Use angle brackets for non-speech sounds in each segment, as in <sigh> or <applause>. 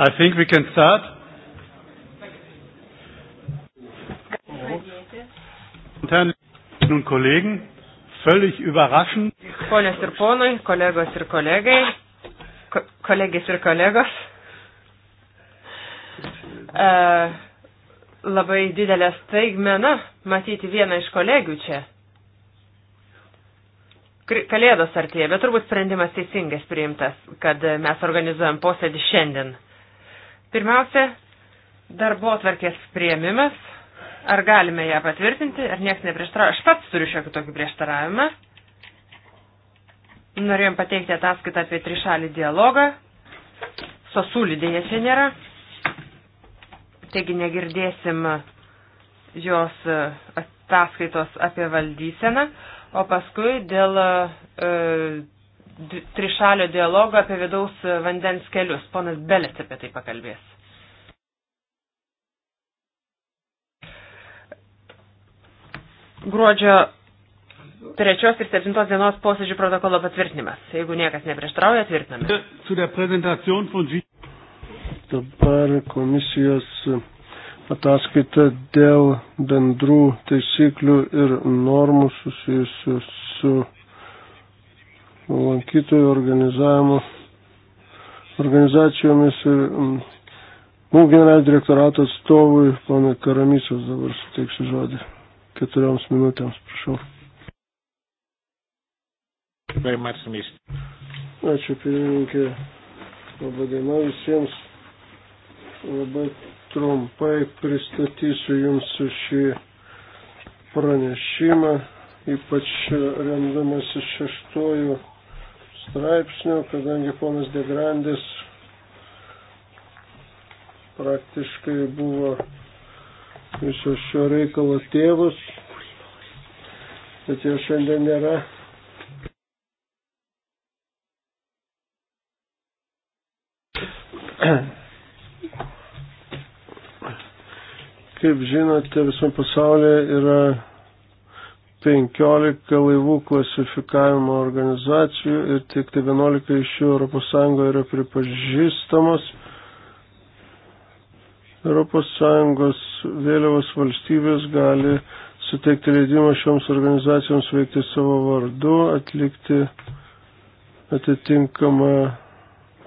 I think we can start. Und Kollegen, völlig überraschend. Ponios ir ponai, kolegos ir kolegai, ko, kolegės ir kolegos. Uh, labai didelė staigmena matyti vieną iš kolegių čia. Kalėdos artėja, bet turbūt sprendimas teisingas priimtas, kad mes organizuojam posėdį šiandien. Pirmiausia, darbo atvarkės prieimimas. Ar galime ją patvirtinti, ar niekas neprieštarauja? Aš pats turiu šiokį tokį prieštaravimą. Norėjom pateikti ataskaitą apie trišalį dialogą. Sosulį dėja čia nėra. Taigi negirdėsim jos ataskaitos apie valdyseną. O paskui dėl e, trišalio dialogo apie vidaus vandens kelius. Ponas Belės apie tai pakalbės. Gruodžio 3 ir 7 dienos posėdžių protokolo patvirtinimas. Jeigu niekas neprieštrauja, tvirtiname. Dabar komisijos ataskaita dėl bendrų taisyklių ir normų susijusių su lankytojų organizavimo organizacijomis ir mm, mūsų generalinio direktorato atstovui, ponai Karamysas, dabar suteiksiu žodį. Keturioms minutėms, prašau. Ačiū pirmininkė. Labadiena visiems. Labai trumpai pristatysiu Jums šį pranešimą, ypač remdamasi šeštojų straipsnių, kadangi ponas Degrandis praktiškai buvo viso šio reikalo tėvus, bet jo šiandien nėra. Kaip žinote, visame pasaulyje yra 15 laivų klasifikavimo organizacijų ir tik tai 11 iš jų ES yra pripažįstamos. ES vėliavos valstybės gali suteikti leidimą šioms organizacijoms veikti savo vardu, atlikti atitinkamą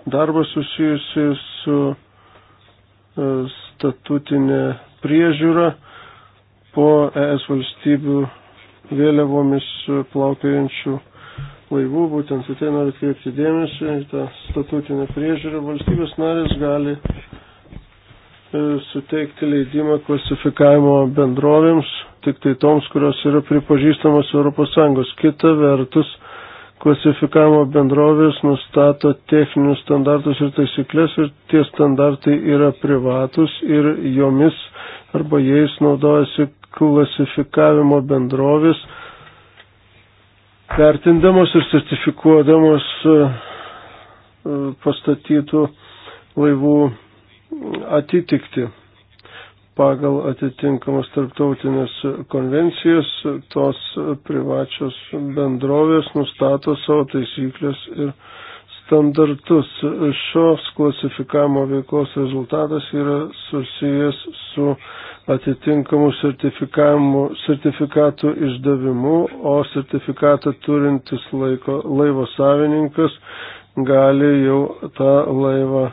darbą susijusi su e, statutinė priežiūra po ES valstybių vėliavomis plaukiojančių laivų, būtent į tai noriu atkreipti dėmesį, į tą statutinę priežiūrą. Valstybės narės gali e, suteikti leidimą klasifikavimo bendrovėms, tik tai toms, kurios yra pripažįstamos ES. Kita vertus, klasifikavimo bendrovės nustato techninius standartus ir taisyklės ir tie standartai yra privatus ir jomis arba jais naudojasi klasifikavimo bendrovės, vertindamos ir sertifikuodamos e, e, pastatytų laivų atitikti pagal atitinkamas tarptautinės konvencijas, tos privačios bendrovės nustato savo taisyklės ir standartus. Šios klasifikavimo veiklos rezultatas yra susijęs su atitinkamų sertifikatų išdavimu, o sertifikatą turintis laiko, laivo savininkas gali jau tą laivą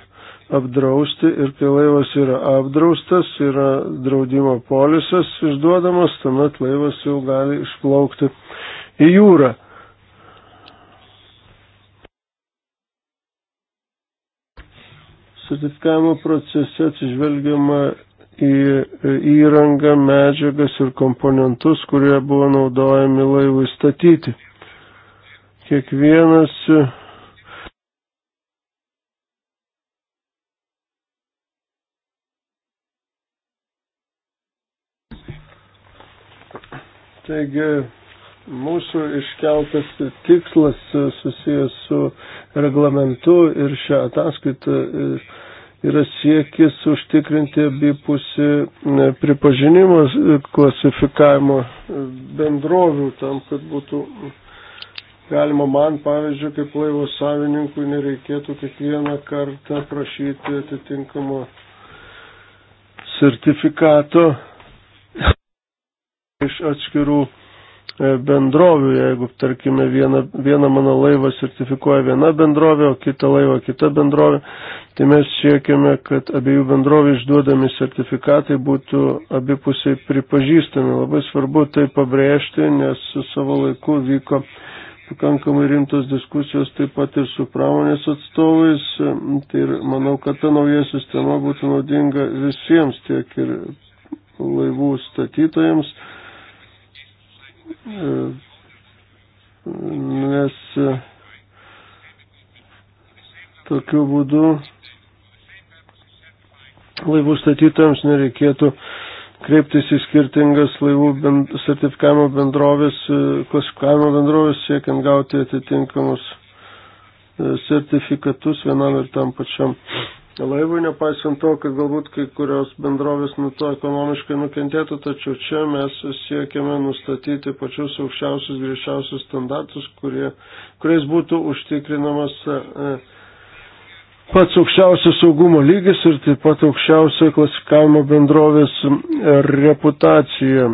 apdrausti ir kai laivas yra apdraustas, yra draudimo polisas išduodamas, tuomet laivas jau gali išplaukti į jūrą. Sertifikavimo procese atsižvelgiama į įrangą, medžiagas ir komponentus, kurie buvo naudojami laivui statyti. Kiekvienas Taigi mūsų iškeltas tikslas susijęs su reglamentu ir šią ataskaitą yra siekis užtikrinti abipusį pripažinimą e, klasifikavimo e, bendrovių tam, kad būtų galima man, pavyzdžiui, kaip laivo savininkui nereikėtų kiekvieną kartą prašyti atitinkamo sertifikato iš atskirų E, bendrovių, jeigu, tarkime, vieną, vieną mano laivą sertifikuoja viena bendrovė, o kitą laivą kita bendrovė, tai mes siekiame, kad abiejų bendrovių išduodami sertifikatai būtų abipusiai pripažįstami. Labai svarbu tai pabrėžti, nes savo laiku vyko pakankamai rimtos diskusijos taip pat ir su pramonės atstovais. Tai ir manau, kad ta nauja sistema būtų naudinga visiems, tiek ir laivų statytojams nes e, tokiu būdu laivų statytojams nereikėtų kreiptis į skirtingas laivų bend, sertifikavimo bendrovės, e, klasifikavimo bendrovės, siekiant gauti atitinkamus e, sertifikatus vienam ir tam pačiam laivui, nepaisant to, kad galbūt kai kurios bendrovės nuo to ekonomiškai nukentėtų, tačiau čia mes siekiame nustatyti pačius aukščiausius, griežčiausius standartus, kurie, kuriais būtų užtikrinamas e, pats aukščiausias saugumo lygis ir taip pat aukščiausia klasifikavimo bendrovės reputacija.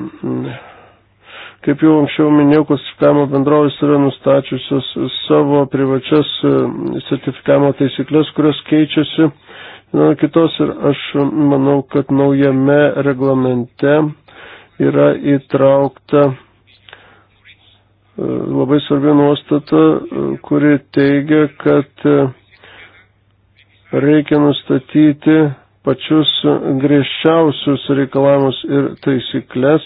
Kaip jau anksčiau minėjau, klasifikavimo bendrovės yra nustačiusios savo privačias e, sertifikavimo taisyklės, kurios keičiasi nuo kitos ir aš manau, kad naujame reglamente yra įtraukta e, labai svarbi nuostata, e, kuri teigia, kad e, reikia nustatyti pačius griežčiausius reikalavimus ir taisyklės,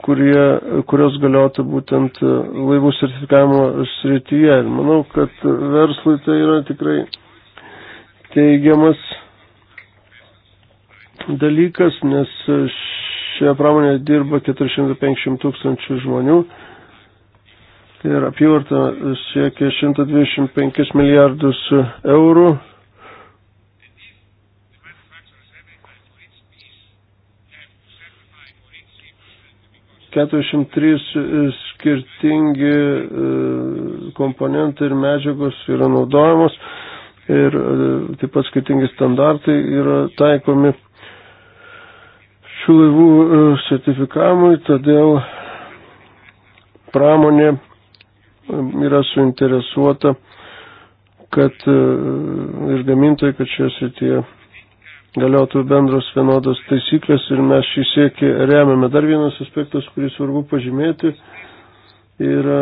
kurie, kurios galiotų būtent laivų sertifikavimo srityje. Ir manau, kad verslui tai yra tikrai teigiamas dalykas, nes šioje pramonėje dirba 450 tūkstančių žmonių ir tai apyvarta siekia 125 milijardus eurų. Keturiasdešimt trys skirtingi e, komponentai ir medžiagos yra naudojamos ir e, taip pat skirtingi standartai yra taikomi šių laivų e, sertifikavimui, todėl pramonė e, yra suinteresuota kad ir gamintojai, kad šioje srityje galiotų bendros vienodos taisyklės ir mes šį siekį remiame. Dar vienas aspektas, kurį svarbu pažymėti, yra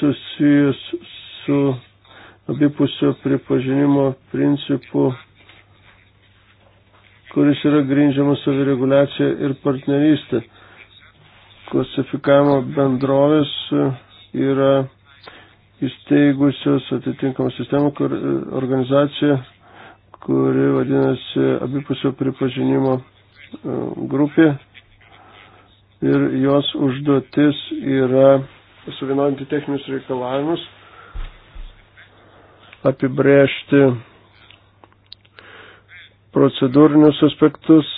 susijęs su abipusio pripažinimo principų, kuris yra grindžiamas savireguliacija ir partnerystė. Klasifikavimo bendrovės yra įsteigusios atitinkamą sistemą, kur organizacija, kuri vadinasi abipusio pripažinimo e, grupė ir jos užduotis yra suvienodinti techninius reikalavimus apibrėžti procedūrinius aspektus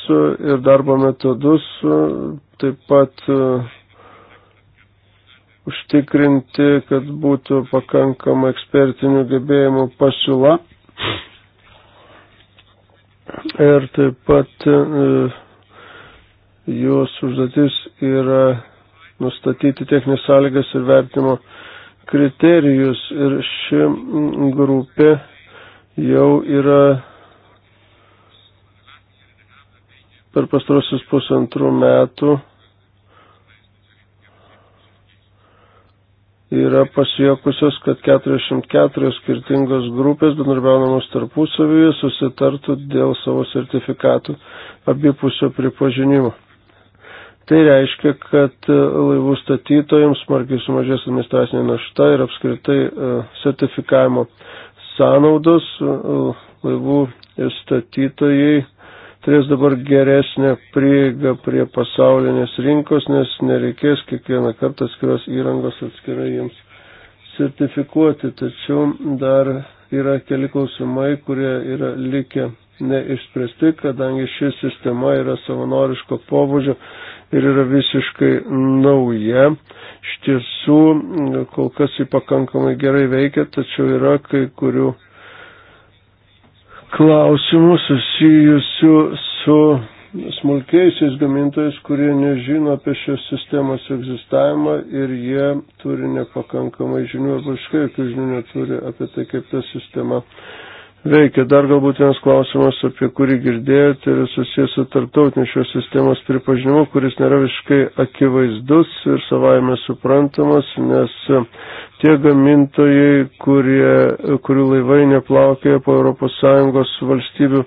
ir darbo metodus, taip pat e, užtikrinti, kad būtų pakankama ekspertinių gebėjimų pasiūla ir taip pat e, jos užduotis yra nustatyti techninės sąlygas ir vertimo kriterijus ir ši grupė jau yra per pastarosius pusantrų metų yra pasiekusios, kad 44 skirtingos grupės, bendarbiaunamos tarpusavyje, susitartų dėl savo sertifikatų abipusio pripažinimo. Tai reiškia, kad e, laivų statytojams smarkiai sumažės administracinė našta ir apskritai e, sertifikavimo sąnaudos. E, laivų statytojai turės dabar geresnę prieigą prie pasaulinės rinkos, nes nereikės kiekvieną kartą atskiros įrangos atskirai jiems sertifikuoti. Tačiau dar yra keli klausimai, kurie yra likę neišspręsti, kadangi ši sistema yra savanoriško pobūdžio ir yra visiškai nauja. Iš tiesų, kol kas jį pakankamai gerai veikia, tačiau yra kai kurių klausimų susijusių su smulkiaisiais gamintojais, kurie nežino apie šios sistemos egzistavimą ir jie turi nepakankamai žinių arba iškai jokių žinių neturi apie tai, kaip ta sistema veikia. Dar galbūt vienas klausimas, apie kurį girdėjote, yra susijęs su tarptautiniu šios sistemos pripažinimu, kuris nėra visiškai akivaizdus ir savaime suprantamas, nes tie gamintojai, kurie, kurių laivai neplaukė po ES valstybių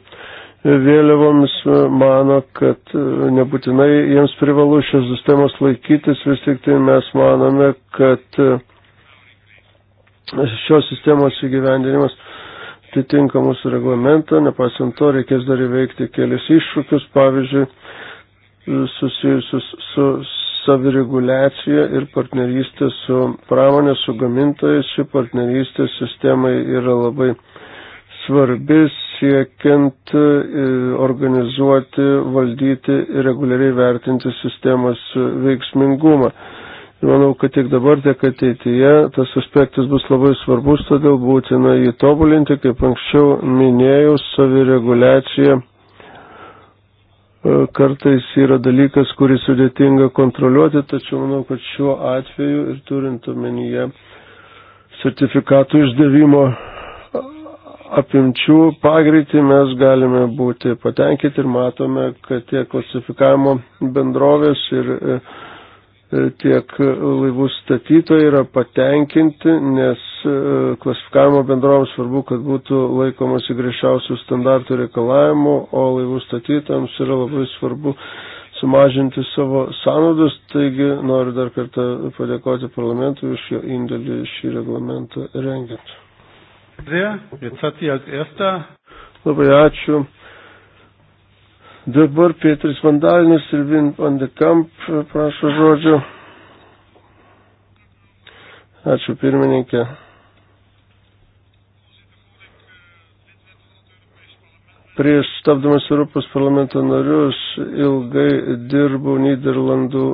vėliavomis, mano, kad nebūtinai jiems privalu šios sistemos laikytis, vis tik tai mes manome, kad šios sistemos įgyvendinimas atitinka mūsų reglamentą, nepaisant to reikės dar įveikti kelias iššūkius, pavyzdžiui, susijusius su savireguliacija ir partnerystė su pramonė, su gamintojais. Ši partnerystė sistemai yra labai svarbi siekiant e, organizuoti, valdyti ir reguliariai vertinti sistemos veiksmingumą. Manau, kad tiek dabar, tiek ateityje tas aspektas bus labai svarbus, todėl būtina jį tobulinti, kaip anksčiau minėjau, savireguliacija e, kartais yra dalykas, kurį sudėtinga kontroliuoti, tačiau manau, kad šiuo atveju ir turint omenyje sertifikatų išdavimo apimčių pagreitį mes galime būti patenkinti ir matome, kad tie klasifikavimo bendrovės ir e, E, tiek e, laivų statytojai yra patenkinti, nes e, klasifikavimo bendrovams svarbu, kad būtų laikomasi griežčiausių standartų reikalavimų, o laivų statytojams yra labai svarbu sumažinti savo sąnaudas. Taigi noriu dar kartą padėkoti parlamentui už jo indėlį šį reglamentą rengiant. Labai ačiū. Dabar Pietris Vandalinis ir Vin van de Kamp prašo žodžio. Ačiū pirmininkė. Prieš tapdamas Europos parlamento narius ilgai dirbau Niderlandų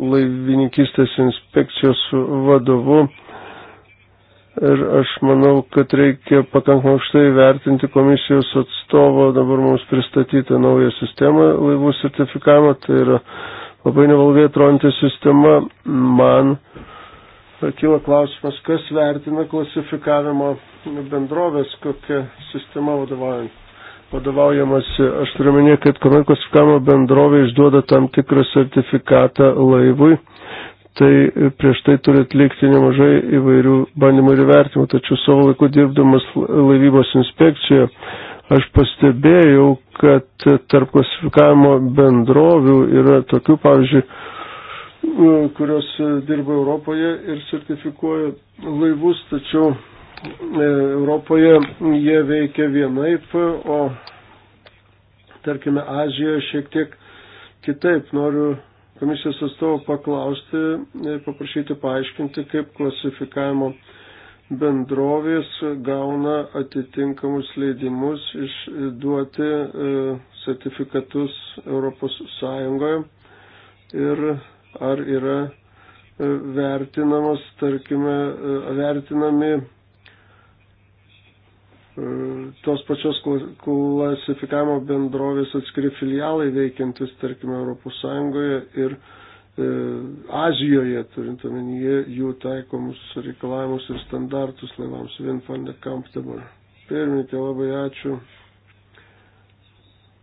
laivininkistės inspekcijos vadovu Ir aš manau, kad reikia pakankamai aukštai vertinti komisijos atstovo dabar mums pristatyti naują sistemą laivų sertifikavimo. Tai yra labai nevalgai atrodanti sistema. Man kyla klausimas, kas vertina klasifikavimo bendrovės, kokia sistema vadovaujant vadovaujamasi, aš turiu minėti, kad kuomet klasifikavimo bendrovė išduoda tam tikrą sertifikatą laivui, tai prieš tai turi atlikti nemažai įvairių bandymų ir vertimų. Tačiau savo laiku dirbdamas laivybos inspekcijoje aš pastebėjau, kad tarp klasifikavimo bendrovių yra tokių, pavyzdžiui, kurios dirba Europoje ir sertifikuoja laivus, tačiau e, Europoje jie veikia vienaip, o tarkime Azijoje šiek tiek kitaip. Noriu komisijos atstovų paklausti, e, paprašyti paaiškinti, kaip klasifikavimo bendrovės gauna atitinkamus leidimus išduoti e, sertifikatus Europos Sąjungoje ir ar yra e, vertinamas, tarkime, vertinami E, tos pačios klasifikavimo bendrovės atskiri filialai veikiantis, tarkime, Europos Sąjungoje ir e, Azijoje, turint omenyje jų taikomus reikalavimus ir standartus laivams. Vien fund accountable. Pirmininkė, labai ačiū.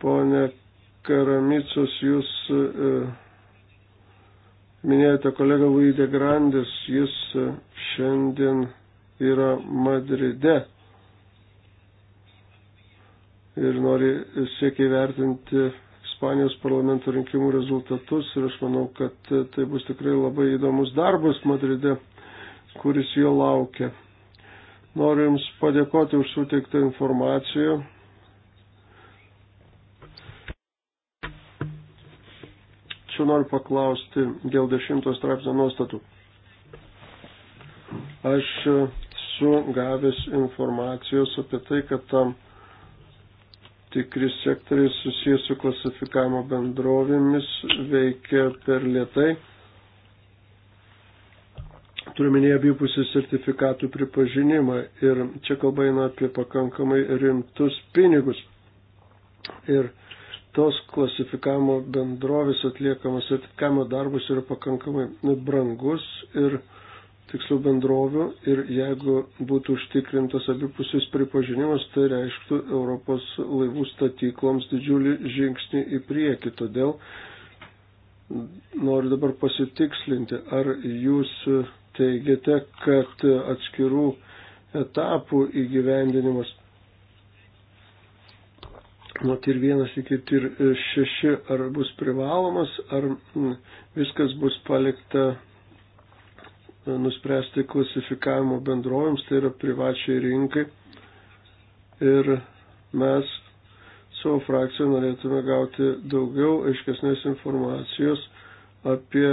Pone Karamicus, jūs e, minėjote kolegą Vaidė Grandis, jis e, šiandien yra Madride ir nori siekia įvertinti Ispanijos parlamento rinkimų rezultatus ir aš manau, kad tai bus tikrai labai įdomus darbas Madride, kuris jo laukia. Noriu Jums padėkoti už suteiktą informaciją. Čia noriu paklausti dėl dešimtos straipsnio nuostatų. Aš esu gavęs informacijos apie tai, kad tam tikri sektoriai susijęs su klasifikavimo bendrovėmis veikia per lietai. Turiminėje abipusį sertifikatų pripažinimą ir čia kalba eina apie pakankamai rimtus pinigus. Ir tos klasifikavimo bendrovės atliekamas sertifikavimo darbus yra pakankamai brangus ir uh, tiksliau bendrovių ir jeigu būtų užtikrintas abipusis pripažinimas, tai reikštų Europos laivų statykloms didžiulį žingsnį į priekį. Todėl noriu dabar pasitikslinti, ar jūs teigiate, kad atskirų etapų įgyvendinimas nuo tir vienas iki tir šeši ar bus privalomas, ar viskas bus palikta nuspręsti klasifikavimo bendrovėms, tai yra privačiai rinkai. Ir mes savo frakciją norėtume gauti daugiau aiškesnės informacijos apie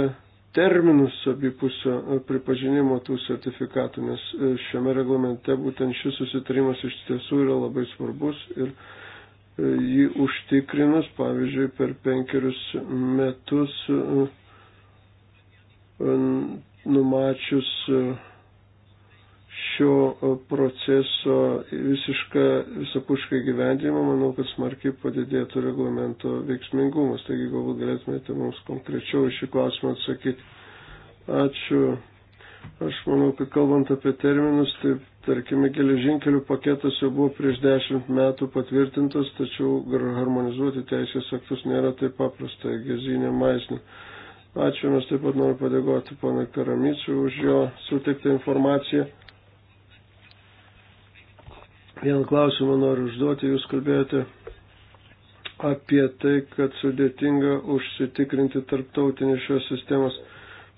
terminus abipusio pripažinimo tų sertifikatų, nes e, šiame reglamente būtent šis susitarimas iš tiesų yra labai svarbus ir e, jį užtikrinus, pavyzdžiui, per penkerius metus e, numačius e, šio e, proceso visišką visapušką gyvendimą, manau, kad smarkiai padidėtų reglamento veiksmingumas. Taigi galbūt galėtumėte mums konkrečiau šį klausimą atsakyti. Ačiū. Aš manau, kad kalbant apie terminus, tai tarkime, geležinkelių paketas jau buvo prieš dešimt metų patvirtintas, tačiau harmonizuoti teisės aktus nėra taip paprasta, gezinė maisnė. Ačiū, mes taip pat noriu padėkoti ponui Karamiciu už jo suteiktą informaciją. Vieną klausimą noriu užduoti, jūs kalbėjote apie tai, kad sudėtinga užsitikrinti tarptautinį šios sistemos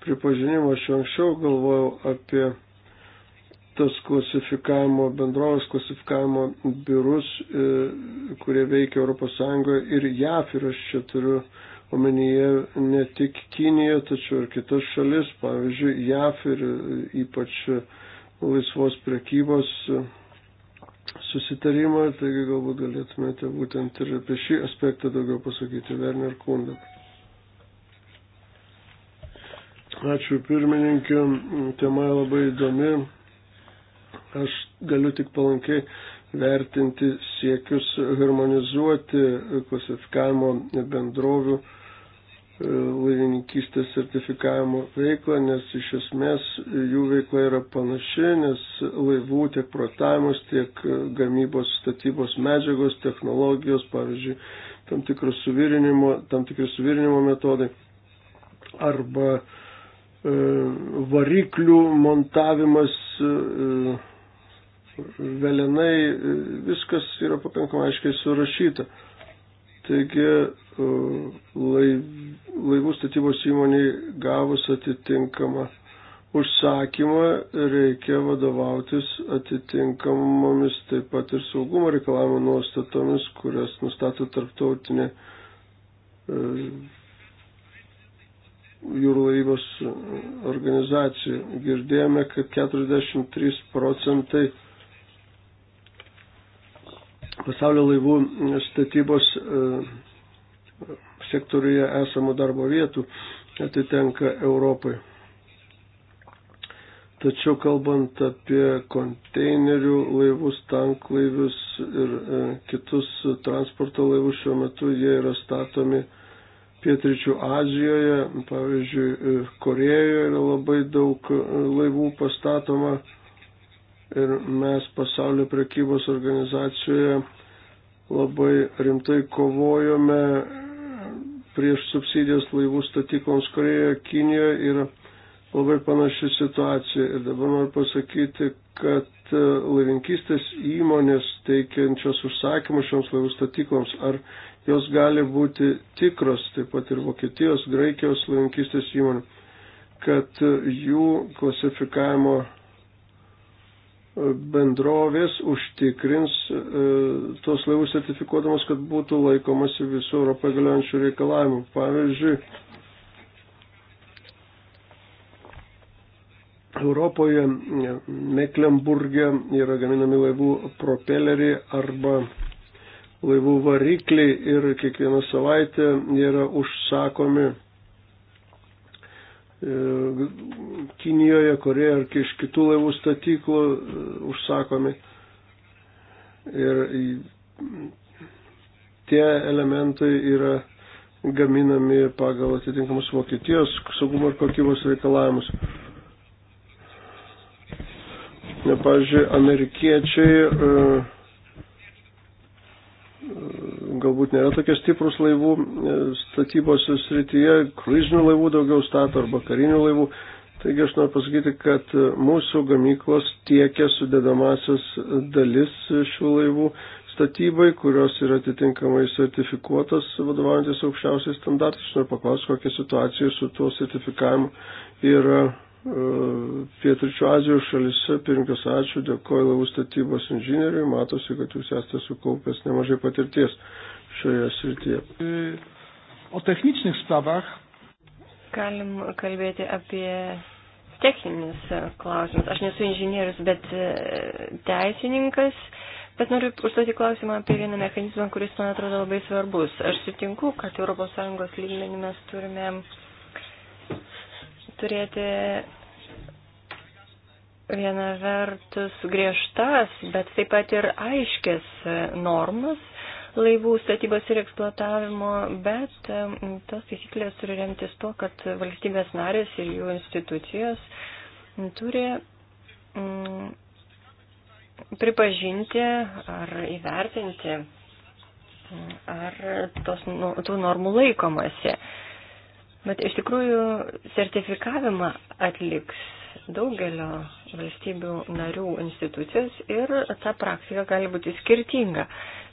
pripažinimą. Aš anksčiau galvojau apie tas klasifikavimo, bendrovės klasifikavimo biurus, e, kurie veikia ES ir JAF ir aš čia turiu omenyje ne tik Kiniją, tačiau ir kitas šalis, pavyzdžiui, JAF ir e, ypač e, laisvos prekybos e, susitarimą, taigi galbūt galėtumėte būtent ir apie šį aspektą daugiau pasakyti, Werner Kunda. Ačiū pirmininkė, tema labai įdomi. Aš galiu tik palankiai vertinti siekius harmonizuoti klasifikavimo bendrovių E, laivininkystės sertifikavimo veiklą, nes iš esmės jų veikla yra panaši, nes laivų tiek protavimas, tiek gamybos statybos medžiagos, technologijos, pavyzdžiui, tam, suvirinimo, tam tikri suvirinimo metodai arba e, variklių montavimas, e, e velenai, e, viskas yra pakankamai aiškiai surašyta. E, Taigi e, laivų statybos įmoniai gavus atitinkamą užsakymą reikia vadovautis atitinkamomis taip pat ir saugumo reikalavimo nuostatomis, kurias nustato tarptautinė e, jūrų laivybos organizacija. Girdėjome, kad 43 procentai pasaulio laivų statybos e, sektoriuje esamų darbo vietų atitenka Europai. Tačiau kalbant apie konteinerių laivus, tanklaivius ir e, kitus transporto laivus, šiuo metu jie yra statomi Pietričių Azijoje, pavyzdžiui, e, Korejoje yra labai daug e, laivų pastatoma. E, ir mes pasaulio prekybos organizacijoje labai rimtai kovojome prieš subsidijas laivų statykloms Korejoje, Kinijoje yra labai panaši situacija. Ir dabar noriu pasakyti, kad e, laivinkistės įmonės teikiančios užsakymus šioms laivų statykloms, ar jos gali būti tikros, taip pat ir Vokietijos, Graikijos laivinkistės įmonių, kad e, jų klasifikavimo bendrovės užtikrins e, tos laivus sertifikuodamos, kad būtų laikomasi visų Europoje galiojančių reikalavimų. Pavyzdžiui, Europoje e, Mecklenburgė yra gaminami laivų propeleriai arba laivų varikliai ir kiekvieną savaitę yra užsakomi E, Kinijoje, Korejoje ar iš kitų laivų statyklų e, užsakomi. Ir tie elementai yra gaminami pagal atitinkamus Vokietijos saugumo ir kokybos reikalavimus. Pavyzdžiui, amerikiečiai uh, galbūt nėra tokie stiprus laivų e, statybos srityje, kruizinių laivų daugiau stato arba karinių laivų. Taigi aš noriu pasakyti, kad e, mūsų gamyklos tiekia sudėdamasis dalis šių laivų statybai, kurios yra atitinkamai sertifikuotas vadovaujantis aukščiausiais standartais. Noriu paklausti, kokia situacija su tuo sertifikavimu yra e, Pietričio Azijos šalise. Pirinkas, ačiū, dėkoju laivų statybos inžinieriui, matosi, kad jūs esate sukaupęs nemažai patirties šioje srityje. O techničnych sprawach. Galim kalbėti apie techninis e, klausimas. Aš nesu inžinierius, bet e, teisininkas. Bet noriu užduoti klausimą apie vieną mechanizmą, kuris man atrodo labai svarbus. Aš sutinku, kad ES lygmenį mes turime turėti viena vertus griežtas, bet taip pat ir aiškės normas laivų statybos ir eksploatavimo, bet e, tos taisyklės turi remtis tuo, kad valstybės narės ir jų institucijos turi mm, pripažinti ar įvertinti, ar tos, nu, tų normų laikomasi. Bet iš tikrųjų sertifikavimą atliks daugelio valstybių narių institucijos ir ta praktika gali būti skirtinga.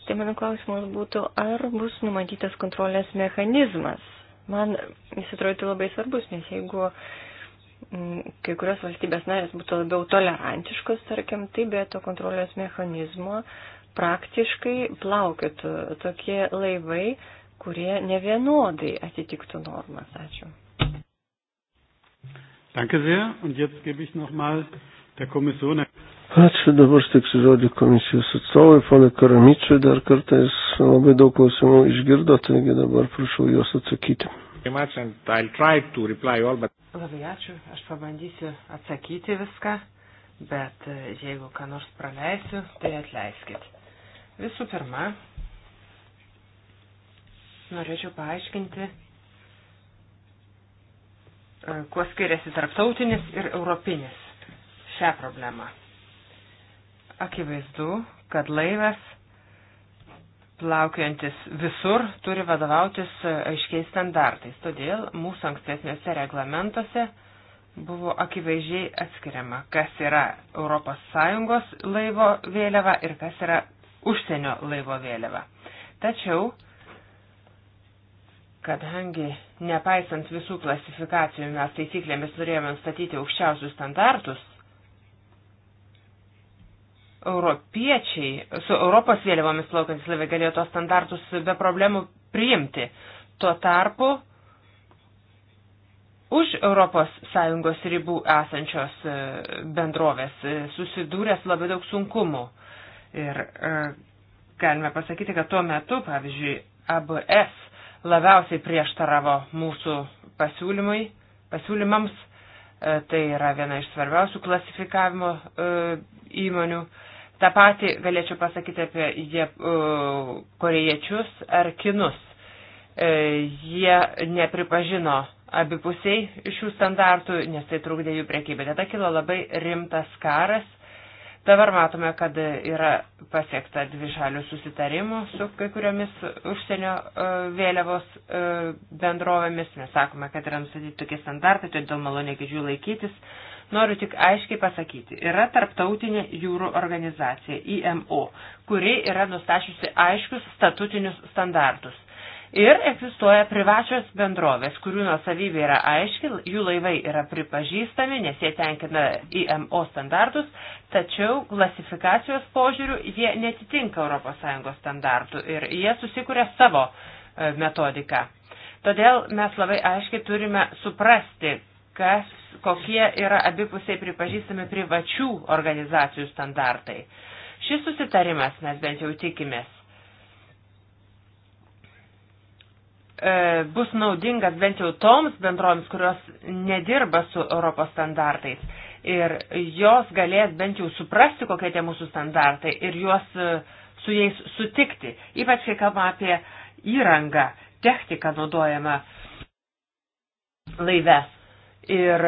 Tai mano klausimas būtų, ar bus numatytas kontrolės mechanizmas. Man jis atrodytų labai svarbus, nes jeigu mm, kai kurios valstybės narės būtų labiau tolerantiškos, tarkim, tai be to kontrolės mechanizmo praktiškai plaukėtų tokie laivai, kurie nevienodai atitiktų normas. Ačiū. Danke sehr. Und jetzt gebe ich nochmal der Kommission. Ačiū, dabar stiksiu žodį komisijos atstovai, ponė Karamičiui, dar kartais labai daug klausimų išgirdo, taigi dabar prašau juos atsakyti. Labai ačiū, aš pabandysiu atsakyti viską, bet e, jeigu ką nors praleisiu, tai atleiskit. Visų pirma, norėčiau paaiškinti, e, kuo skiriasi tarptautinis ir europinis šią problemą akivaizdu, kad laivas plaukiantis visur turi vadovautis aiškiais standartais. Todėl mūsų ankstesniuose reglamentuose buvo akivaizdžiai atskiriama, kas yra ES laivo vėliava ir kas yra užsienio laivo vėliava. Tačiau, kadangi nepaisant visų klasifikacijų mes taisyklėmis norėjome nustatyti aukščiausius standartus, europiečiai, su Europos vėliavomis plaukantis laivai galėjo tos standartus be problemų priimti. Tuo tarpu už ES ribų esančios e, bendrovės e, susidūrė su labai daug sunkumų. Ir e, galime pasakyti, kad tuo metu, pavyzdžiui, ABS labiausiai prieštaravo mūsų pasiūlymui, pasiūlymams. Tai yra viena iš svarbiausių klasifikavimo įmonių. E, Ta pati galėčiau pasakyti apie jie, uh, korejiečius ar kinus. Uh, jie nepripažino abipusiai šių standartų, nes tai trukdė jų priekybę. Tada kilo labai rimtas karas. Dabar matome, kad yra pasiekta dvi šalių susitarimų su kai kuriomis užsienio e, vėliavos bendrovėmis. Mes sakome, kad yra nustatyti tokie standartai, todėl maloniai kėdžių laikytis. Noriu tik aiškiai pasakyti, yra tarptautinė jūrų organizacija IMO, kuri yra nustačiusi aiškius statutinius standartus. Ir egzistuoja privačios bendrovės, kurių nuosavybė yra aiški, jų laivai yra pripažįstami, nes jie tenkina IMO standartus, tačiau klasifikacijos požiūrių jie netitinka ES standartų ir jie susikuria savo e, metodiką. Todėl mes labai aiškiai turime suprasti, kas kokie yra abipusiai pripažįstami privačių organizacijų standartai. Šis susitarimas, mes bent jau tikimės, e, bus naudingas bent jau toms bendroms, kurios nedirba su Europos standartais. Ir jos galės bent jau suprasti, kokie tie mūsų standartai ir juos e, su jais sutikti. Ypač kai kalbame apie įrangą, techniką naudojamą laive. Ir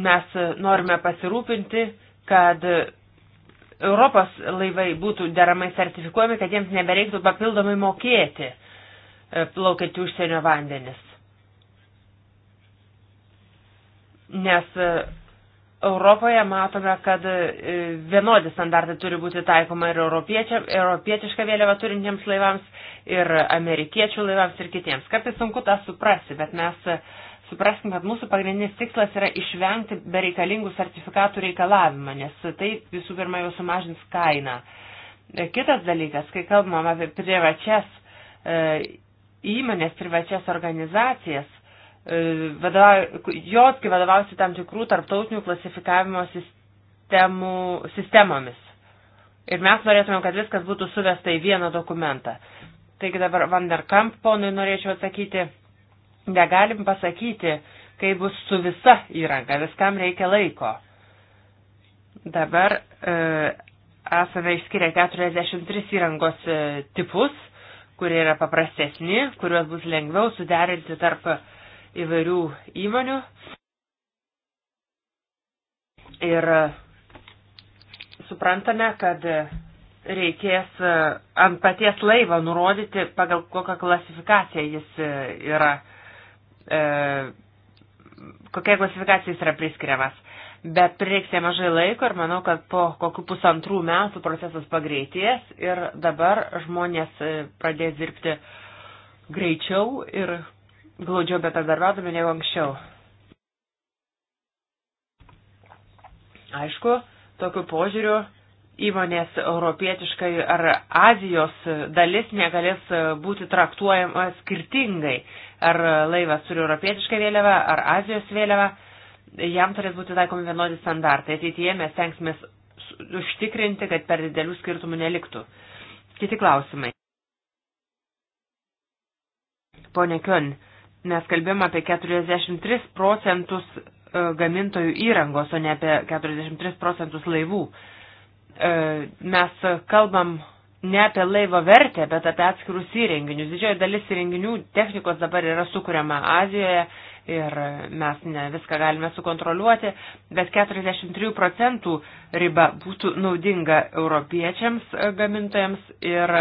mes norime pasirūpinti, kad Europos laivai būtų deramai sertifikuojami, kad jiems nebereiktų papildomai mokėti e, plaukėti užsienio vandenis. Nes e, Europoje matome, kad e, vienodi standartai turi būti taikoma ir europietišką vėliavą turintiems laivams, ir amerikiečių laivams, ir kitiems. Kartais sunku tą suprasti, bet mes supraskim, kad mūsų pagrindinis tikslas yra išvengti bereikalingų sertifikatų reikalavimą, nes tai visų pirma jau sumažins kainą. E, kitas dalykas, kai kalbam apie privačias e, įmonės, privačias organizacijas, e, jos kai vadovausi tam tikrų tarptautinių klasifikavimo sistemų, sistemomis. Ir mes norėtume, kad viskas būtų suvesta į vieną dokumentą. Taigi dabar Vanderkamp ponui norėčiau atsakyti Negalim pasakyti, kai bus su visa įranga, viskam reikia laiko. Dabar e, esame išskiria 43 įrangos e, tipus, kurie yra paprastesni, kuriuos bus lengviau suderinti tarp įvairių įmonių. Ir e, suprantame, kad e, reikės e, ant paties laivo nurodyti, pagal kokią klasifikaciją jis yra E, kokiai klasifikacijai jis yra priskiriamas. Bet prireiks nemažai laiko ir manau, kad po kokių pusantrų metų procesas pagreitės ir dabar žmonės e, pradės dirbti greičiau ir glaudžiau betadarbiaudami negu anksčiau. Aišku, tokiu požiūriu įmonės europietiškai ar Azijos dalis negalės e, būti traktuojama skirtingai ar laivas turi europietišką vėliavą, ar Azijos vėliavą, jam turės būti taikomi vienodi standartai. Ateityje mes tenksime užtikrinti, kad per didelių skirtumų neliktų. Kiti klausimai. Pone Kion, mes kalbėjome apie 43 procentus e, gamintojų įrangos, o ne apie 43 procentus laivų. E, mes kalbam ne apie laivo vertę, bet apie atskirus įrenginius. Didžioji dalis įrenginių technikos dabar yra sukuriama Azijoje ir mes ne viską galime sukontroliuoti, bet 43 procentų riba būtų naudinga europiečiams gamintojams ir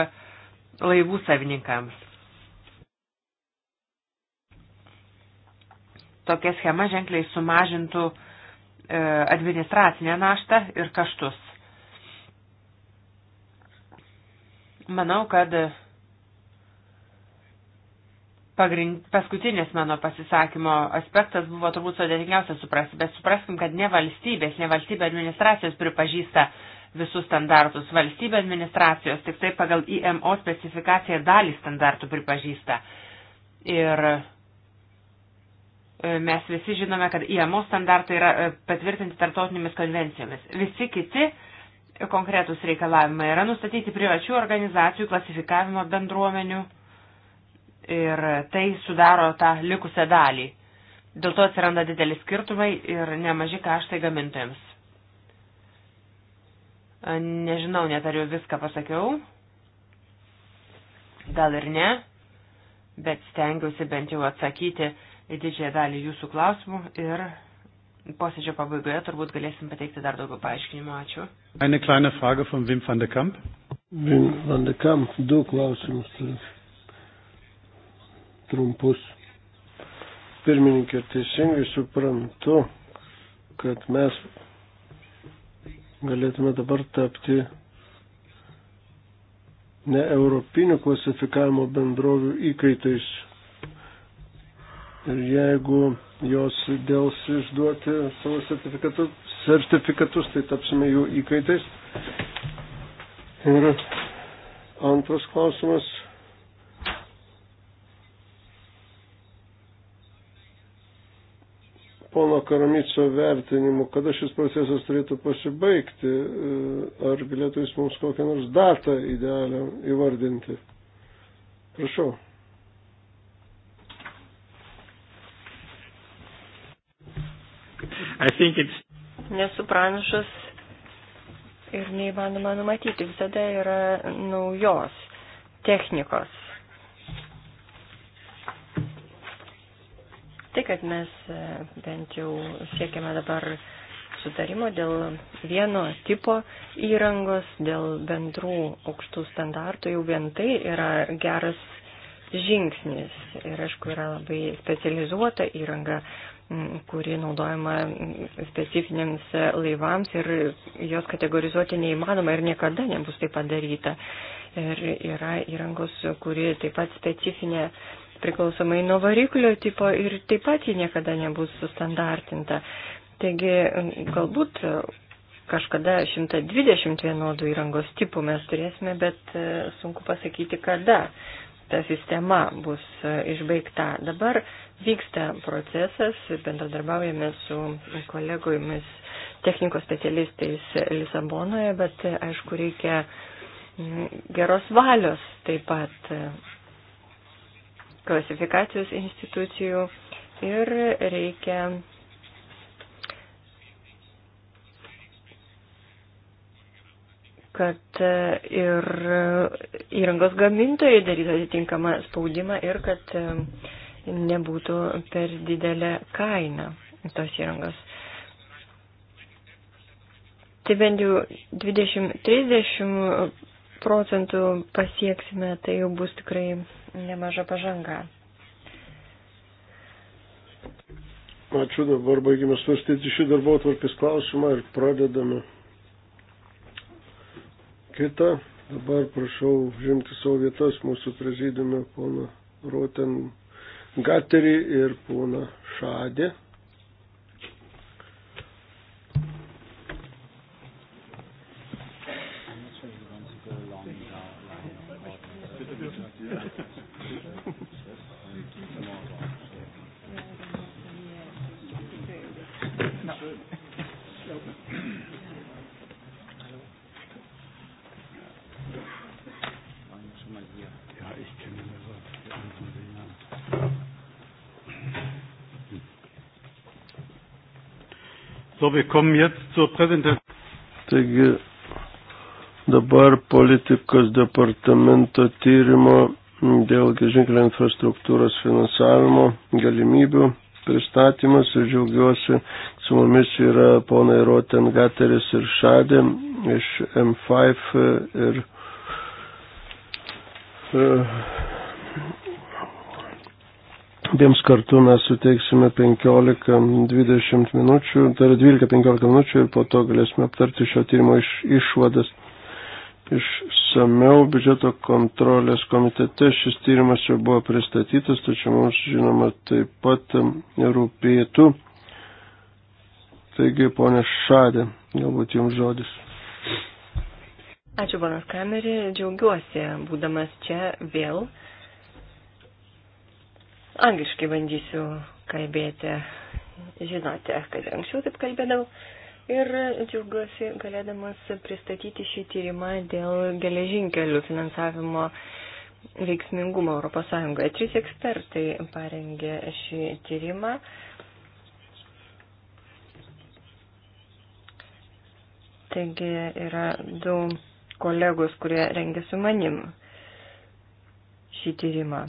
laivų savininkams. Tokia schema ženkliai sumažintų e, administracinę naštą ir kaštus. Manau, kad pagrind, paskutinis mano pasisakymo aspektas buvo turbūt sudėtingiausia suprasti, bet supraskim, kad ne valstybės, ne valstybė administracijos pripažįsta visus standartus. Valstybė administracijos tik tai pagal IMO specifikaciją dalį standartų pripažįsta. Ir e, mes visi žinome, kad IMO standartai yra e, patvirtinti tartotinėmis konvencijomis. Visi kiti uh, konkretus reikalavimai yra nustatyti privačių organizacijų klasifikavimo bendruomenių ir tai sudaro tą likusią dalį. Dėl to atsiranda dideli skirtumai ir nemaži kaštai gamintojams. Nežinau, netariu viską pasakiau. Gal ir ne, bet stengiausi bent jau atsakyti į didžiąją dalį jūsų klausimų ir posėdžio pabaigoje turbūt galėsim pateikti dar daugiau paaiškinimų. Ačiū. Eine kleine Frage von Wim van de Kamp. Wim van de Kamp, du klausimus turiu. E, trumpus. Pirmininkė, teisingai suprantu, kad mes galėtume dabar tapti ne europinių klasifikavimo bendrovių įkaitais. Ir jeigu jos dėls išduoti savo sertifikatus, sertifikatus, tai tapsime jų įkaitais. Ir antras klausimas. Pono Karamico vertinimu, kada šis procesas turėtų pasibaigti, e, ar galėtų jis mums kokią nors datą idealią įvardinti? Prašau. Nesu pranašas ir neįmanoma numatyti. Visada yra naujos technikos. Tai, kad mes e, bent jau siekiame dabar sutarimo dėl vieno tipo įrangos, dėl bendrų aukštų standartų, jau vien tai yra geras žingsnis. Ir aišku, yra labai specializuota įranga, kuri naudojama specifinėms laivams ir jos kategorizuoti neįmanoma ir niekada nebus tai padaryta. Ir yra įrangos, kuri taip pat specifinė priklausomai nuo variklio tipo ir taip pat ji niekada nebus sustandartinta. Taigi, galbūt kažkada 120 vienodų įrangos tipų mes turėsime, bet e, sunku pasakyti, kada ta sistema bus e, išbaigta. Dabar Vyksta procesas, bendradarbiaujame su kolegomis technikos specialistais Lisabonoje, bet aišku reikia mm, geros valios taip pat klasifikacijos institucijų ir reikia kad ir įrangos gamintojai darytų atitinkamą spaudimą ir kad nebūtų per didelė kaina tos įrangos. Tai bent jau 20-30 procentų pasieksime, tai jau bus tikrai nemaža pažanga. Ačiū dabar, baigime svarstyti šį darbo atvarkės klausimą ir pradedame kitą. Dabar prašau žimti savo vietas mūsų prezidiume, pono Roten Gaterį ir poną Šadį. So, wir kommen jetzt zur Präsentation. Taigi, dabar politikos departamento tyrimo dėl gežinkelio infrastruktūros finansavimo galimybių pristatymas ir džiaugiuosi, su mumis yra ponai Roten Gateris ir Šadė iš M5 ir e, Abiems kartu mes suteiksime 15-20 minučių, tai yra 12-15 minučių ir po to galėsime aptarti šio tyrimo iš, išvadas. Išsameu biudžeto kontrolės komitete šis tyrimas jau buvo pristatytas, tačiau mums žinoma taip pat rūpėtų. Taigi, ponė Šadė, galbūt jums žodis. Ačiū, ponas Kamerį, džiaugiuosi, būdamas čia vėl. Uh, Angliškai bandysiu kalbėti. Žinote, kad anksčiau taip kalbėdavau. Ir džiaugiuosi galėdamas pristatyti šį tyrimą dėl geležinkelių finansavimo veiksmingumo ES. Trys ekspertai parengė šį tyrimą. Taigi yra du kolegos, kurie rengė su manim šį tyrimą.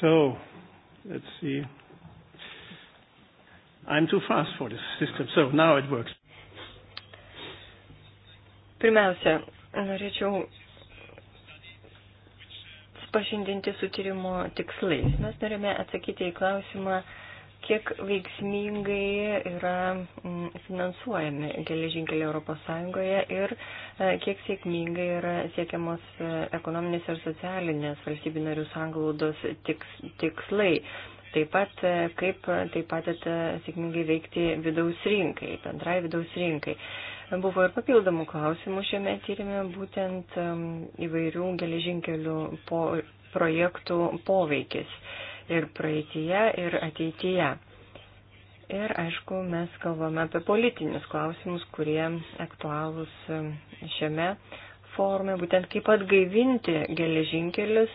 So, let's see. I'm too fast for this system, so now it works. Pirmiausia, norėčiau pažindinti su tyrimo tikslais. Mes norime atsakyti į klausimą, kiek veiksmingai yra mm, finansuojami geležinkeliai ES ir e, kiek sėkmingai yra siekiamos e, ekonominės ir socialinės valstybių narių sanglaudos tiks, tikslai. Taip pat, e, kaip taip pat sėkmingai veikti vidaus rinkai, bendrai vidaus rinkai. Buvo ir papildomų klausimų šiame tyrimė, būtent įvairių geležinkelių po, projektų poveikis ir praeitie, ir ateityje. Ir aišku, mes kalbame apie politinius klausimus, kurie aktualūs um, šiame forume, būtent kaip atgaivinti geležinkelius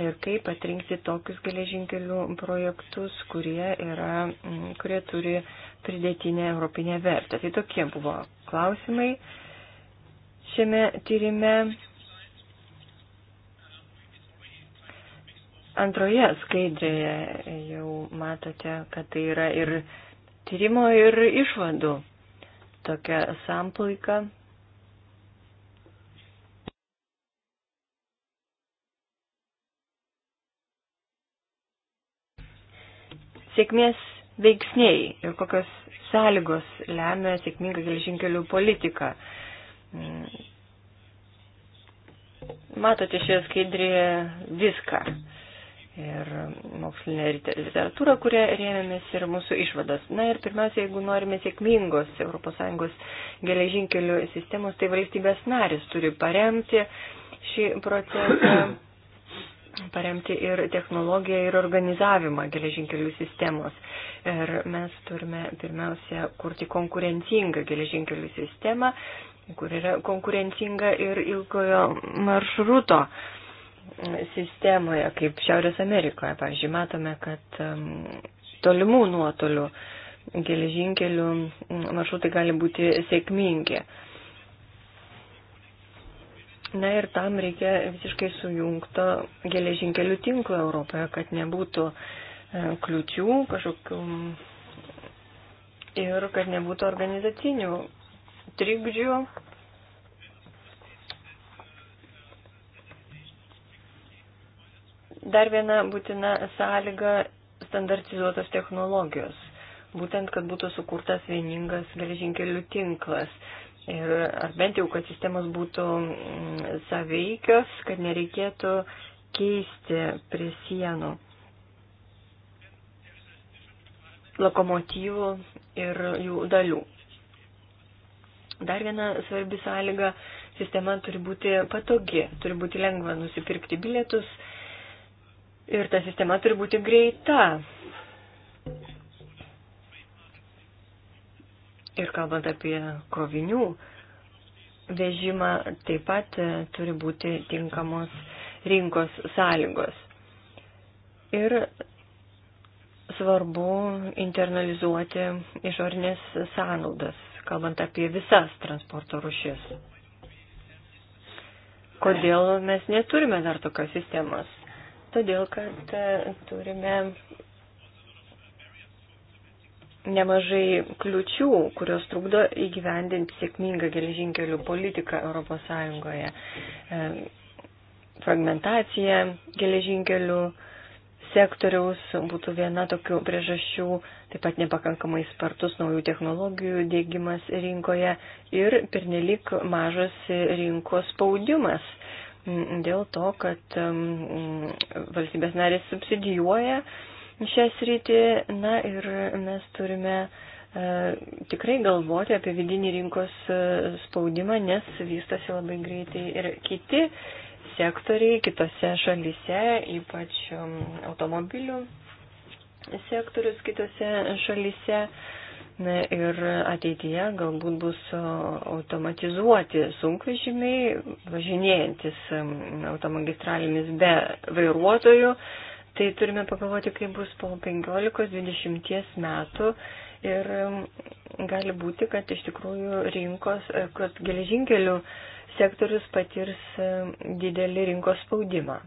ir kaip atrinkti tokius geležinkelių projektus, kurie, yra, mm, kurie turi pridėtinę europinę vertę. Tai tokie buvo klausimai šiame tyrime. Antroje skaidrėje jau matote, kad tai yra ir tyrimo, ir išvadų tokia samplaika. Sėkmės veiksniai ir kokios sąlygos lemia sėkmingą geležinkelių politiką. Mm. Matote šioje skaidrėje viską ir mokslinę literatūrą, kurie rėmėmės ir mūsų išvadas. Na ir pirmiausia, jeigu norime sėkmingos ES geležinkelių sistemos, tai valstybės narės turi paremti šį procesą, <coughs> paremti ir technologiją, ir organizavimą geležinkelių sistemos. Ir mes turime pirmiausia kurti konkurencingą geležinkelių sistemą, kur yra konkurencinga ir ilgojo maršruto. Uh, sistemoje, kaip Šiaurės Amerikoje. Pavyzdžiui, matome, kad tolimų nuotolių geležinkelių maršrutai gali būti sėkmingi. Na ir tam reikia visiškai sujungto geležinkelių tinklo Europoje, kad nebūtų e, kliučių kažkokių ir kad nebūtų organizacinių trikdžių Dar viena būtina sąlyga - standartizuotos technologijos. Būtent, kad būtų sukurtas vieningas geležinkelių tinklas. Ir ar bent jau, kad sistemos būtų mm, saveikios, kad nereikėtų keisti prie sienų lokomotyvų ir jų dalių. Dar viena svarbi sąlyga - sistema turi būti patogi, turi būti lengva nusipirkti bilietus Ir ta sistema turi būti greita. Ir kalbant apie krovinių vežimą, taip pat e, turi būti tinkamos rinkos sąlygos. Ir svarbu internalizuoti išorinės sąnaudas, kalbant apie visas transporto rušis. Kodėl mes neturime dar tokios sistemos? todėl kad e, turime nemažai kliučių, kurios trukdo įgyvendinti sėkmingą geležinkelių politiką ES. E, fragmentacija geležinkelių sektoriaus būtų viena tokių priežasčių, taip pat nepakankamai spartus naujų technologijų dėgymas rinkoje ir pernelik mažas rinkos spaudimas dėl to, kad valstybės narės subsidijuoja šią sritį. Na ir mes turime e, tikrai galvoti apie vidinį rinkos e, spaudimą, nes vystosi labai greitai ir kiti sektoriai kitose šalyse, ypač automobilių sektorius kitose šalyse ir ateityje galbūt bus automatizuoti sunkvežimiai, važinėjantis automagistralėmis be vairuotojų. Tai turime pagalvoti, kaip bus po 15-20 metų ir gali būti, kad iš tikrųjų rinkos, e, kad geležinkelių sektorius patirs e, didelį rinkos spaudimą.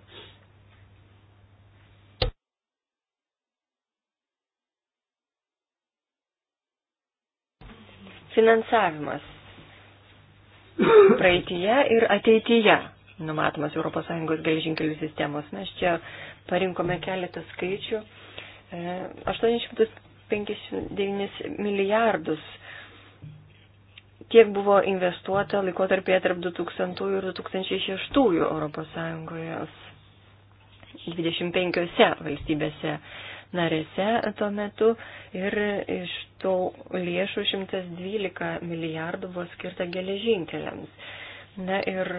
finansavimas praeitie ir ateityje numatomas ES geležinkelių sistemos. Mes čia parinkome keletą skaičių. 859 e, milijardus tiek buvo investuota laikotarpėje tarp 2000 ir 2006 ES 25 valstybėse narėse tuo metu ir iš to lėšų 112 milijardų buvo skirta geležinkeliams. Na ir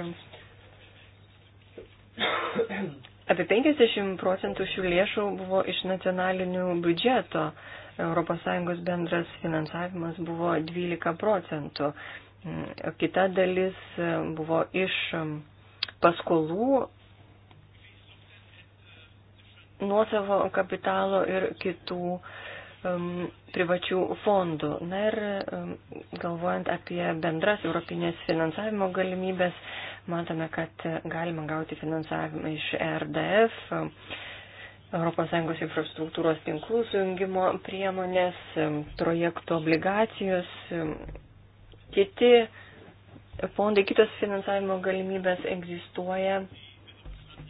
apie 50 procentų šių lėšų buvo iš nacionalinių biudžeto. ES bendras finansavimas buvo 12 procentų. Kita dalis buvo iš paskolų nuosavo kapitalo ir kitų um, privačių fondų. Na ir um, galvojant apie bendras europinės finansavimo galimybės, matome, kad galima gauti finansavimą iš RDF, um, ES infrastruktūros tinklų sujungimo priemonės, um, projektų obligacijos, um, kiti fondai, kitos finansavimo galimybės egzistuoja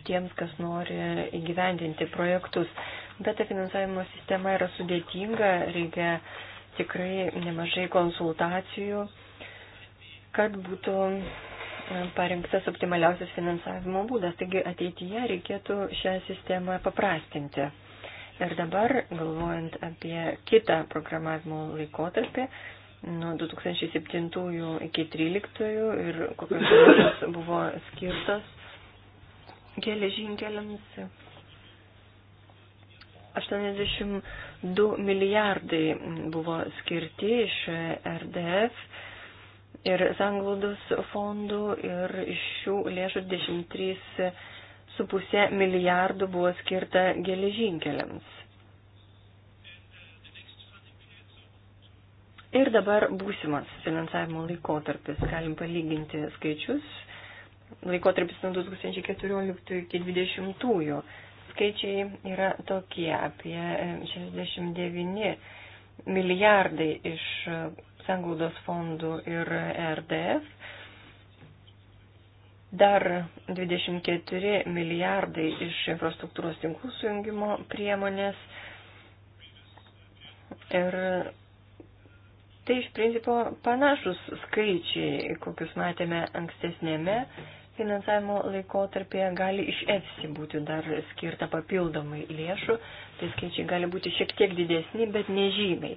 tiems, kas nori įgyvendinti projektus. Bet ta finansavimo sistema yra sudėtinga, reikia tikrai nemažai konsultacijų, kad būtų parinktas optimaliausias finansavimo būdas. Taigi ateityje reikėtų šią sistemą paprastinti. Ir dabar, galvojant apie kitą programavimo laikotarpį, nuo 2007 iki 2013 ir kokios lėšos buvo skirtos geležinkeliams 82 milijardai buvo skirti iš RDF ir sanglaudos fondų ir iš šių lėšų 13,5 milijardų buvo skirta geležinkeliams. Ir dabar būsimas finansavimo laikotarpis. Galim palyginti skaičius laikotarpis nuo 2014 iki 2020. Skaičiai yra tokie apie 69 e, milijardai iš e, sanglaudos fondų ir RDF, dar 24 milijardai iš infrastruktūros tinklų sujungimo priemonės ir tai iš principo panašus skaičiai, kokius matėme ankstesnėme finansavimo laikotarpėje gali iš EFSI būti dar skirta papildomai lėšų, tai skaičiai gali būti šiek tiek didesni, bet nežymiai.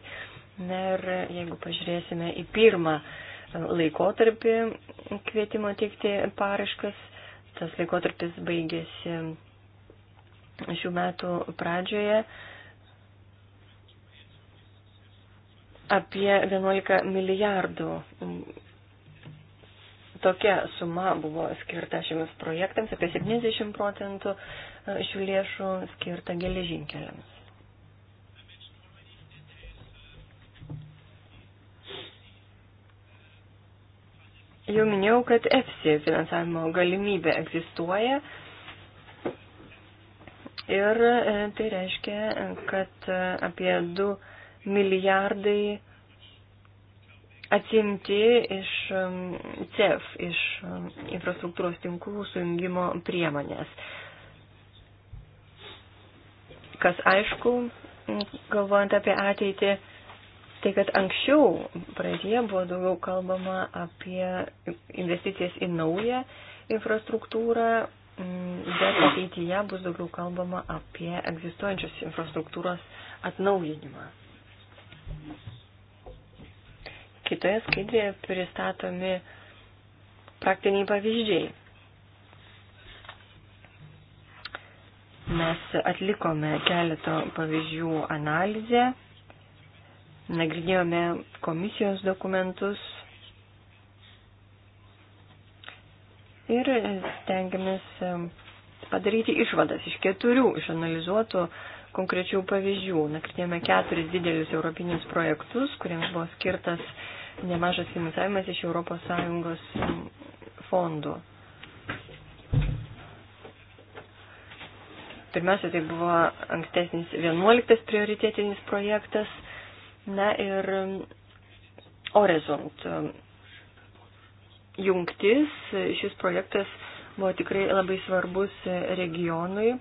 Na ir jeigu pažiūrėsime į pirmą laikotarpį kvietimo teikti paraškas, tas laikotarpis baigėsi šių metų pradžioje. Apie 11 milijardų tokia suma buvo skirta šiems projektams, apie 70 procentų e, šių lėšų skirta geležinkeliams. Jau minėjau, kad EFSI finansavimo galimybė egzistuoja ir e, tai reiškia, kad e, apie 2 milijardai atsimti iš um, CEF, iš um, infrastruktūros tinklų sujungimo priemonės. Kas aišku, galvojant apie ateitį, tai kad anksčiau pradėje buvo daugiau kalbama apie investicijas į naują infrastruktūrą, bet ateityje bus daugiau kalbama apie egzistuojančios infrastruktūros atnaujinimą. Kitoje skaidrėje pristatomi praktiniai pavyzdžiai. Mes atlikome keletą pavyzdžių analizę, nagrinėjome komisijos dokumentus ir stengiamės padaryti išvadas iš keturių išanalizuotų konkrečių pavyzdžių. Nakrinėjome keturis didelius europinius projektus, kuriems buvo skirtas nemažas finansavimas iš ES fondų. Pirmiausia, tai buvo ankstesnis 11 prioritėtinis projektas. Na ir Horizont jungtis, šis projektas buvo tikrai labai svarbus regionui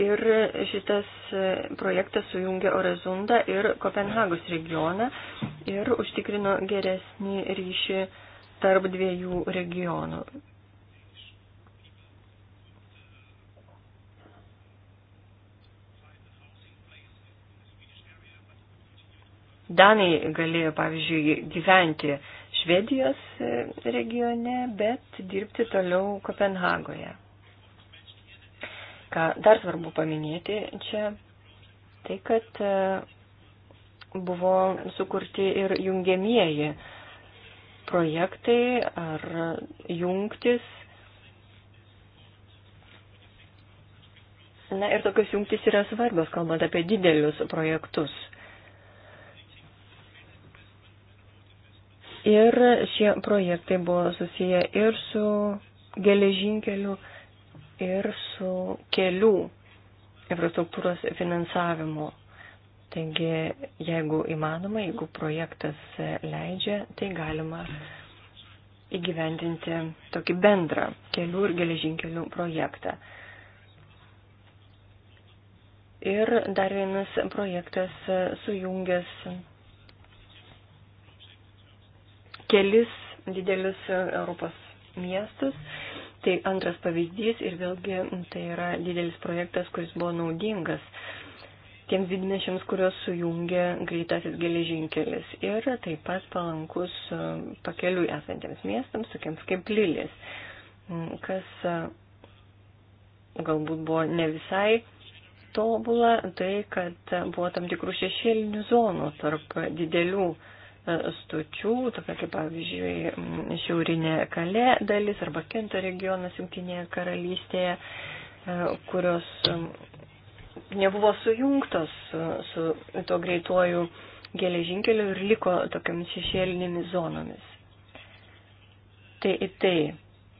Ir šitas e, projektas sujungė Orezundą ir Kopenhagos regioną ir užtikrino geresnį ryšį tarp dviejų regionų. Danai galėjo, pavyzdžiui, gyventi Švedijos e, regione, bet dirbti toliau Kopenhagoje. Ką dar svarbu paminėti čia, tai kad e, buvo sukurti ir jungiamieji projektai ar jungtis. Na ir tokios jungtis yra svarbios, kalbant apie didelius projektus. Ir šie projektai buvo susiję ir su geležinkeliu ir su kelių infrastruktūros finansavimu. Taigi, jeigu įmanoma, jeigu projektas leidžia, tai galima įgyvendinti tokį bendrą kelių ir geležinkelių projektą. Ir dar vienas projektas sujungęs kelis didelius Europos miestus Tai antras pavyzdys ir vėlgi tai yra didelis projektas, kuris buvo naudingas tiems didmešiams, kuriuos sujungė greitasis geležinkelis ir taip pat palankus e, pakeliui esantiems miestams, tokiems kaip Lilis, kas e, galbūt buvo ne visai tobula, tai kad buvo tam tikrų šešėlinių zonų tarp didelių uh, E, stočių, tokia kaip pavyzdžiui šiaurinė kalė dalis arba Kento regionas Junktinėje karalystėje, e, kurios nebuvo sujungtos e, su tuo greituoju geležinkeliu ir liko tokiamis šešėlinėmis zonomis. Tai į tai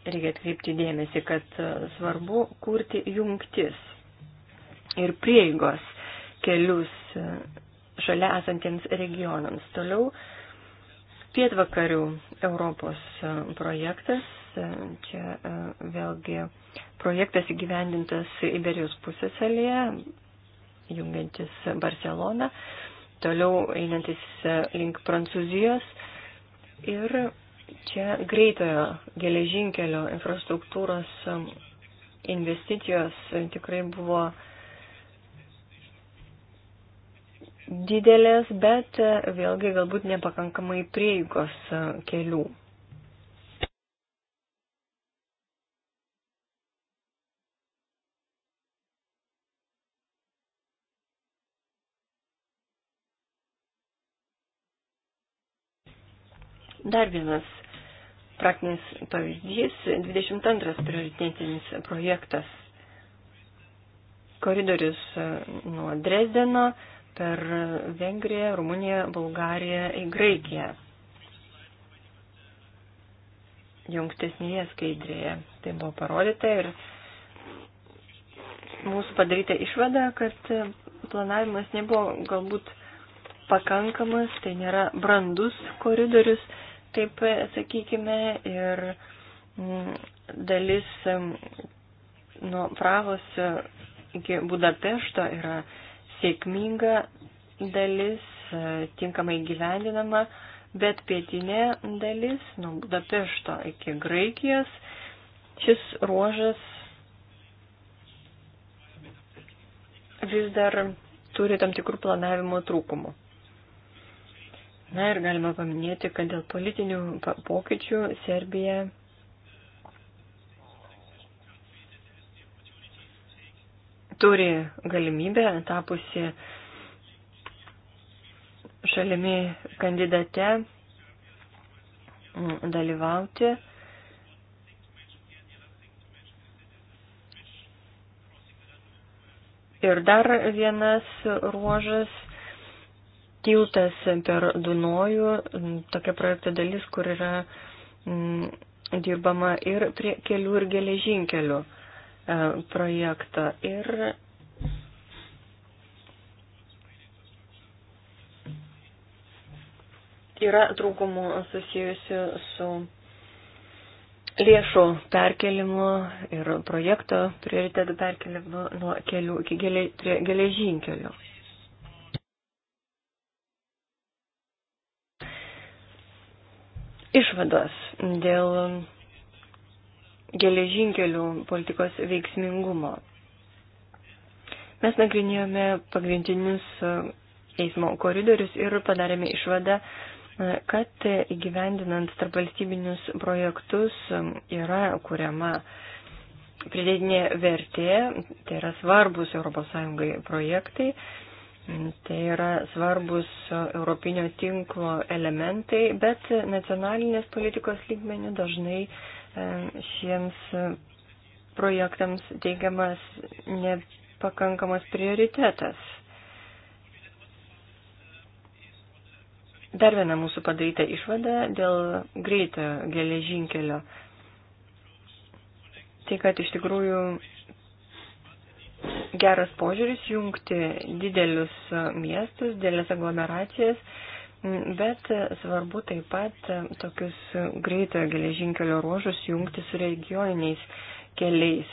reikia atkreipti dėmesį, kad svarbu kurti jungtis ir prieigos kelius šalia esantiems regionams. Toliau pietvakarių Europos e, projektas. E, čia e, vėlgi projektas įgyvendintas Iberijos pusėsalėje, jungiantis Barceloną, toliau einantis link Prancūzijos. Ir čia greitojo geležinkelio infrastruktūros investicijos tikrai buvo uh, didelės, bet e, vėlgi galbūt nepakankamai prieigos e, kelių. Dar vienas praktinis pavyzdys - 22 prioritėtinis projektas. Koridorius e, nuo Dresdeno per Vengriją, Rumuniją, Bulgariją į Graikiją. Jungtesnėje skaidrėje tai buvo parodyta ir mūsų padaryta išvada, kad planavimas nebuvo galbūt pakankamas, tai nėra brandus koridorius, taip sakykime, ir mm, dalis mm, nuo Pravos iki Budapešto yra sėkminga dalis, e, tinkamai gyvendinama, bet pietinė dalis, nuo Budapešto iki Graikijos, šis ruožas vis dar turi tam tikrų planavimo trūkumų. Na ir galima paminėti, kad dėl politinių pokyčių Serbija turi galimybę tapusi šalimi kandidate mm, dalyvauti. Ir dar vienas ruožas - tiltas per Dunojų, mm, tokia projekto dalis, kur yra mm, dirbama ir prie kelių ir geležinkelių. E, projektą ir yra trūkumų susijusių su lėšų perkelimu ir projekto prioritetų perkelimu nuo kelių iki geležinkelio. Išvados dėl geležinkelių politikos veiksmingumo. Mes nagrinėjome pagrindinius e, eismo koridorius ir padarėme išvadą, e, kad įgyvendinant tarpvalstybinius projektus e, yra kuriama pridėtinė vertė, tai yra svarbus ES projektai, tai yra svarbus europinio tinklo elementai, bet nacionalinės politikos lygmenių dažnai uh, E, šiems e, projektams teigiamas nepakankamas prioritetas. Dar viena mūsų padaryta išvada dėl greito geležinkelio. Tai, kad iš tikrųjų geras požiūris jungti didelius miestus, didelės aglomeracijas Bet svarbu taip pat tokius greitojo geležinkelio ruožus jungti su regioniniais keliais.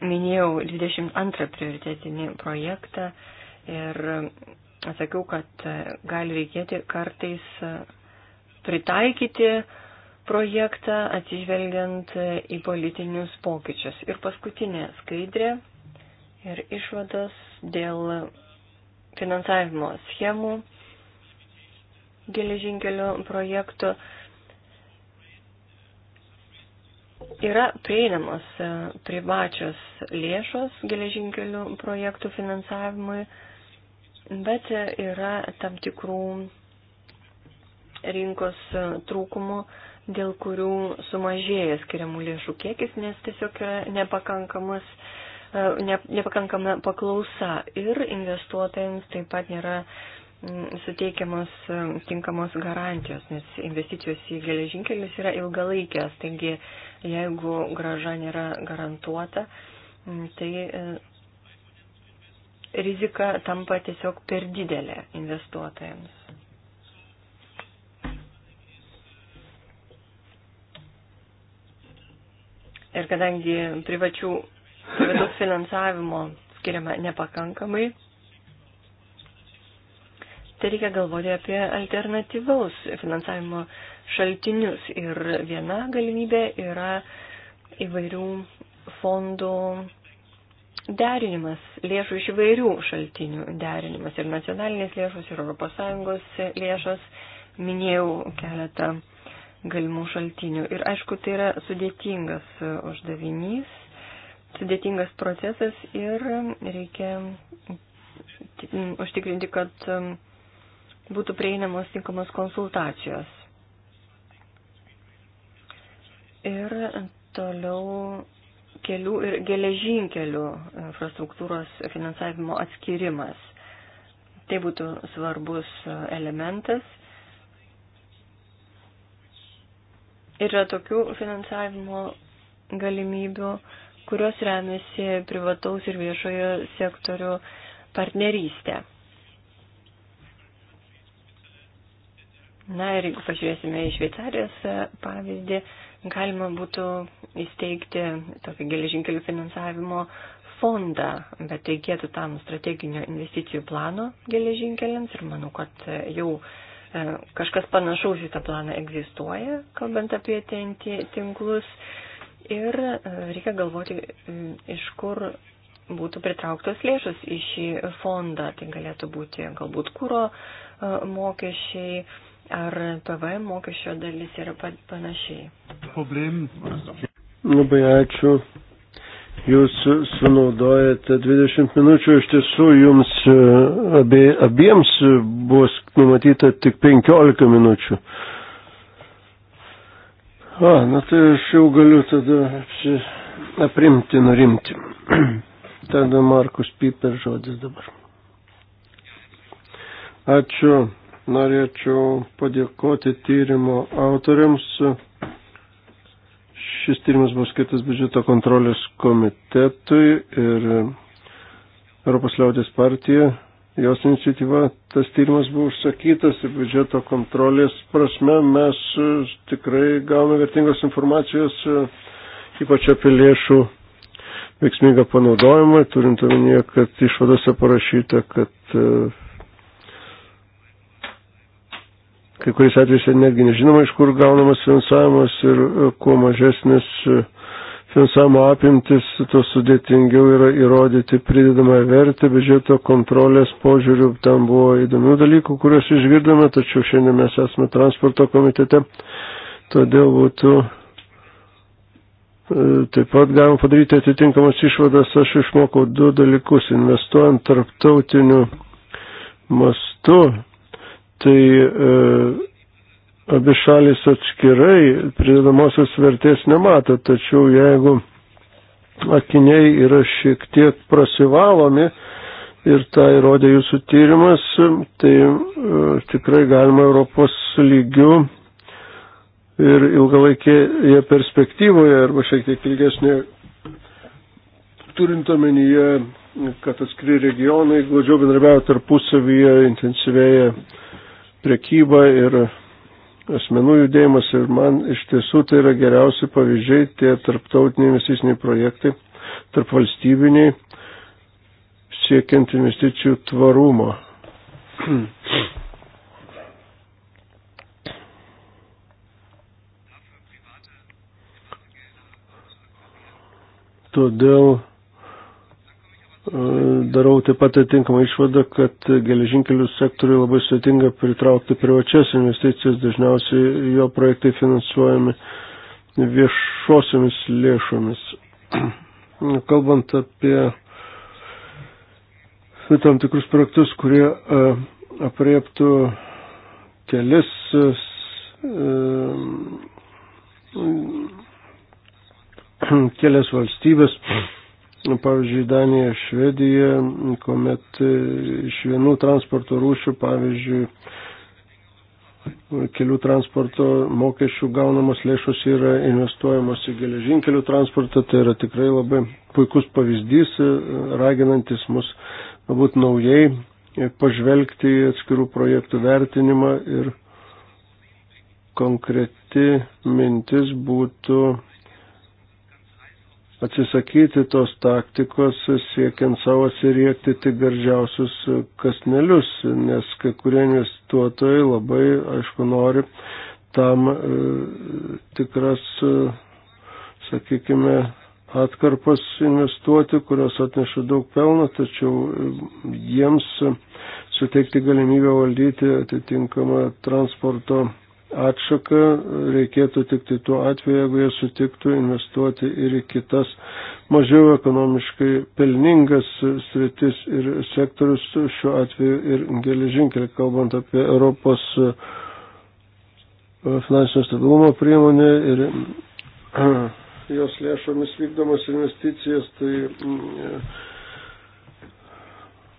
Minėjau 22 prioritetinį projektą ir atsakiau, kad gali reikėti kartais pritaikyti projektą atsižvelgiant į politinius pokyčius. Ir paskutinė skaidrė ir išvados dėl finansavimo schemų geležinkelio projektų yra prieinamos e, privačios lėšos geležinkelių projektų finansavimui, bet yra tam tikrų rinkos e, trūkumų dėl kurių sumažėja skiriamų lėšų kiekis, nes tiesiog yra nepakankamas, e, ne, nepakankama paklausa ir investuotojams taip pat nėra mm, suteikiamos e, tinkamos garantijos, nes investicijos į geležinkelius yra ilgalaikės, taigi jeigu graža nėra garantuota, mm, tai e, rizika tampa tiesiog per didelė investuotojams. Ir kadangi privačių, privataus finansavimo skiriama nepakankamai, tai reikia galvoti apie alternatyvaus finansavimo šaltinius. Ir viena galimybė yra įvairių fondų derinimas, lėšų iš įvairių šaltinių derinimas ir nacionalinės lėšos, ir ES lėšos. Minėjau keletą galimų šaltinių. Ir aišku, tai yra sudėtingas e, uždavinys, sudėtingas procesas ir reikia užtikrinti, kad e, būtų prieinamos tinkamos konsultacijos. Ir toliau kelių ir geležinkelių infrastruktūros finansavimo atskirimas. Tai būtų svarbus e, elementas yra tokių finansavimo galimybių, kurios remiasi privataus ir viešojo sektorių partnerystė. Na ir jeigu pažiūrėsime į Šveicarijos pavyzdį, galima būtų įsteigti tokį geležinkelių finansavimo fondą, bet reikėtų tam strateginio investicijų plano geležinkeliams ir manau, kad jau uh, E, kažkas panašaus į tą planą egzistuoja, kalbant apie tinklus. Ir e, reikia galvoti, iš kur būtų pritrauktos lėšos į šį fondą. Tai galėtų būti galbūt kūro e, mokesčiai ar PVM mokesčio dalis yra panašiai. Problem. Labai ačiū. Jūs sunaudojate 20 minučių, iš tiesų jums e, abie, abiems buvo numatyta tik 15 minučių. O, na tai aš jau galiu tada apsi, aprimti, nurimti. <clears throat> tada Markus Piper žodis dabar. Ačiū. Norėčiau padėkoti tyrimo autoriams. Šis tyrimas bus skirtas biudžeto kontrolės komitetui ir Europos liaudės partija. Jos iniciatyva tas tyrimas buvo užsakytas ir biudžeto kontrolės prasme mes e, tikrai gavome vertingos informacijos, e, ypač apie lėšų veiksmingą panaudojimą, turint omenyje, kad išvadose parašyta, kad e, kai kuriais atvejais netgi nežinoma, iš kur gaunamas finansavimas ir e, kuo mažesnis e, finansavimo apimtis, tuo sudėtingiau yra įrodyti pridedamą vertę, biudžeto kontrolės požiūrių, tam buvo įdomių dalykų, kuriuos išgirdome, tačiau šiandien mes esame transporto komitete, todėl būtų e, Taip pat galima padaryti atitinkamas išvadas, aš išmokau du dalykus, investuojant tarptautiniu mastu, tai e, abi šalis atskirai pridedamosios vertės nemato, tačiau jeigu akiniai yra šiek tiek prasivalomi ir tą įrodė jūsų tyrimas, tai e, tikrai galima Europos lygių ir ilgalaikėje perspektyvoje arba šiek tiek ilgesnė, turint omenyje, kad atskiri regionai glaudžiau bendrabiavo tarpusavyje, intensyvėja priekyba ir asmenų judėjimas ir man iš tiesų tai yra geriausi pavyzdžiai tie tarptautiniai investiciniai projektai, tarp valstybiniai, siekiant investicijų tvarumo. Todėl Darau taip pat atitinkamą išvadą, kad geležinkelių sektoriui labai sudėtinga pritraukti privačias investicijas, dažniausiai jo projektai finansuojami viešosiomis lėšomis. <clears throat> Kalbant apie tam tikrus projektus, kurie e, apriektų kelis e, <clears throat> kelias valstybės Nu, pavyzdžiui, Danija, Švedija, kuomet e, iš vienų transporto rūšių, pavyzdžiui, kelių transporto mokesčių gaunamos lėšos yra investuojamos į geležinkelių transportą, tai yra tikrai labai puikus pavyzdys, e, raginantis mus galbūt naujai pažvelgti į atskirų projektų vertinimą ir konkreti mintis būtų atsisakyti tos taktikos, siekiant savo atsiriekti tik garžiausius kasnelius, nes kai kurie investuotojai labai, aišku, nori tam e, tikras, e, sakykime, atkarpas investuoti, kurios atneša daug pelno, tačiau e, jiems suteikti galimybę valdyti atitinkamą transporto atšaką reikėtų tik tai tuo atveju, jeigu jie sutiktų investuoti ir į kitas mažiau ekonomiškai pelningas sritis ir sektorius, šiuo atveju ir geležinkelį, kalbant apie Europos e, finansinio stabilumo priemonę ir e, jos lėšomis vykdomas investicijas, tai mm,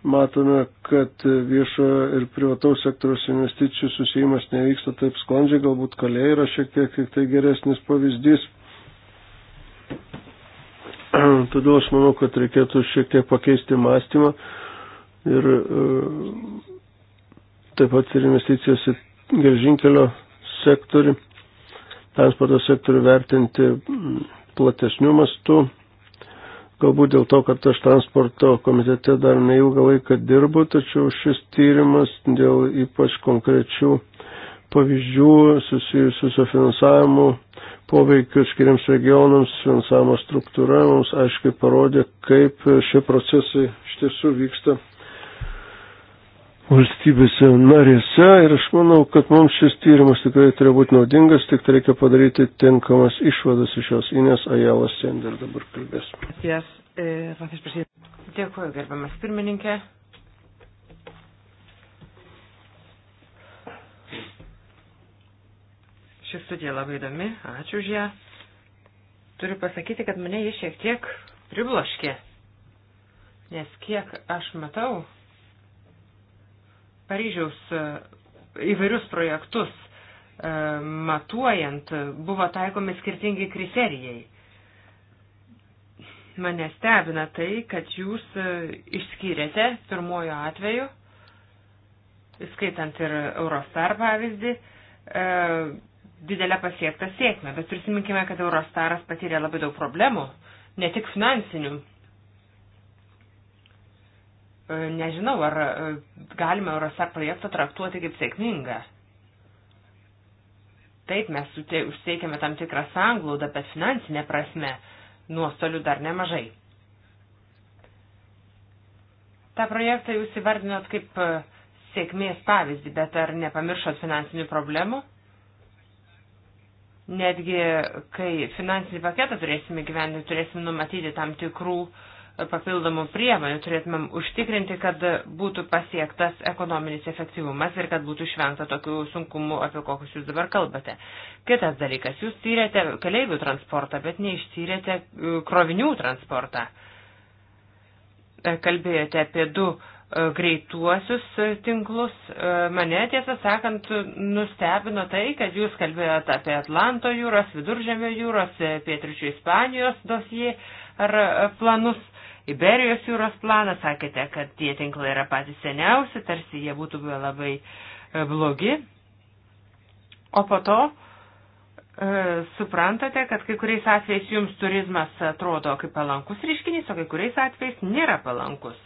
matome, kad viešo ir privataus sektoriaus investicijų susijimas nevyksta taip sklandžiai, galbūt kalė yra šiek tiek tik tai geresnis pavyzdys. <clears throat> Todėl aš manau, kad reikėtų šiek tiek pakeisti mąstymą ir e, taip pat ir investicijos į geržinkelio sektorių, transporto sektorių vertinti platesnių mastų galbūt dėl to, kad aš transporto komitete dar neilgą laiką dirbu, tačiau šis tyrimas dėl ypač konkrečių pavyzdžių susijusių su finansavimu, poveikiu skiriams regionams, finansavimo struktūra mums aiškiai parodė, kaip šie procesai iš tiesų vyksta valstybėse narėse ir aš manau, kad mums šis tyrimas tikrai turi būti naudingas, tik tai reikia padaryti tinkamas išvadas iš jos. Inės Ajalas Sender dabar kalbės. Eh, Dėkuoju, gerbiamas pirmininkė. Ši studija labai įdomi, ačiū už ją. Turiu pasakyti, kad mane ji šiek tiek pribloškė, nes kiek aš matau, Paryžiaus e, įvairius projektus e, matuojant buvo taikomi skirtingi kriterijai. Mane stebina tai, kad jūs e, išskyrėte pirmojo atveju, skaitant ir Eurostar pavyzdį, didelę pasiektą sėkmę. Bet prisiminkime, kad Eurostaras patyrė labai daug problemų, ne tik finansinių Nežinau, ar e, galime Eurostar projektą traktuoti kaip sėkmingą. Taip, mes užteikėme tam tikrą sanglaudą, bet finansinė prasme nuostolių dar nemažai. Ta projektą jūs įvardinot kaip e, sėkmės pavyzdį, bet ar nepamiršot finansinių problemų? Netgi, kai finansinį paketą turėsime gyventi, turėsime numatyti tam tikrų uh, papildomų priemonių turėtumėm užtikrinti, kad būtų pasiektas ekonominis efektyvumas ir kad būtų išvengta tokių sunkumų, apie kokius jūs dabar kalbate. Kitas dalykas, jūs tyrėte keleivių transportą, bet neištyrėte e, krovinių transportą. E, kalbėjote apie du e, greituosius tinklus. Mane tiesą sakant nustebino tai, kad jūs kalbėjote apie Atlanto jūros, Viduržemio jūros, Pietričių Ispanijos dosijai ar planus Iberijos jūros planą, sakėte, kad tie tinklai yra patys seniausi, tarsi jie būtų buvę labai e, blogi. O po to e, suprantate, kad kai kuriais atvejais jums turizmas atrodo kaip palankus reiškinys, o kai kuriais atvejais nėra palankus.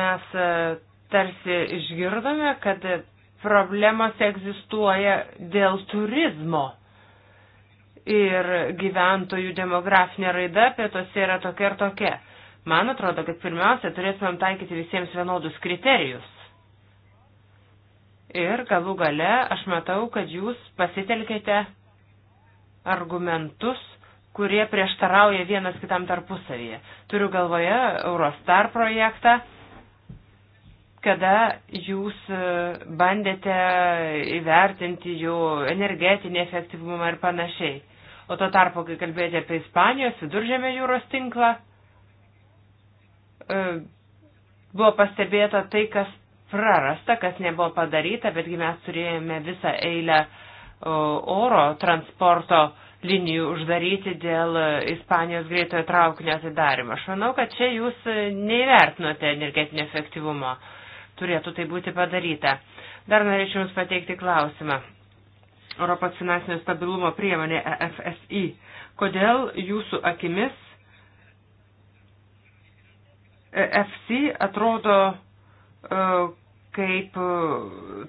Mes e, tarsi išgirdome, kad problemos egzistuoja dėl turizmo ir gyventojų demografinė raida pietose yra tokia ir tokia. Man atrodo, kad pirmiausia turėtumėm taikyti visiems vienodus kriterijus. Ir galų gale aš matau, kad jūs pasitelkėte argumentus, kurie prieštarauja vienas kitam tarpusavyje. Turiu galvoje Eurostar projektą, kada jūs e, bandėte įvertinti jų energetinį efektyvumą ir panašiai. O tuo tarpu, kai kalbėjote apie Ispanijos viduržėmio jūros tinklą, e, buvo pastebėta tai, kas prarasta, kas nebuvo padaryta, betgi mes turėjome visą eilę oro transporto linijų uždaryti dėl Ispanijos greitojo traukinio atidarimo. Aš manau, kad čia jūs neįvertinote energetinio efektyvumo. Turėtų tai būti padaryta. Dar norėčiau Jums pateikti klausimą. Europos finansinio stabilumo priemonė EFSI. Kodėl jūsų akimis e FC atrodo e, kaip e,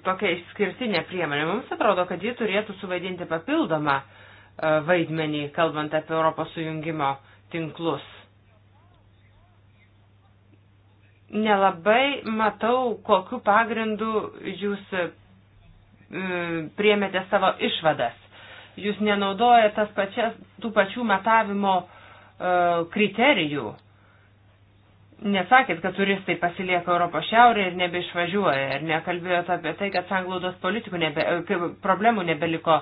tokia išskirtinė priemonė. Mums atrodo, kad ji turėtų suvaidinti papildomą vaidmenį, kalbant apie Europos sujungimo tinklus. Nelabai matau, kokiu pagrindu jūs E, priemėte savo išvadas. Jūs nenaudojate tas pačias, tų pačių matavimo e, kriterijų. Nesakėt, kad turistai pasilieka Europos šiaurė ir nebeišvažiuoja, ir nekalbėjot apie tai, kad sanglaudos politikų nebe, e, problemų nebeliko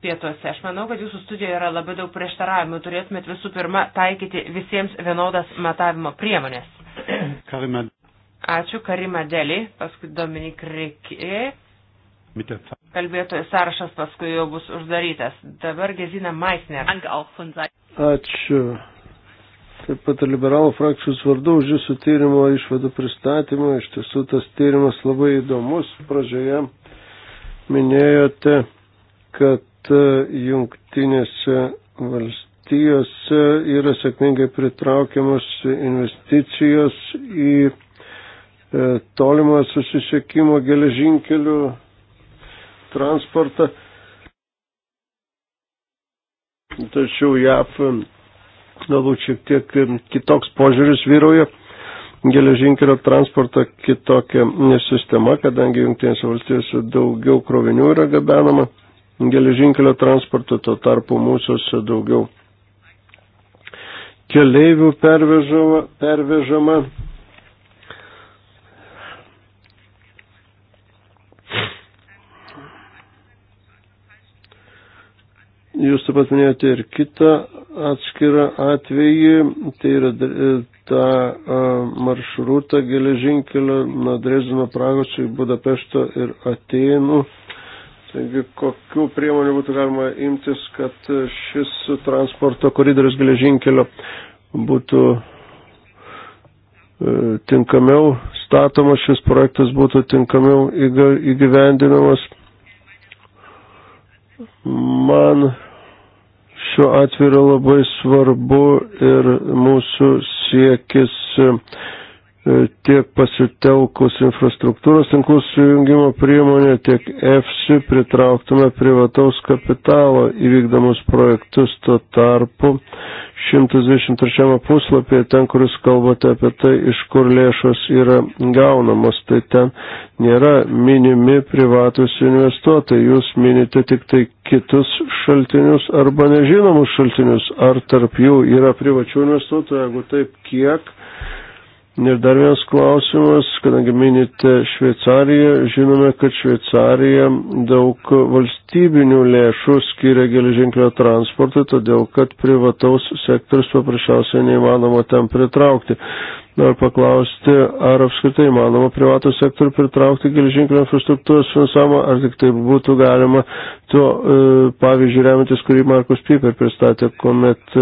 pietuose. Aš manau, kad jūsų studijoje yra labai daug prieštaravimų. Turėtumėt visų pirma taikyti visiems vienodas matavimo priemonės. Karima. Ačiū Karima Deli, paskui Dominik Rikė Kalbėtojų sąrašas paskui jau bus uždarytas. Dabar Gezina Maisner. Ačiū. Taip pat liberalų frakcijos vardu už jūsų tyrimo išvadų pristatymą. Iš tiesų tas tyrimas labai įdomus. Pradžioje minėjote, kad e, jungtinėse valstijose yra sėkmingai pritraukiamos investicijos į e, tolimojo susisiekimo geležinkelių transportą. Tačiau JAF galbūt šiek tiek kitoks požiūris vyrauja geležinkelio transportą kitokia sistema, kadangi Junktinėse valstijose daugiau krovinių yra gabenama geležinkelio transportu, tuo tarpu mūsųse daugiau keleivių pervežama, pervežama Jūs taip pat minėjote ir kitą atskirą atvejį, tai yra e, tą maršrutą geležinkelio nuo Drezino Pragos į Budapešto ir Atėnų. Taigi, kokių priemonių būtų galima imtis, kad šis transporto koridorius geležinkelio būtų e, tinkamiau statomas, šis projektas būtų tinkamiau įgyvendinamas. Man šiuo atveju yra labai svarbu ir mūsų siekis E, tiek pasitelkus infrastruktūros tinklų sujungimo priemonę, tiek EFSI pritrauktume privataus kapitalo įvykdamus projektus. Tuo tarpu 123 puslapyje, ten, kur jūs kalbate apie tai, iš kur lėšos yra gaunamos, tai ten nėra minimi privatus investuotojai. Jūs minite tik tai kitus šaltinius arba nežinomus šaltinius, ar tarp jų yra privačių investuotojų, jeigu taip, kiek Ir dar vienas klausimas, kadangi minite Šveicariją, žinome, kad Šveicarija daug valstybinių lėšų skiria geležinkelio transportui, todėl kad privataus sektorius paprasčiausiai neįmanoma ten pritraukti. Noriu paklausti, ar apskritai įmanoma privatų sektorių pritraukti geležinkelio infrastruktūros finansavimą, ar tik tai būtų galima tuo e, pavyzdžiui remiantis, kurį Markus Piper pristatė, kuomet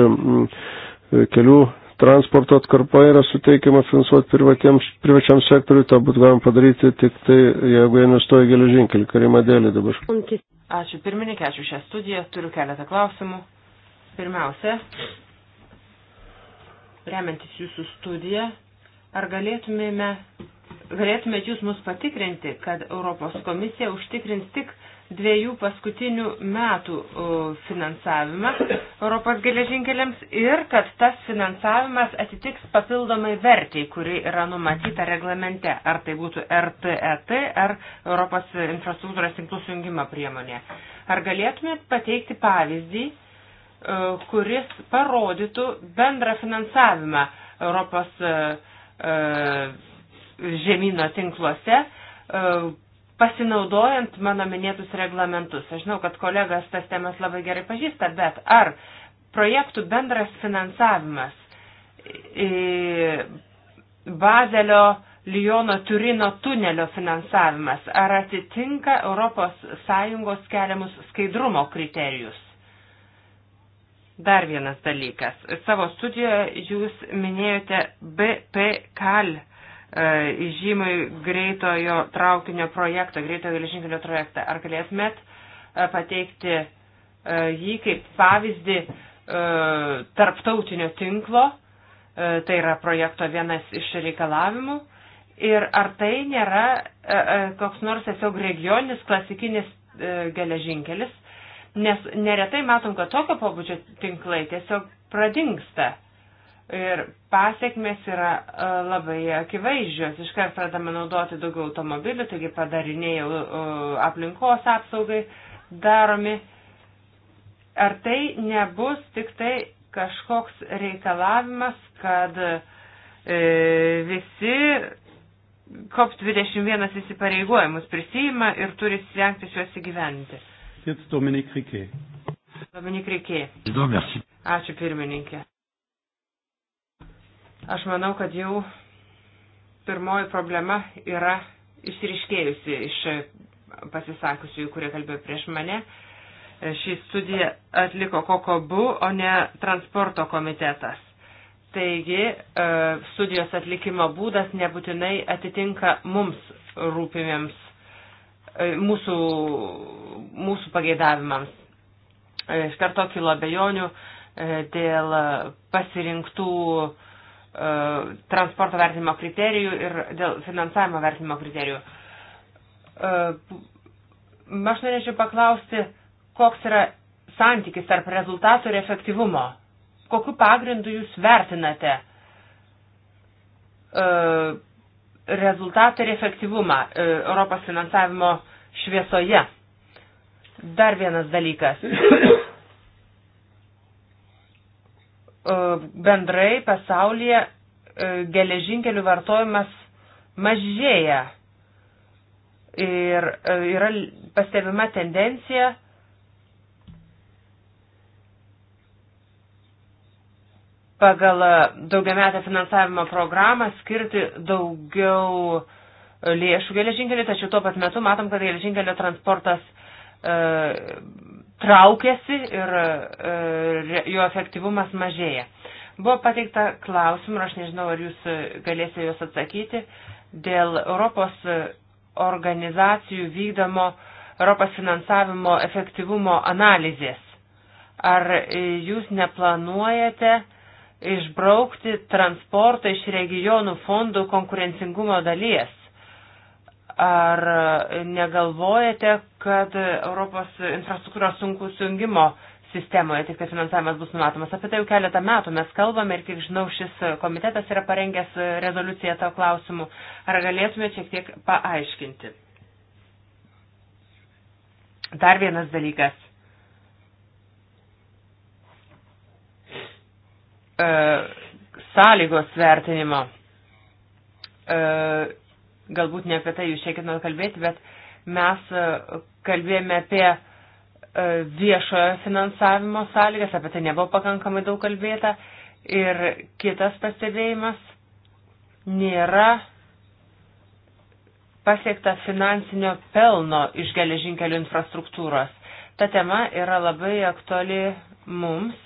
kelių transporto atkarpa yra suteikiama finansuoti privačiam sektoriui, tą būtų galima padaryti tik tai, jeigu investuoja geležinkelį, karimą dėlį dabar. Ačiū pirmininkė, ačiū šią studiją, turiu keletą klausimų. Pirmiausia, remiantis jūsų studiją, ar galėtumėme, galėtumėte jūs mus patikrinti, kad Europos komisija užtikrins tik dviejų paskutinių metų finansavimą Europos geležinkeliams ir kad tas finansavimas atitiks papildomai vertei, kuri yra numatyta reglamente, ar tai būtų RTET e ar Europos infrastruktūros tinklų sujungimo priemonė. Ar galėtumėt pateikti pavyzdį, kuris parodytų bendrą finansavimą Europos e, žemynų tinkluose pasinaudojant mano minėtus reglamentus. Aš žinau, kad kolegas tas temas labai gerai pažįsta, bet ar projektų bendras finansavimas Bazelio Liono Turino tunelio finansavimas, ar atitinka ES keliamus skaidrumo kriterijus? Dar vienas dalykas. Savo studijoje jūs minėjote BPKAL E, žymai greitojo traukinio projektą, greitojo geležinkelio projektą. Ar galėtumėt e, pateikti e, jį kaip pavyzdį tarptautinio tinklo, tai yra projekto vienas iš reikalavimų, ir ar tai nėra koks nors tiesiog regioninis klasikinis geležinkelis, nes neretai matom, kad tokio pobūdžio tinklai tiesiog pradingsta Ir pasiekmes yra e, labai akivaizdžios. Iš karto pradame naudoti daugiau automobilių, taigi padariniai e, aplinkos apsaugai daromi. Ar tai nebus tik tai kažkoks reikalavimas, kad e, visi COP21 įsipareigojimus prisijima ir turi stengtis juos įgyventi? Dominik Rikė. Dominik Rikė. Ačiū pirmininkė. Aš manau, kad jau pirmoji problema yra išriškėjusi iš pasisakusiųjų, kurie kalbėjo prieš mane. Šį studiją atliko Kokobu, o ne transporto komitetas. Taigi, e, studijos atlikimo būdas nebūtinai atitinka mums rūpimiems, e, mūsų, mūsų pageidavimams. E, iš karto kilo bejonių dėl pasirinktų uh, transporto vertinimo kriterijų ir dėl finansavimo vertinimo kriterijų. E, aš norėčiau paklausti, koks yra santykis tarp rezultatų ir efektyvumo. Kokiu pagrindu jūs vertinate e, rezultatą ir efektyvumą e, Europos finansavimo šviesoje? Dar vienas dalykas. <coughs> E, bendrai pasaulyje e, geležinkelių vartojimas mažėja. Ir e, yra pastebima tendencija, pagal daugiametę finansavimo programą skirti daugiau lėšų geležinkeliui, tačiau tuo pat metu matom, kad geležinkelio transportas e, traukiasi ir e, jo efektyvumas mažėja. Buvo pateikta klausimų, aš nežinau, ar jūs galėsite juos atsakyti, dėl Europos organizacijų vykdomo Europos finansavimo efektyvumo analizės. Ar jūs neplanuojate išbraukti transportą iš regionų fondų konkurencingumo dalies? Ar negalvojate, kad Europos infrastruktūros sunkų sujungimo sistemoje tik tai finansavimas bus numatomas. Apie tai jau keletą metų mes kalbame ir kiek žinau, šis komitetas yra parengęs rezoliuciją to klausimu. Ar galėtume šiek tiek paaiškinti? Dar vienas dalykas. E, sąlygos vertinimo. E, galbūt ne apie tai jūs šiekit kalbėti, bet mes kalbėjome apie e, viešojo finansavimo sąlygas, apie tai nebuvo pakankamai daug kalbėta. Ir kitas pastebėjimas nėra pasiekta finansinio pelno iš geležinkelių infrastruktūros. Ta tema yra labai aktuali mums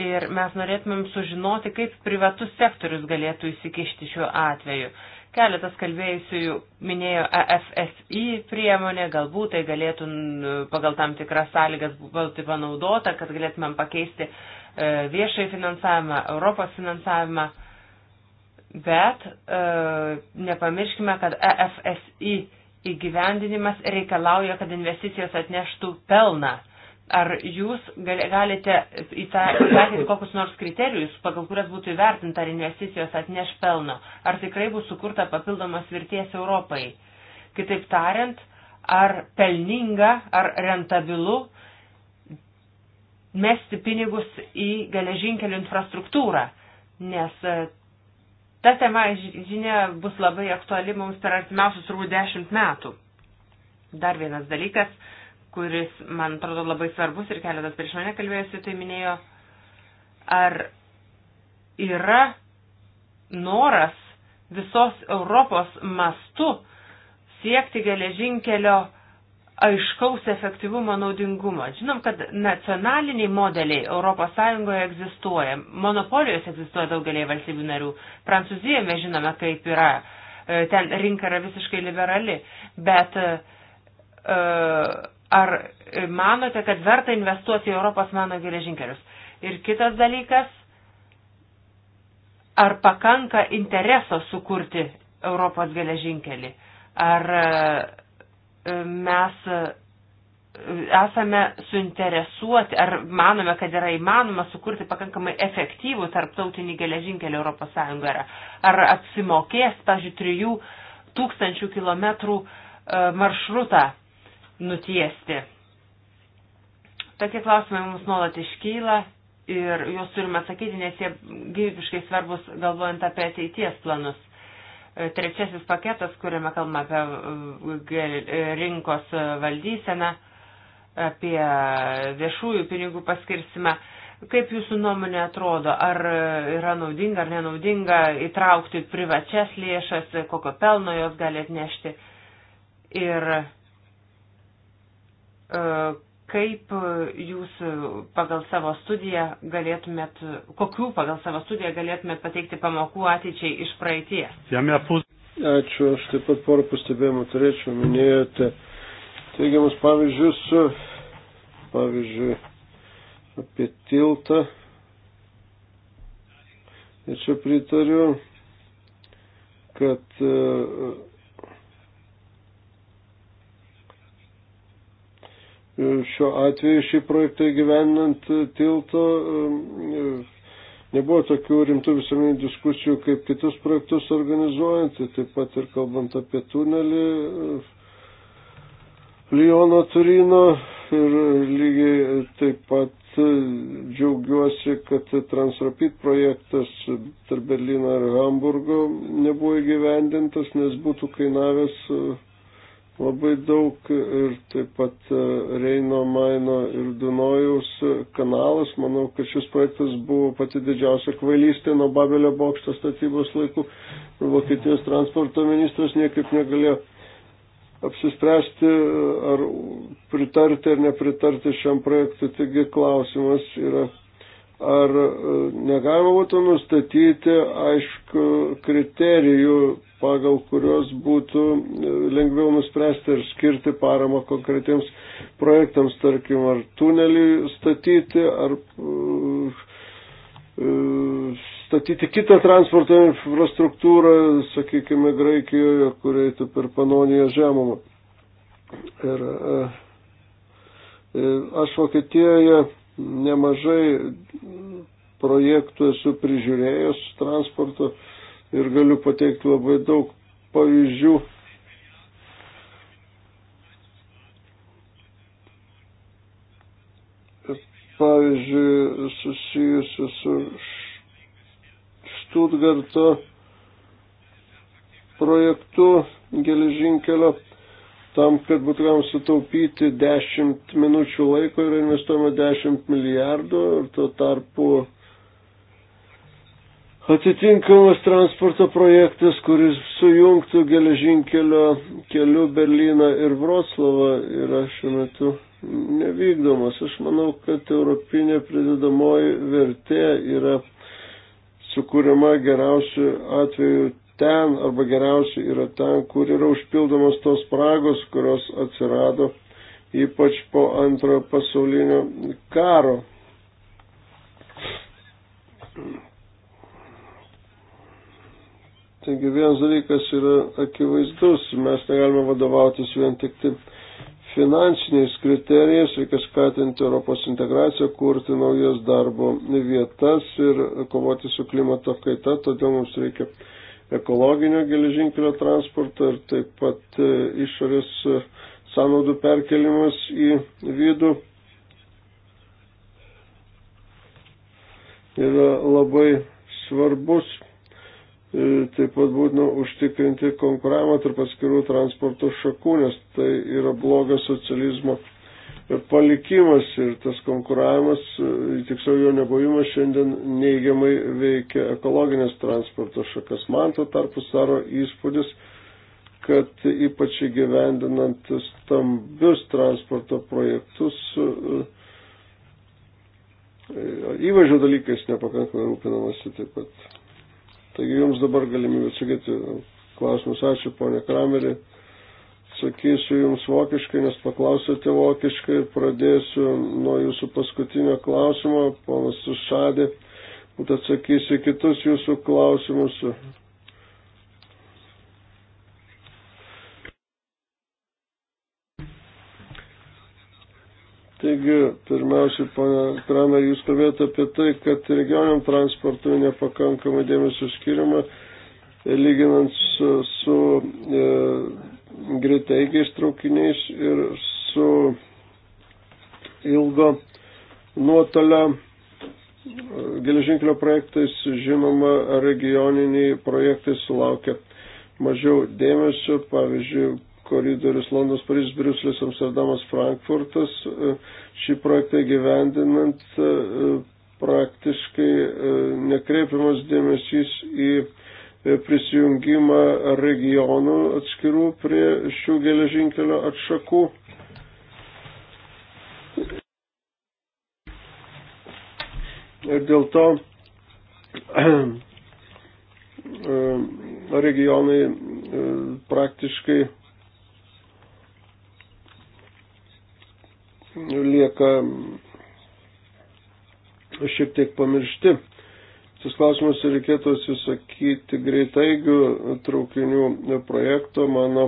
ir mes norėtumėm sužinoti, kaip privatus sektorius galėtų įsikišti šiuo atveju. Keletas kalbėjusių minėjo EFSI priemonę, galbūt tai galėtų pagal tam tikras sąlygas būti panaudota, kad galėtumėm pakeisti e, viešai finansavimą, Europos finansavimą. Bet e, nepamirškime, kad EFSI įgyvendinimas reikalauja, kad investicijos atneštų pelną. Ar jūs galite įsakyti kokius nors kriterijus, pagal kurias būtų įvertinta, ar investicijos atneš pelno, ar tikrai bus sukurta papildomas vertės Europai? Kitaip tariant, ar pelninga, ar rentabilu mesti pinigus į geležinkelių infrastruktūrą, nes e, ta tema, žinia, bus labai aktuali mums per artimiausius turbūt dešimt metų. Dar vienas dalykas kuris, man atrodo, labai svarbus ir keletas prieš mane kalbėjusių tai minėjo, ar yra noras visos Europos mastu siekti geležinkelio aiškaus efektyvumo naudingumo. Žinom, kad nacionaliniai modeliai ES egzistuoja, monopolijos egzistuoja daugelį valstybių narių. Prancūzijoje mes žinome, kaip yra, e, ten rinka yra visiškai liberali, bet uh, Ar manote, kad verta investuoti į Europos meno geležinkelius? Ir kitas dalykas, ar pakanka intereso sukurti Europos geležinkelį? Ar e, mes e, esame suinteresuoti, ar manome, kad yra įmanoma sukurti pakankamai efektyvų tarptautinį geležinkelį Europos Sąjungoje? Ar apsimokės, pažiūrėjau, trijų tūkstančių kilometrų e, maršrutą nutiesti. Tokie klausimai mums nuolat iškyla ir juos turime atsakyti, nes jie gyvybiškai svarbus galvojant apie ateities planus. E, trečiasis paketas, kuriame kalbame apie e, rinkos e, valdyseną, apie viešųjų pinigų paskirsimą. Kaip jūsų nuomonė atrodo, ar yra naudinga ar nenaudinga įtraukti privačias lėšas, kokio pelno jos gali atnešti ir kaip jūs pagal savo studiją galėtumėt, kokių pagal savo studiją galėtumėt pateikti pamokų ateičiai iš praeities? Ačiū, aš taip pat porą pastebėjimų turėčiau, minėjote teigiamus pavyzdžius, pavyzdžiui, apie tiltą. Ir čia pritariu, kad uh, šiuo atveju šį projektą įgyvendinant e, tilto e, e, nebuvo tokių rimtų visuomeninių diskusijų kaip kitus projektus organizuojant, tai taip pat ir kalbant apie tunelį Liono Turino ir lygiai taip pat džiaugiuosi, kad Transrapid projektas tarp Berlyno ir Hamburgo nebuvo įgyvendintas, nes būtų kainavęs labai daug ir taip pat e, Reino, Maino ir Dunojaus e, kanalas. Manau, kad šis projektas buvo pati didžiausia kvailystė nuo Babelio bokšto statybos laikų. Vokietijos transporto ministras niekaip negalėjo apsispręsti, e, ar pritarti ar nepritarti šiam projektui. Taigi klausimas yra Ar e, negalima būtų nustatyti aišku kriterijų, pagal kurios būtų e, lengviau nuspręsti ir skirti paramą konkretiems projektams, tarkim, ar tunelį statyti, ar e, statyti kitą transporto infrastruktūrą, sakykime, Graikijoje, kur eitų per Panoniją žemumą. Ir, ir aš Vokietijoje nemažai projektų esu prižiūrėjęs transporto ir galiu pateikti labai daug pavyzdžių. Pavyzdžiui, susijusiu su Štutgarto projektu geležinkelio Tam, kad būtų galima sutaupyti 10 minučių laiko, yra investuojama 10 milijardų ir tuo tarpu atitinkamas transporto projektas, kuris sujungtų geležinkelio keliu Berliną ir Vroclavą, yra šiuo metu nevykdomas. Aš manau, kad europinė pridedamoji vertė yra sukūriama geriausių atveju ten arba geriausia yra ten, kur yra užpildomos tos spragos, kurios atsirado ypač po antrojo pasaulinio karo. Taigi vienas dalykas yra akivaizdus, mes negalime vadovautis vien tik tai finansiniais kriterijais, reikia skatinti Europos integraciją, kurti naujas darbo vietas ir kovoti su klimato kaita, todėl mums reikia ekologinio geležinkelio transportą ir taip pat e, išorės e, sąnaudų perkelimas į vidų yra labai svarbus. E, taip pat būtina užtikrinti konkuravimą tarp atskirų transporto šakų, nes tai yra blogas socializmo palikimas ir tas konkuravimas, e, tiksliau jo nebuvimas šiandien neigiamai veikia ekologinės transporto šakas. Man tuo tarpu saro įspūdis, kad ypač įgyvendinant stambius transporto projektus e, įvažių dalykais nepakankamai rūpinamasi taip pat. Taigi jums dabar galimybė atsakyti klausimus. Ačiū, ponė Kramerį atsakysiu Jums vokiškai, nes paklausėte vokiškai ir pradėsiu nuo Jūsų paskutinio klausimo, ponas Sušadė, bet atsakysiu kitus Jūsų klausimus. Taigi, pirmiausia, pana Kramer, jūs kalbėjote apie tai, kad regioniam transportui nepakankamai dėmesio skiriama, lyginant su, su e, greitaigiais traukiniais ir su ilgo nuotolio geležinkelio projektais, žinoma, regioniniai projektai sulaukia mažiau dėmesio, pavyzdžiui, koridorius Londonas, Paryžius, Briuselis, Amsterdamas, Frankfurtas. E, šį projektą gyvendinant e, praktiškai e, nekreipiamas dėmesys į E, prisijungimą regionų atskirų prie šių geležinkelio atšakų. Ir dėl to e, regionai e, praktiškai lieka šiek tiek pamiršti. Šis klausimas reikėtų atsisakyti greitaigių traukinių projekto, mano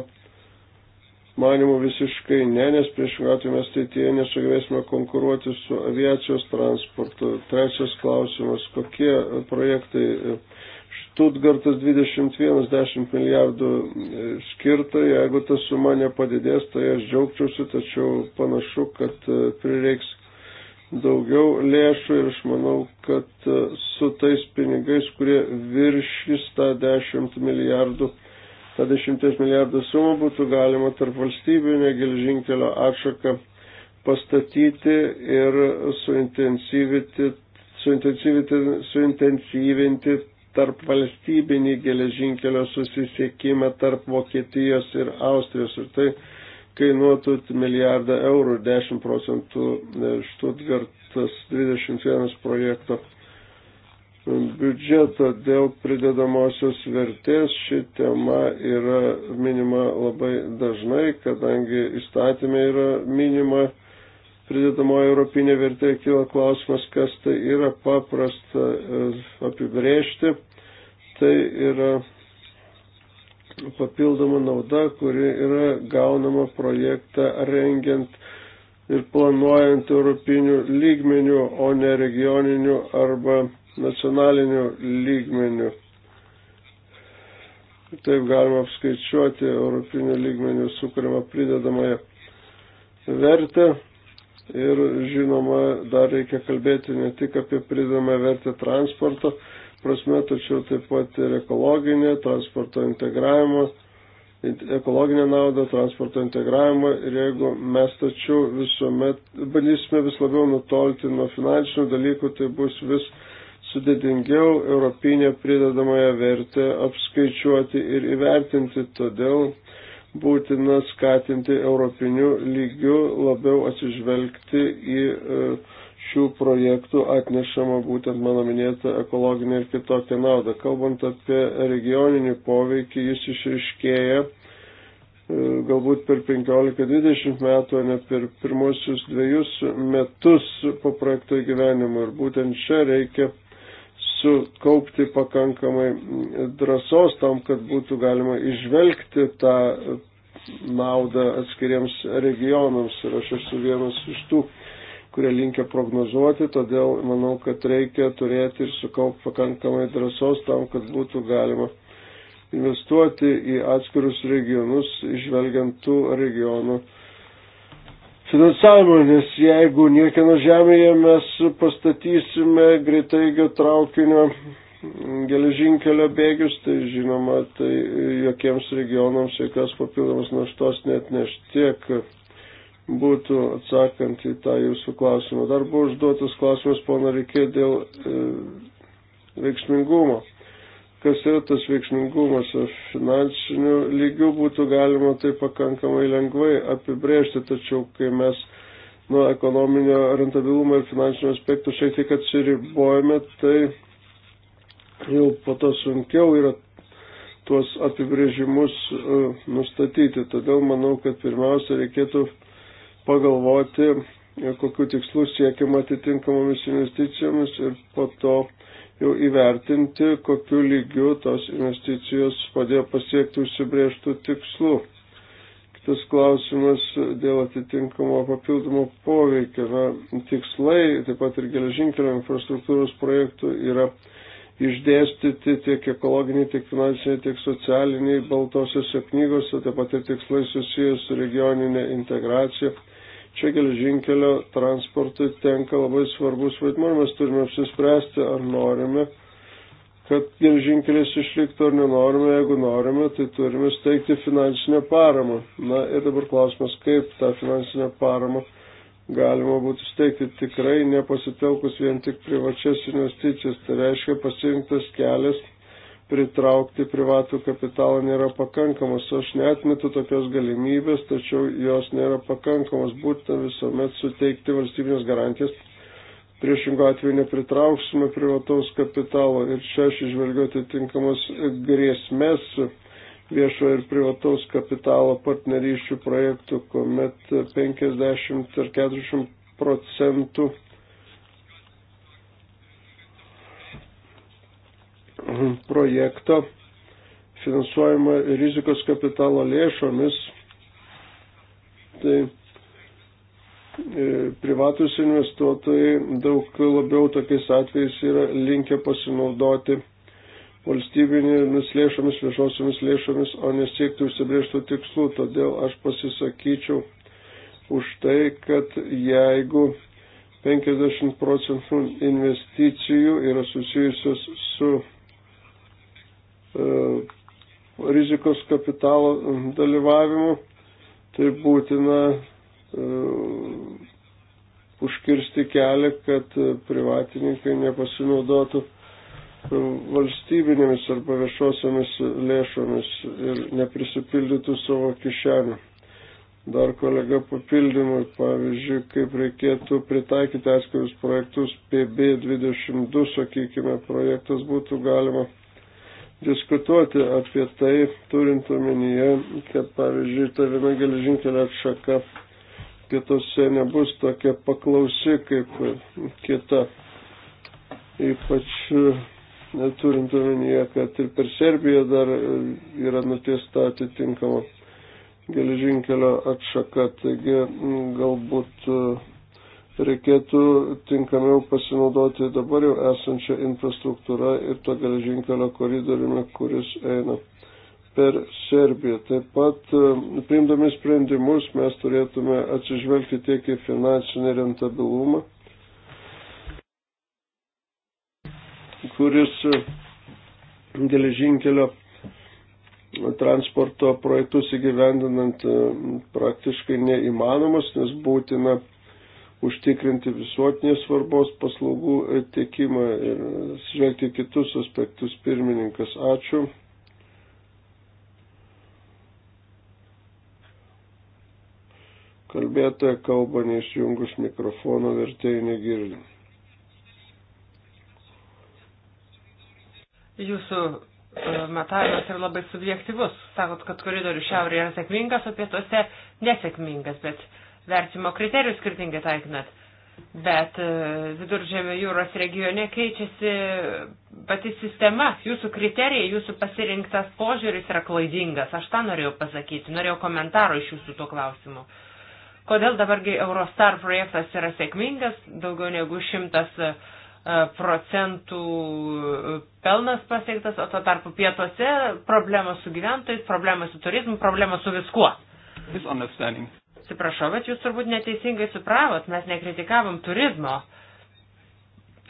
manimų visiškai ne, nes priešingų atveju mes ateityje nesugebėsime konkuruoti su aviacijos transportu. Trečias klausimas, kokie projektai Stuttgartas 21, 10 milijardų skirta, jeigu ta suma nepadidės, tai aš džiaugčiausi, tačiau panašu, kad prireiks daugiau lėšų ir aš manau, kad e, su tais pinigais, kurie viršys tą 10 milijardų, tą 10 milijardų sumą būtų galima tarp valstybinę gelžinkelio atšaką pastatyti ir suintensyvinti, suintensyvinti, suintensyvinti tarp valstybinį geležinkelio susisiekimą tarp Vokietijos ir Austrijos. Ir tai kainuotų milijardą eurų, 10 procentų Stuttgartas e, 21 projekto biudžeto dėl pridedamosios vertės ši tema yra minima labai dažnai, kadangi įstatymė yra minima pridedamoji europinė vertė, kyla klausimas, kas tai yra paprasta e, apibrėžti. Tai yra papildoma nauda, kuri yra gaunama projektą rengiant ir planuojant europinių lygmenių, o ne regioninių arba nacionalinių lygmenių. Taip galima apskaičiuoti europinių lygmenių sukūrimą pridedamąją vertę. Ir žinoma, dar reikia kalbėti ne tik apie pridedamą vertę transporto prasme, tačiau taip pat ir ekologinė, transporto integravimo, ekologinė nauda, transporto integravimo ir jeigu mes tačiau visuomet bandysime vis labiau nutolti nuo finansinių dalykų, tai bus vis sudėtingiau europinė pridedamąją vertę apskaičiuoti ir įvertinti, todėl būtina skatinti europiniu lygiu labiau atsižvelgti į uh, šių projektų atnešama būtent mano minėta ekologinė ir kitokia nauda. Kalbant apie regioninį poveikį, jis išriškėja e, galbūt per 15-20 metų, o ne per pirmosius dviejus metus po projekto gyvenimo. Ir būtent čia reikia sukaupti pakankamai drąsos tam, kad būtų galima išvelgti tą naudą atskiriems regionams. Ir aš esu vienas iš tų kurie linkia prognozuoti, todėl manau, kad reikia turėti ir sukaupti pakankamai drąsos tam, kad būtų galima investuoti į atskirus regionus, išvelgiant tų regionų finansavimą, nes jeigu niekieno žemėje mes pastatysime greitaigio traukinio geležinkelio bėgius, tai žinoma, tai jokiems regionams jokios papildomos naštos net neš tiek būtų atsakant į tą jūsų klausimą. Dar buvo užduotas klausimas, pono Rikė, dėl e, veiksmingumo. Kas yra tas veiksmingumas? Finansinių lygių būtų galima tai pakankamai lengvai apibrėžti, tačiau kai mes nuo ekonominio rentabilumo ir finansinio aspektų šiek tiek atsiribojame, tai jau po to sunkiau yra tuos apibrėžimus e, nustatyti. Todėl manau, kad pirmiausia reikėtų pagalvoti, e, kokiu tikslu siekiama atitinkamomis investicijomis ir po to jau įvertinti, kokiu lygiu tos investicijos padėjo pasiekti užsibrieštų tikslų. Kitas klausimas dėl atitinkamo papildomo poveikio. Na, tikslai, taip pat ir geležinkelio infrastruktūros projektų yra išdėstyti tiek ekologiniai, tiek finansiniai, tiek socialiniai baltosiose knygose, taip pat ir tikslai susijęs su regioninė integracija Čia geležinkelio transportui tenka labai svarbus vaidmuo ir mes turime apsispręsti, ar norime, kad geležinkelis išliktų ar nenorime. Jeigu norime, tai turime steigti finansinę paramą. Na ir dabar klausimas, kaip tą finansinę paramą galima būtų steigti tikrai nepasitelkus vien tik privačias investicijas. Tai reiškia pasirinktas kelias pritraukti privatų kapitalą nėra pakankamos. Aš netmetu tokios galimybės, tačiau jos nėra pakankamos. Būtina visuomet suteikti valstybinės garantijas. Priešingų atveju nepritrauksime privataus kapitalo ir čia aš išvelgiu atitinkamas grėsmės viešo ir privataus kapitalo partnerysčių projektų, kuomet 50 ar 40 procentų projekto finansuojama rizikos kapitalo lėšomis, tai e, privatus investuotojai daug labiau tokiais atvejais yra linkę pasinaudoti valstybinėmis lėšomis, viešosiomis lėšomis, o nesiekti užsibrėžtų tikslų. Todėl aš pasisakyčiau už tai, kad jeigu 50 procentų investicijų yra susijusios su E, rizikos kapitalo dalyvavimu, tai būtina e, užkirsti kelią, kad privatininkai nepasinaudotų e, valstybinėmis arba viešosiomis lėšomis ir neprisipildytų savo kišenių. Dar kolega papildymui, pavyzdžiui, kaip reikėtų pritaikyti atskirius projektus PB22, sakykime, projektas būtų galima diskutuoti apie tai, turint omenyje, kad pavyzdžiui, ta viena geležinkelio atšaka kitose nebus tokia paklausi kaip kita. Ypač e, turint omenyje, kad ir per Serbiją dar e, yra nutiesta atitinkama geležinkelio atšaka, taigi galbūt e, reikėtų tinkamiau pasinaudoti dabar jau esančią infrastruktūrą ir to geležinkelio koridoriumi, kuris eina per Serbiją. Taip pat, e, priimdami sprendimus, mes turėtume atsižvelgti tiek į finansinį rentabilumą, kuris e, geležinkelio transporto projektus įgyvendinant e, praktiškai neįmanomas, nes būtina užtikrinti visuotinės svarbos paslaugų tiekimą ir žvelgti kitus aspektus. Pirmininkas, ačiū. Kalbėtoja kalba neišjungus mikrofono vertėjai negirdi. Jūsų e, matavimas yra labai subjektivus. Sakot, kad koridorius šiaurėje yra sėkmingas, o pietuose nesėkmingas, bet uh, vertimo kriterijus skirtingai taikinat. Bet e, viduržėmio jūros regione keičiasi e, pati sistema, jūsų kriterijai, jūsų pasirinktas požiūris yra klaidingas. Aš tą norėjau pasakyti, norėjau komentaro iš jūsų tuo klausimu. Kodėl dabargi Eurostar projektas yra sėkmingas, daugiau negu šimtas e, procentų pelnas pasiektas, o to tarpu pietuose problemos su gyventojais, problemos su turizmu, problemos su viskuo. Atsiprašau, bet jūs turbūt neteisingai supravot, mes nekritikavom turizmo.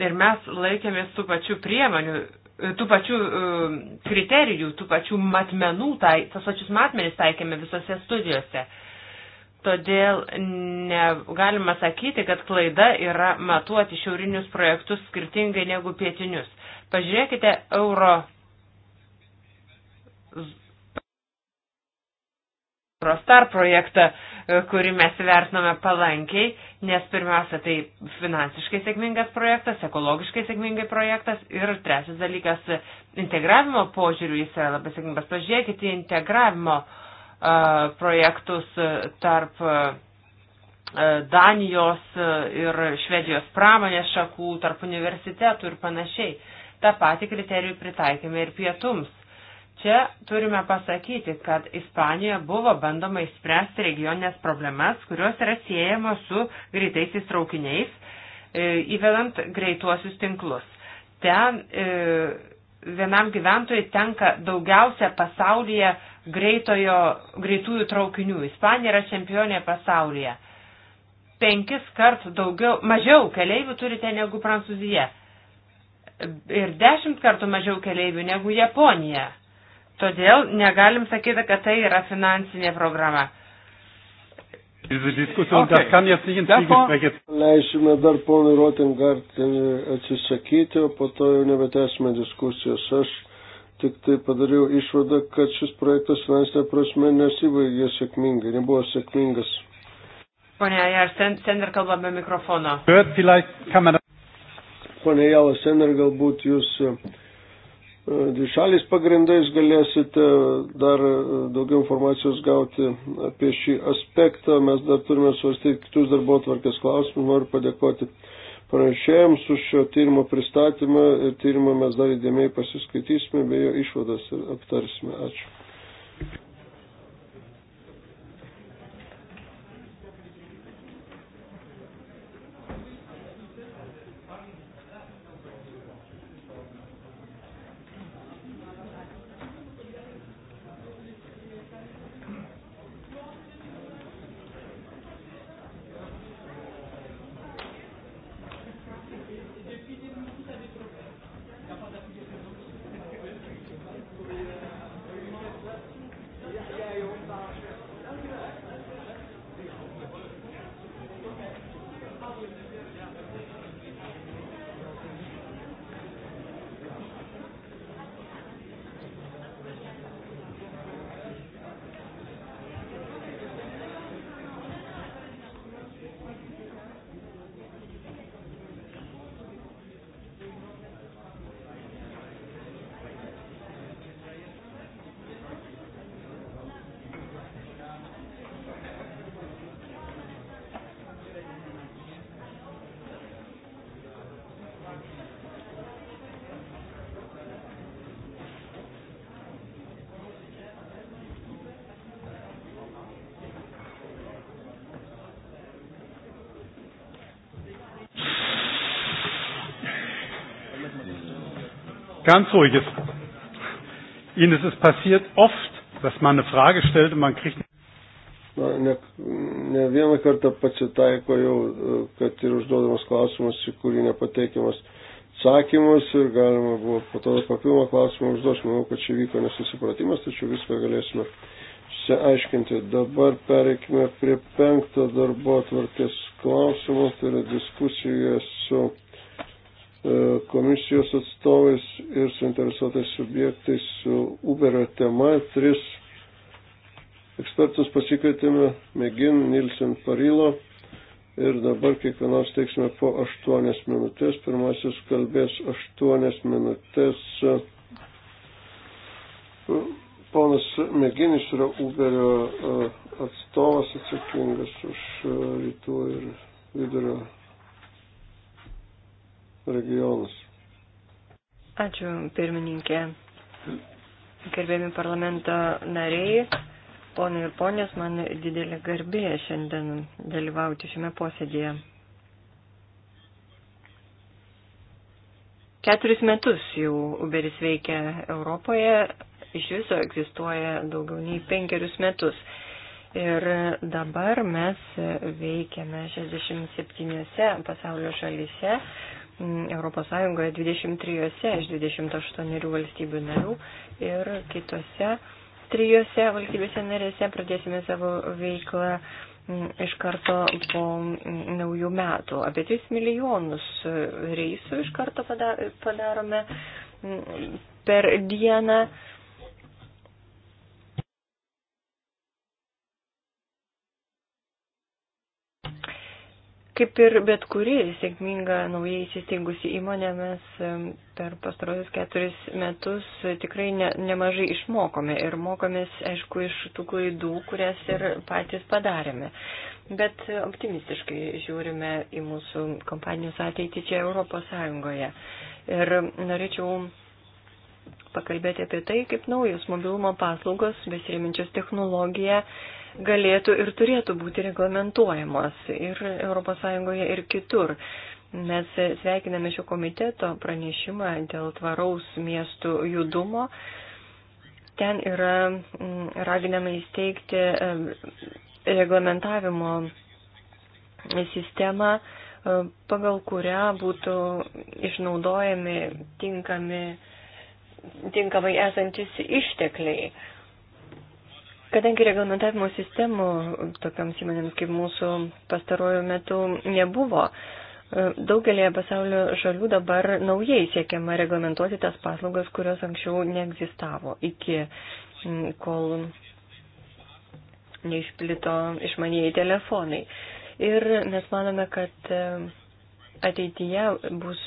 Ir mes laikėmės tų pačių priemonių, tų pačių uh, kriterijų, tų pačių matmenų, tai, tas pačius matmenis taikėme visose studijose. Todėl galima sakyti, kad klaida yra matuoti šiaurinius projektus skirtingai negu pietinius. Pažiūrėkite euro Prostar projektą, e, kurį mes vertiname palankiai, nes pirmiausia, tai finansiškai sėkmingas projektas, ekologiškai sėkmingai projektas ir trečias dalykas, integravimo požiūrių jis yra labai sėkmingas. Pažiūrėkite į integravimo e, projektus e, tarp Danijos ir Švedijos pramonės šakų, tarp universitetų ir panašiai. Ta pati kriterijų pritaikėme ir pietums Čia turime pasakyti, kad Ispanijoje buvo bandoma išspręsti regioninės problemas, kurios yra siejamos su greitaisiais traukiniais, e, įvedant greituosius tinklus. Ten e, vienam gyventojui tenka daugiausia pasaulyje greitojo, greitųjų traukinių. Ispanija yra čempionė pasaulyje. Penkis kart daugiau, mažiau keleivių turite negu Prancūzija. Ir dešimt kartų mažiau keleivių negu Japonija. Todėl negalim sakyti, kad tai yra finansinė programa. Okay. Leisime dar ponui Rotingart e, atsisakyti, o po to jau nebetesime diskusijos. Aš tik tai padariau išvadą, kad šis projektas finansinė prasme nesibaigė sėkmingai, nebuvo sėkmingas. Pone Jar, Sender kalba be mikrofono. Pone Jalas, Sender galbūt jūs. Uh, dvišaliais pagrindais galėsite dar daugiau informacijos gauti apie šį aspektą. Mes dar turime svarstyti kitus darbo tvarkės klausimus. Noriu padėkoti pranešėjams už šio tyrimo pristatymą ir tyrimą mes dar įdėmiai pasiskaitysime bei jo išvadas ir aptarsime. Ačiū. Ganz ruhig ist. Ihnen ist es passiert oft, dass man eine Frage stellt und man kriegt. Na, ne, ne vieną kartą pasitaiko jau, kad ir užduodamas klausimas, į kurį nepateikiamas atsakymas ir galima buvo po to papildomą klausimą užduoti. Manau, kad čia vyko nesusipratimas, tačiau viską galėsime išsiaiškinti. Dabar pereikime prie penkto darbo atvarkės klausimo, tai yra diskusija su E, komisijos atstovais ir suinteresuotais subjektais su Uberio tema. Tris ekspertus pasikvietėme, Megin, Nilsen, Parilo. Ir dabar kiekvienos teiksime po 8 minutės. Pirmasis kalbės 8 minutės. Ponas Meginis yra Uberio e, atstovas atsakingas už e, rytų ir vidurio regionus. Ačiū, pirmininkė. Gerbėmi parlamento nariai, ponai ir ponės, man didelė garbė šiandien dalyvauti šiame posėdėje. Keturis metus jau Uberis veikia Europoje, iš viso egzistuoja daugiau nei penkerius metus. Ir dabar mes veikiame 67 pasaulio šalyse, ES 23 iš 28 valstybių narių ir kitose trijose valstybėse narėse pradėsime savo veiklą iš karto po naujų metų. Apie 3 milijonus reisų iš karto padarome per dieną Kaip ir bet kuri sėkminga naujai įsisteigusi įmonė, mes per pastarosius keturis metus tikrai ne, nemažai išmokome ir mokomės, aišku, iš tų klaidų, kurias ir patys padarėme. Bet optimistiškai žiūrime į mūsų kompanijos ateitį čia Europos Sąjungoje. Ir norėčiau pakalbėti apie tai, kaip naujos mobilumo paslaugos, besiriminčios technologiją, galėtų ir turėtų būti reglamentuojamos ir ES ir kitur. Mes sveikiname šio komiteto pranešimą dėl tvaraus miestų judumo. Ten yra mm, raginama įsteigti e, reglamentavimo sistemą, e, pagal kurią būtų išnaudojami tinkami, tinkamai esantis ištekliai. Kadangi reglamentavimo sistemų tokiams įmonėms kaip mūsų pastarojų metų nebuvo, e, daugelėje pasaulio šalių dabar naujai siekiama reglamentuoti tas paslaugas, kurios anksčiau neegzistavo iki kol neišplito išmanieji telefonai. Ir mes manome, kad e, ateityje bus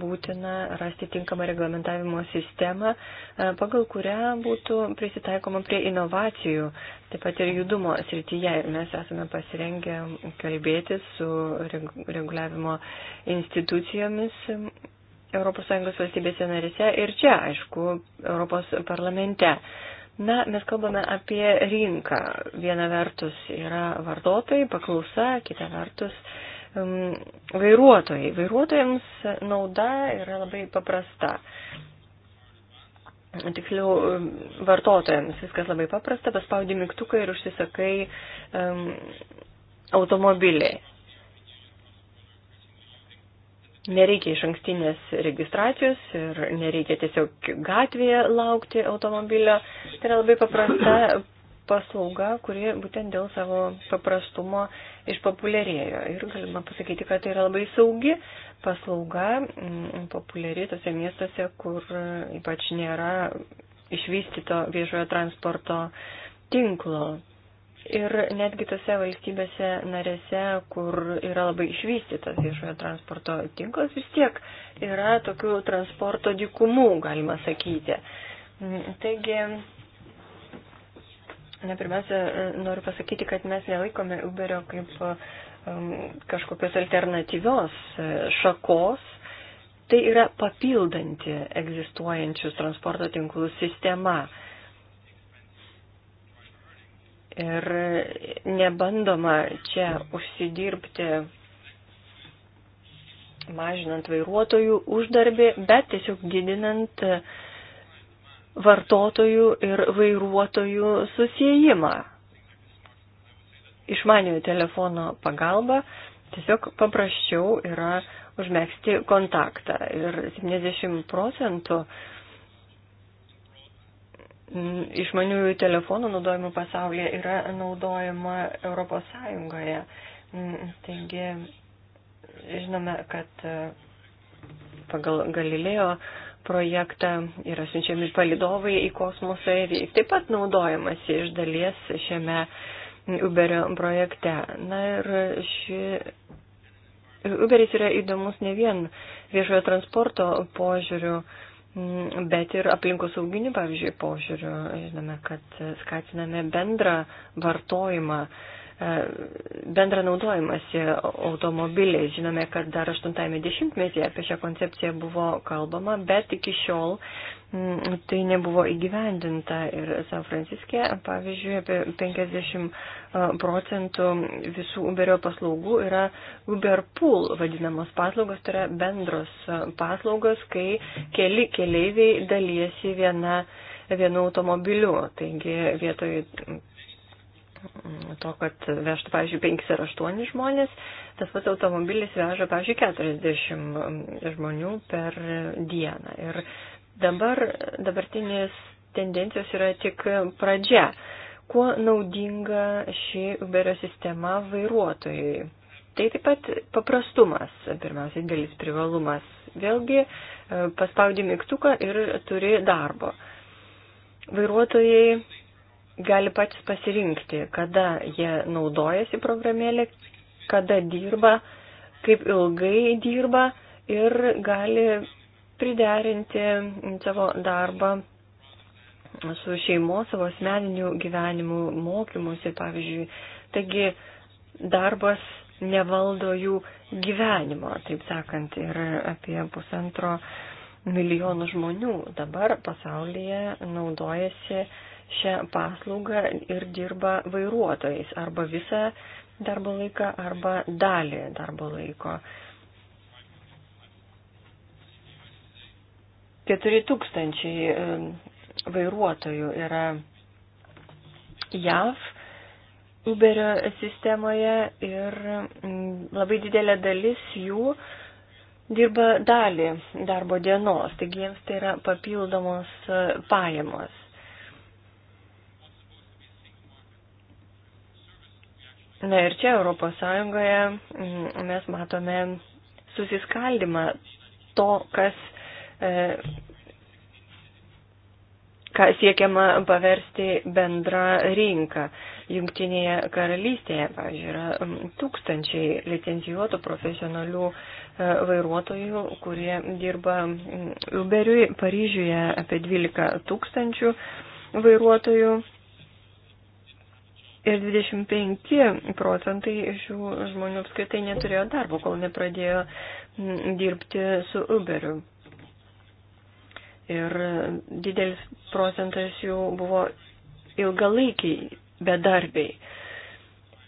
būtina rasti tinkamą reglamentavimo sistemą, e, pagal kurią būtų prisitaikoma prie inovacijų, taip pat ir judumo srityje. Mes esame pasirengę kalbėti su reguliavimo institucijomis ES valstybėse narise ir čia, aišku, Europos parlamente. Na, mes kalbame apie rinką. Viena vertus yra vartotojai, paklausa, kita vertus Um, vairuotojai. Vairuotojams nauda yra labai paprasta. Tiksliau, um, vartotojams viskas labai paprasta, paspaudi mygtuką ir užsisakai um, automobilį. Nereikia iš ankstinės registracijos ir nereikia tiesiog gatvėje laukti automobilio. Tai yra labai paprasta paslauga, kuri būtent dėl savo paprastumo išpopuliarėjo. Ir galima pasakyti, kad tai yra labai saugi paslauga, mm, populiari tose miestuose, kur ypač nėra išvystyto viešojo transporto tinklo. Ir netgi tose valstybėse narėse, kur yra labai išvystytas viešojo transporto tinklas, vis tiek yra tokių transporto dikumų, galima sakyti. Mm, taigi, Na, pirmiausia, noriu pasakyti, kad mes nelaikome Uberio kaip um, kažkokios alternatyvios e, šakos. Tai yra papildanti egzistuojančius transporto tinklų sistema. Ir nebandoma čia užsidirbti mažinant vairuotojų uždarbį, bet tiesiog didinant uh, vartotojų ir vairuotojų susijimą. Išmaniojo telefono pagalba tiesiog paprasčiau yra užmėgsti kontaktą ir 70 procentų išmaniųjų telefonų naudojimų pasaulyje yra naudojama Europos Sąjungoje. Taigi, žinome, kad pagal Galilėjo projektą, yra siunčiami palidovai į kosmosą ir taip pat naudojamasi iš dalies šiame Uberio projekte. Na ir ši... Uberis yra įdomus ne vien viešojo transporto požiūriu, bet ir aplinkosauginiu, pavyzdžiui, požiūriu. Žinome, kad skatiname bendrą vartojimą E, bendrą naudojimąsi automobiliai. Žinome, kad dar 80-metyje apie šią koncepciją buvo kalbama, bet iki šiol tai nebuvo įgyvendinta. Ir San Franciske, pavyzdžiui, apie 50 e, procentų visų Uberio paslaugų yra Uber Pool vadinamos paslaugos, tai yra bendros e, paslaugos, kai keli keleiviai dalyjasi viena vienu automobiliu. Taigi vietoj to, kad vežtų, pavyzdžiui, 5 ar 8 žmonės, tas pats automobilis veža, pavyzdžiui, 40 žmonių per dieną. Ir dabar dabartinės tendencijos yra tik pradžia. Kuo naudinga ši Uberio sistema vairuotojui? Tai taip pat paprastumas, pirmiausia, didelis privalumas. Vėlgi, paspaudi mygtuką ir turi darbo. Vairuotojai gali patys pasirinkti, kada jie naudojasi programėlė, kada dirba, kaip ilgai dirba ir gali priderinti savo darbą su šeimos, savo asmeniniu gyvenimu, mokymusi, pavyzdžiui. Taigi darbas nevaldo jų gyvenimo, taip sakant, ir apie pusantro milijonų žmonių dabar pasaulyje naudojasi uh, šią paslaugą ir dirba vairuotojais arba visą darbo laiką arba dalį darbo laiko. 4000 vairuotojų yra JAV Uberio sistemoje ir labai didelė dalis jų dirba dalį darbo dienos, taigi jiems tai yra papildomos e, pajamos. Na ir čia ES mm, mes matome susiskaldimą to, kas, e, ką siekiama paversti bendrą rinką. Jungtinėje karalystėje, pavyzdžiui, yra mm, tūkstančiai licencijuotų profesionalių e, vairuotojų, kurie dirba mm, Uberiui, Paryžiuje apie 12 tūkstančių vairuotojų. Ir 25 procentai šių žmonių apskaitai neturėjo darbo, kol nepradėjo mm, dirbti su Uberiu. Ir didelis procentas jų buvo ilgalaikiai bedarbiai.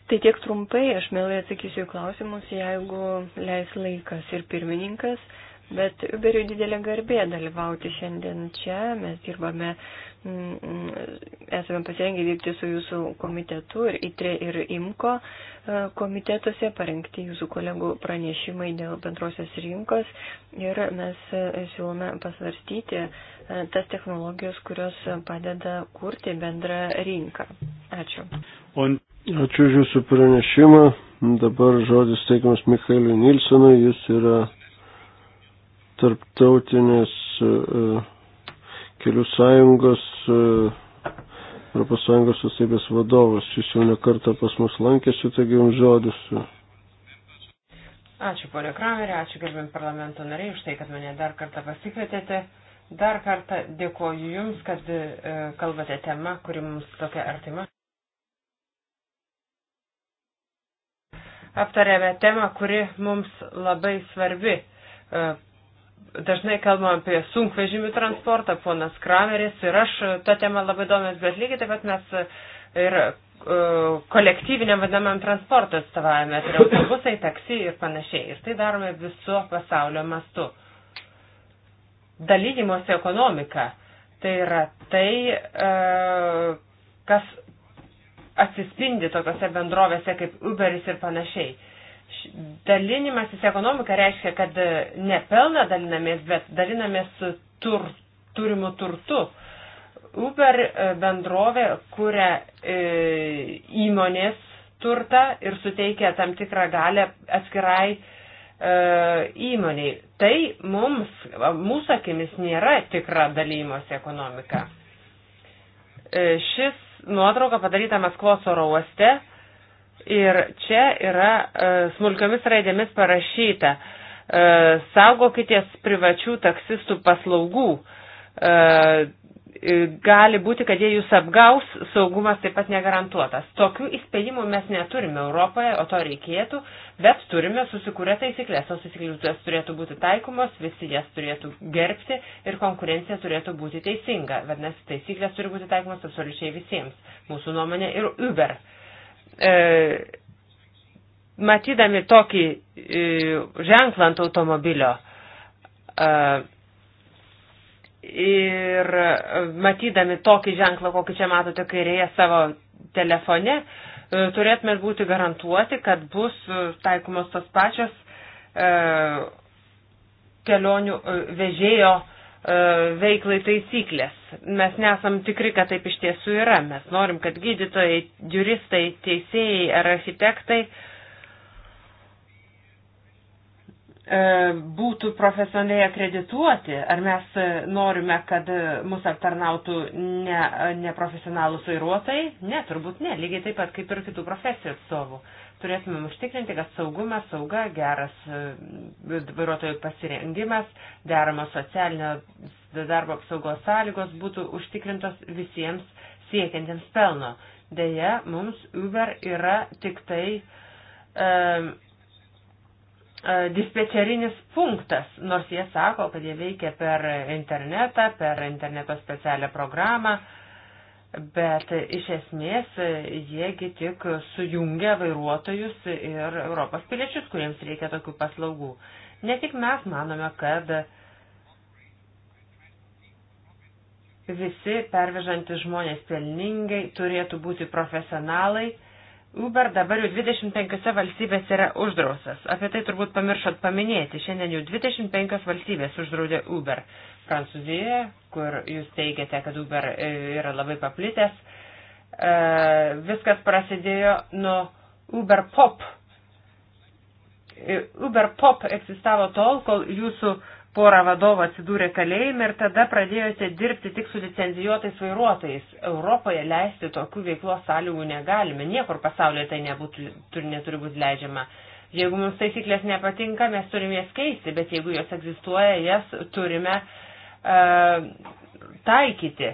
Tai tiek trumpai, aš mielai atsakysiu į klausimus, jeigu leis laikas ir pirmininkas, bet Uberiu didelė garbė dalyvauti šiandien čia, mes dirbame esame pasirengę dirbti su jūsų komitetu ir ITRE ir IMKO e, komitetuose, parengti jūsų kolegų pranešimai dėl bendrosios rinkos ir mes e, siūlome pasvarstyti e, tas technologijos, kurios padeda kurti bendrą rinką. Ačiū. Ačiū už jūsų pranešimą. Dabar žodis teikiamas Michaeliui Nilsonui. Jis yra tarptautinės. Uh, kelių sąjungos, e, Europos sąjungos atsibės vadovas. Jis jau nekartą pas mus lankėsi, taigi jums žodis. Ačiū, ponė Kramerė, ačiū gerbėjim parlamento nariai už tai, kad mane dar kartą pasikvietėte. Dar kartą dėkoju Jums, kad e, kalbate temą, kuri mums tokia artima. Aptarėme temą, kuri mums labai svarbi e, dažnai kalbam apie sunkvežimių transportą, ponas Krameris ir aš tą temą labai domės, bet lygiai taip pat mes ir e, kolektyviniam vadinamam transportą atstovavime, tai autobusai, taksi ir panašiai. Ir tai darome viso pasaulio mastu. Dalymosi ekonomika tai yra tai, e, kas atsispindi tokiose bendrovėse kaip Uberis ir panašiai. Dalinimasis ekonomika reiškia, kad e, ne pelną dalinamės, bet dalinamės su tur, turimu turtu. Uber e, bendrovė kuria e, įmonės turtą ir suteikia tam tikrą galę atskirai e, įmoniai. Tai mums, mūsų akimis, nėra tikra dalymosi ekonomika. E, šis nuotrauka padaryta Maskvos oro uoste. E, Ir čia yra e, smulkiomis raidėmis parašyta, e, saugokities privačių taksistų paslaugų. E, gali būti, kad jie jūs apgaus, saugumas taip pat negarantuotas. Tokių įspėjimų mes neturime Europoje, o to reikėtų, bet turime susikūrę taisyklės. Tos taisyklės turėtų būti taikomos, visi jas turėtų gerbti ir konkurencija turėtų būti teisinga. Vadinasi, taisyklės turi būti taikomos absoliučiai visiems. Mūsų nuomonė ir Uber. Uh, E, matydami tokį e, ženklą ant automobilio e, ir matydami tokį ženklą, kokį čia matote kairėje savo telefone, turėtume būti garantuoti, kad bus taikomos tos pačios kelionių vežėjo E, veiklai taisyklės. Mes nesam tikri, kad taip iš tiesų yra. Mes norim, kad gydytojai, juristai, teisėjai ar architektai e, būtų profesionaliai akredituoti. Ar mes norime, kad mus aptarnautų neprofesionalus ne, ne vairuotojai? Ne, turbūt ne. Lygiai taip pat kaip ir kitų profesijų atstovų turėtumėm užtikrinti, kad saugumas, sauga, geras e, vairuotojų pasirengimas, deramos socialinio darbo apsaugos sąlygos būtų užtikrintos visiems siekiantiems pelno. Deja, mums Uber yra tik tai e, e dispečerinis punktas, nors jie sako, kad jie veikia per internetą, per interneto specialią programą, bet iš esmės jiegi tik sujungia vairuotojus ir Europos piliečius, kuriems reikia tokių paslaugų. Ne tik mes manome, kad visi pervežantys žmonės pelningai turėtų būti profesionalai, Uber dabar jau 25 valstybės yra uždrausas. Apie tai turbūt pamiršot paminėti. Šiandien jau 25 valstybės uždraudė Uber. Prancūzijoje, kur jūs teigiate, kad Uber e, yra labai paplitęs, e, viskas prasidėjo nuo Uber Pop. E, Uber Pop egzistavo tol, kol jūsų pora vadovų atsidūrė kalėjime ir tada pradėjote dirbti tik su licenzijuotais vairuotojais. Europoje leisti tokių veiklos sąlygų negalime, niekur pasaulyje tai nebūtų, neturi būti leidžiama. Jeigu mums taisyklės nepatinka, mes turime jas keisti, bet jeigu jos egzistuoja, jas turime uh, taikyti.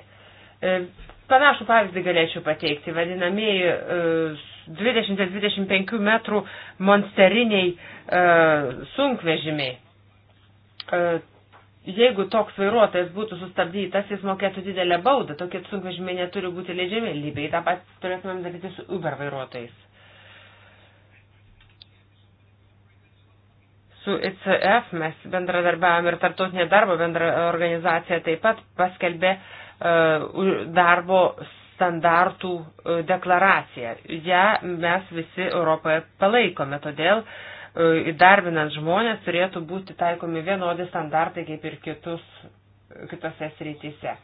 Uh, panašų pavyzdį galėčiau pateikti, vadinamieji uh, e, 20-25 metrų monsteriniai uh, sunkvežimiai E, jeigu toks vairuotojas būtų sustabdytas, jis mokėtų didelę baudą, tokie sunkvežimiai neturi būti leidžiami lygiai, tą pat turėtumėm daryti su Uber vairuotojais. su ICF mes bendradarbiavom ir tarptautinė darbo bendra organizacija taip pat paskelbė e, darbo standartų e, deklaraciją. Ja mes visi Europoje palaikome, todėl E, įdarbinant žmonės turėtų būti taikomi vienodi standartai kaip ir kitus, kitose srityse.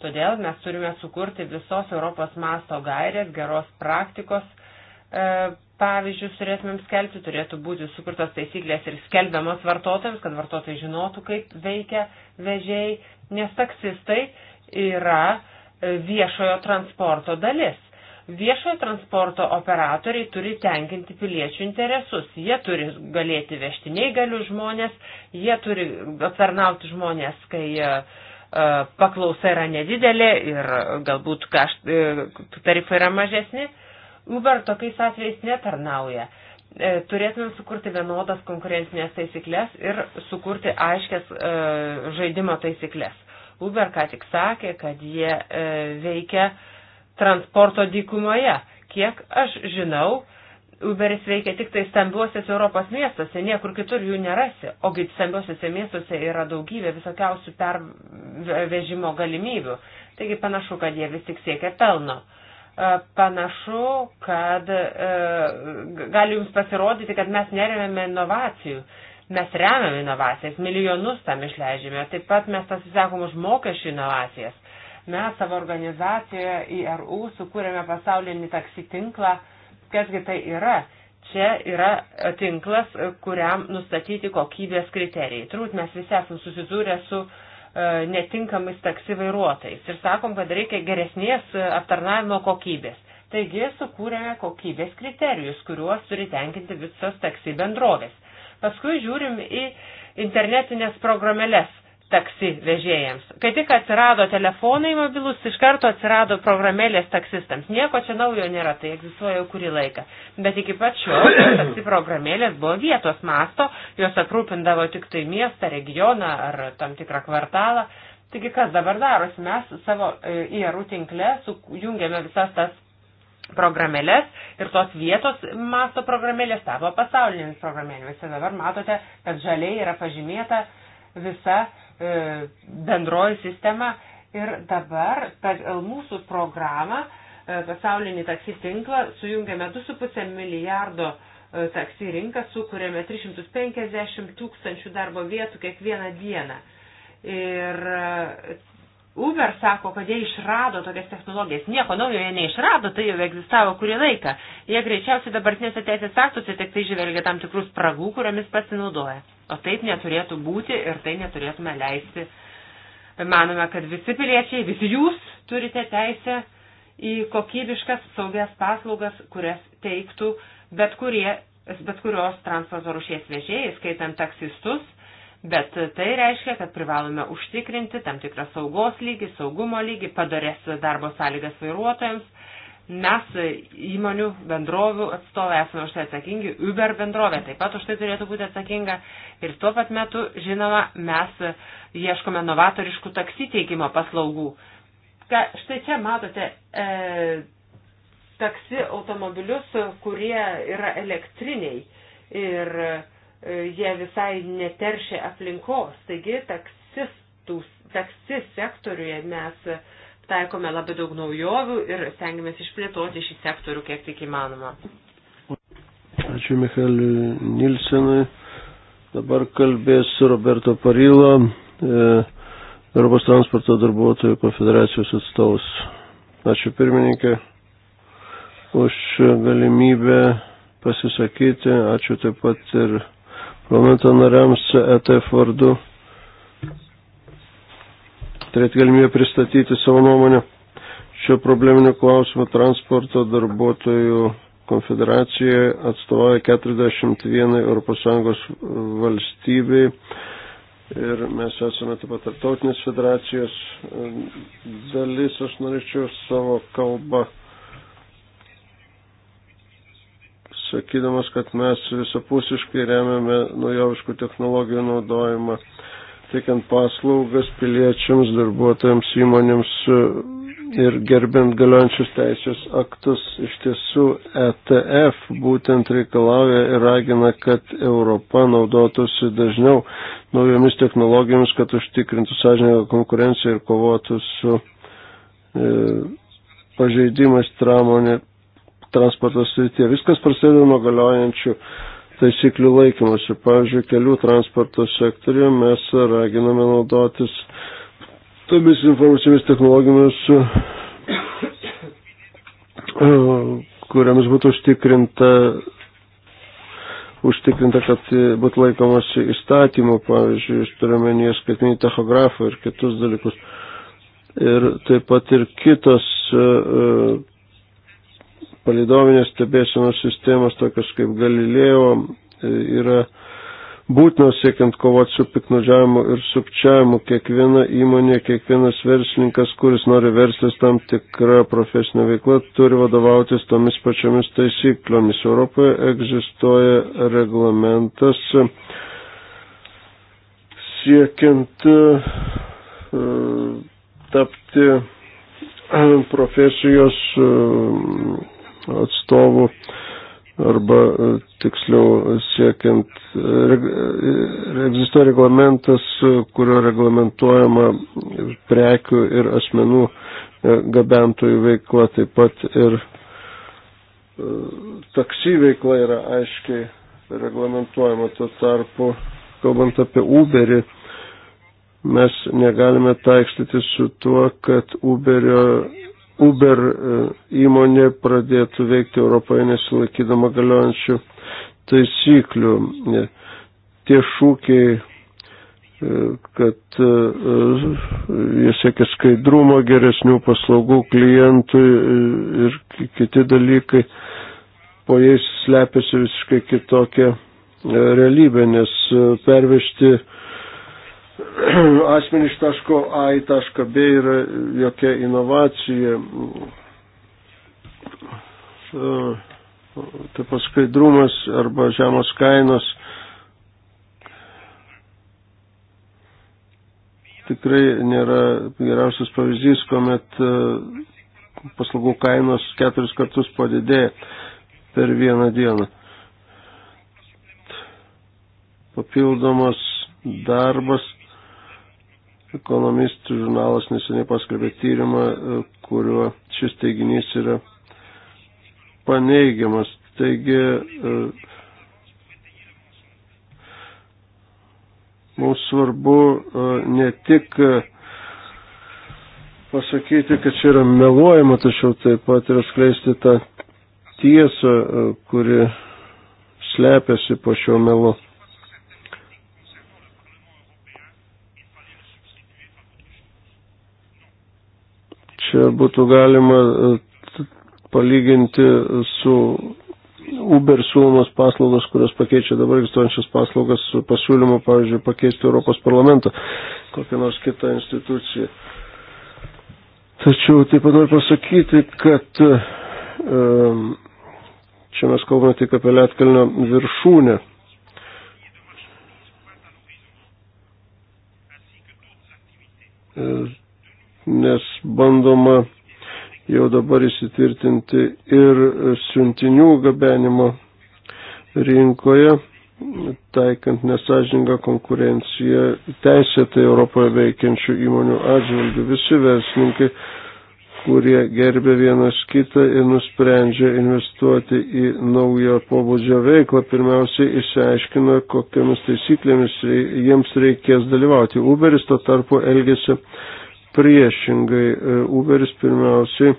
Todėl mes turime sukurti visos Europos masto gairės, geros praktikos e, pavyzdžius turėtumėm skelbti, turėtų būti sukurtos taisyklės ir skelbiamos vartotojams, kad vartotojai žinotų, kaip veikia vežėjai, nes taksistai yra e, viešojo transporto dalis. Viešojo transporto operatoriai turi tenkinti piliečių interesus. Jie turi galėti vežti neįgalius žmonės, jie turi aptarnauti žmonės, kai e, e, paklausa yra nedidelė ir galbūt kašt, e, tarifai yra mažesni. Uber tokiais atvejais netarnauja turėtumėm sukurti vienodas konkurencinės taisyklės ir sukurti aiškias e, žaidimo taisyklės. Uber ką tik sakė, kad jie e, veikia transporto dykumoje. Kiek aš žinau, Uberis veikia tik tai stambiuosiuose Europos miestuose, niekur kitur jų nerasi, ogi stambiuosiuose miestuose yra daugybė visokiausių pervežimo galimybių. Taigi panašu, kad jie vis tik siekia pelno. E, panašu, kad e, gali jums pasirodyti, kad mes neremiame inovacijų. Mes remiame inovacijas, milijonus tam išleidžiame, taip pat mes pasisakom už mokesčių inovacijas. Mes savo organizacijoje IRU sukūrėme pasaulinį taksi tinklą. Kasgi tai yra? Čia yra tinklas, kuriam nustatyti kokybės kriterijai. Turbūt mes visi esame susidūrę su uh, netinkamais taksi vairuotojais ir sakom, kad reikia geresnės e, aptarnavimo kokybės. Taigi sukūrėme kokybės kriterijus, kuriuos turi tenkinti visos taksi bendrovės. Paskui žiūrim į internetinės programėlės, taksi vežėjams. Kai tik atsirado telefonai mobilus, iš karto atsirado programėlės taksistams. Nieko čia naujo nėra, tai egzistuoja jau kurį laiką. Bet iki pat šio <coughs> taksi programėlės buvo vietos masto, jos aprūpindavo tik tai miestą, regioną ar tam tikrą kvartalą. Taigi kas dabar darosi? Mes savo e, IRU tinkle sujungiame visas tas programėlės ir tos vietos masto programėlės tapo pasaulinėmis programėlėmis. Ir dabar matote, kad žaliai yra pažymėta visa uh, E, bendroji sistema ir dabar per mūsų programą e, pasaulinį taksi tinklą sujungiame 2,5 milijardo e, taksi rinką, sukūrėme 350 tūkstančių darbo vietų kiekvieną dieną. Ir Uber sako, kad jie išrado tokias technologijas. Nieko naujo jie neišrado, tai jau egzistavo kurį laiką. Jie greičiausiai dabartinėse teisės aktuose tik tai žvelgia tam tikrus spragų, kuriomis pasinaudoja. O taip neturėtų būti ir tai neturėtume leisti. Manome, kad visi piliečiai, visi jūs turite teisę į kokybiškas saugias paslaugas, kurias teiktų bet, kurie, bet kurios transporto rušies vežėjai, skaitant taksistus, bet tai reiškia, kad privalome užtikrinti tam tikrą saugos lygį, saugumo lygį, padarės darbo sąlygas vairuotojams, Mes įmonių bendrovių atstovai esame už tai atsakingi, Uber bendrovė taip pat už tai turėtų būti atsakinga ir tuo pat metu, žinoma, mes ieškome novatoriškų taksi teikimo paslaugų. Ka, štai čia matote e, taksi automobilius, kurie yra elektriniai ir e, jie visai neteršia aplinkos. Taigi taksistų, taksi sektoriuje mes e, taikome labai daug naujovių ir stengiamės išplėtoti šį sektorių kiek tik įmanoma. Ačiū Michaeliu Nilsenui. Dabar kalbės Roberto Parilo, e, Europos transporto darbuotojų konfederacijos atstovas. Ačiū pirmininkė už galimybę pasisakyti. Ačiū taip pat ir parlamento nariams ETF vardu turėti galimybę pristatyti savo nuomonę. Šio probleminio klausimo transporto darbuotojų konfederacija atstovauja 41 ES valstybei ir mes esame taip pat tarptautinės federacijos e, dalis. Aš norėčiau savo kalbą sakydamas, kad mes visapusiškai remiame naujoviškų technologijų naudojimą teikiant paslaugas piliečiams, darbuotojams, įmonėms e, ir gerbint galiojančius teisės aktus. Iš tiesų, ETF būtent reikalauja ir ragina, kad Europa naudotųsi dažniau naujomis technologijomis, kad užtikrintų sąžininką konkurenciją ir kovotų su e, pažeidimais tramonė transporto srityje. Viskas prasideda nuo galiojančių taisyklių laikymasi. Pavyzdžiui, kelių transporto sektoriuje mes raginame naudotis tomis informacinėmis technologijomis, <coughs> kuriamis būtų užtikrinta, užtikrinta, kad būtų laikomasi įstatymų, pavyzdžiui, iš turiuomenės skaitinį tachografą ir kitus dalykus. Ir taip pat ir kitos uh, palidovinės stebėsenos sistemos, tokios kaip Galilėjo, e, yra būtinos siekiant kovoti su piknudžiavimu ir sukčiavimu. Kiekviena įmonė, kiekvienas verslininkas, kuris nori verslis tam tikrą profesinę veiklą, turi vadovautis tomis pačiomis taisyklėmis. Europoje egzistuoja reglamentas siekiant e, tapti profesijos e, atstovų arba e, tiksliau siekiant, e, reg, e, egzistuoja reglamentas, kurio reglamentuojama prekių ir asmenų gabentojų veikla, taip pat ir taksi veikla yra aiškiai reglamentuojama. Tuo tarpu, kalbant apie Uberį, mes negalime taikstyti su tuo, kad Uberio Uber e, įmonė pradėtų veikti Europoje nesilaikydama galiojančių taisyklių. E, tie šūkiai, e, kad jie siekia skaidrumo, geresnių paslaugų klientui ir kiti dalykai, po jais slepiasi visiškai kitokia realybė, nes pervežti <clears throat> asmenys taško A į tašką B yra jokia inovacija. Taip pat skaidrumas arba žemos kainos tikrai nėra geriausias pavyzdys, kuomet e, paslaugų kainos keturis kartus padidėja per vieną dieną. Papildomas darbas ekonomistų žurnalas neseniai paskelbė tyrimą, e, kuriuo šis teiginys yra paneigiamas. Taigi, e, mums svarbu e, ne tik pasakyti, kad čia yra meluojama, tačiau taip pat ir skleisti tą tiesą, kuri slepiasi po šio melu. čia būtų galima e, palyginti su Uber siūlomos paslaugos, kurios pakeičia dabar egzistuojančias paslaugas su pasiūlymu, pavyzdžiui, pakeisti Europos parlamentą, kokią nors kitą instituciją. Tačiau taip pat noriu pasakyti, kad um, čia mes kalbame tik apie Lietkalnio viršūnę. Ir e, nes bandoma jau dabar įsitvirtinti ir siuntinių gabenimo rinkoje, taikant nesažingą konkurenciją teisėtai Europoje veikiančių įmonių atžvilgių. Visi verslininkai, kurie gerbė vienas kitą ir nusprendžia investuoti į naują pobūdžio veiklą, pirmiausiai išsiaiškina, kokiamis taisyklėmis jiems reikės dalyvauti. Uberis to tarpu elgėsi priešingai. E, Uberis pirmiausiai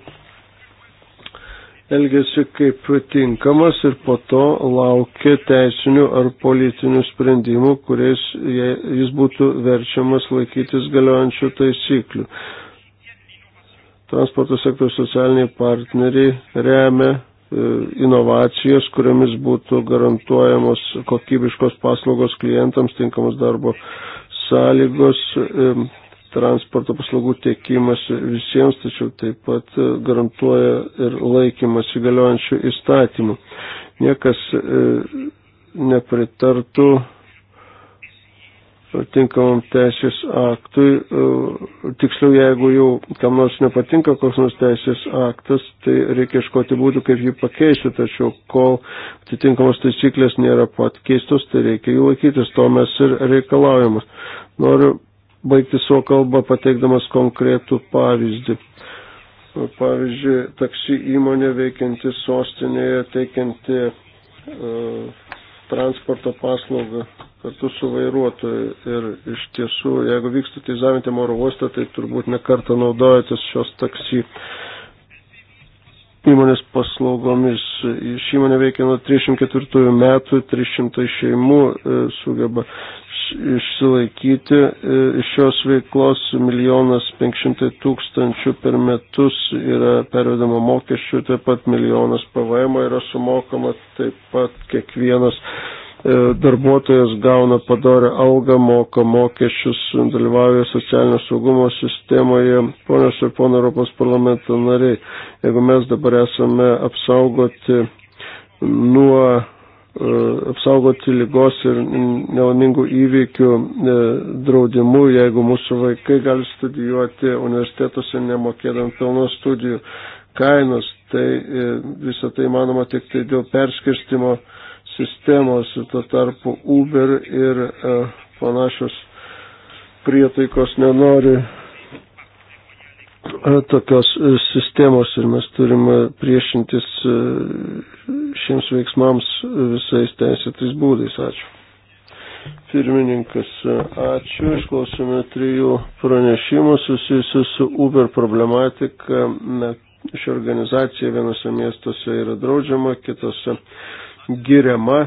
elgesi kaip tinkamas ir po to laukia teisinių ar politinių sprendimų, kuriais jis būtų verčiamas laikytis galiojančių taisyklių. Transporto sektoriaus socialiniai partneriai remia e, inovacijas, kuriamis būtų garantuojamos kokybiškos paslaugos klientams, tinkamos darbo sąlygos, e, transporto paslaugų tiekimas visiems, tačiau taip pat garantuoja ir laikymas įgaliojančių įstatymų. Niekas e, nepritartų tinkamam teisės aktui, e, tiksliau jeigu jau kam nors nepatinka koks nors teisės aktas, tai reikia iškoti būdų, kaip jį pakeisti, tačiau kol atitinkamos taisyklės nėra pat keistos, tai reikia jų laikytis, to mes ir reikalaujame. Noriu baigti savo kalbą pateikdamas konkretų pavyzdį. Pavyzdžiui, taksi įmonė veikianti sostinėje, teikianti uh, transporto paslaugą kartu su vairuotoju. Ir iš tiesų, jeigu vykstate į Zavintę oro uostą, tai turbūt nekartą naudojatės šios taksi uh, įmonės paslaugomis. Ši įmonė veikia nuo 304 metų, 300 šeimų e, sugeba išsilaikyti. E, iš šios veiklos milijonas 500 tūkstančių per metus yra pervedama mokesčių, taip pat milijonas PVM yra sumokama, taip pat kiekvienas E, darbuotojas gauna padorę algą, moka mokesčius, dalyvauja socialinio saugumo sistemoje, ponios ir pono Europos parlamento nariai, jeigu mes dabar esame apsaugoti nuo e, apsaugoti lygos ir nelamingų įvykių e, draudimu, jeigu mūsų vaikai gali studijuoti universitetuose nemokėdant pilno studijų kainos, tai visą tai manoma tik tai dėl perskirstimo sistemos, tuo tarpu Uber ir e, panašios prietaikos nenori e, tokios e, sistemos ir mes turime priešintis šiems veiksmams visais teisėtais būdais. Ačiū. Pirmininkas, ačiū. Išklausome trijų pranešimų susijusių su Uber problematika. Ši organizacija vienose miestuose yra draudžiama, kitose giriama,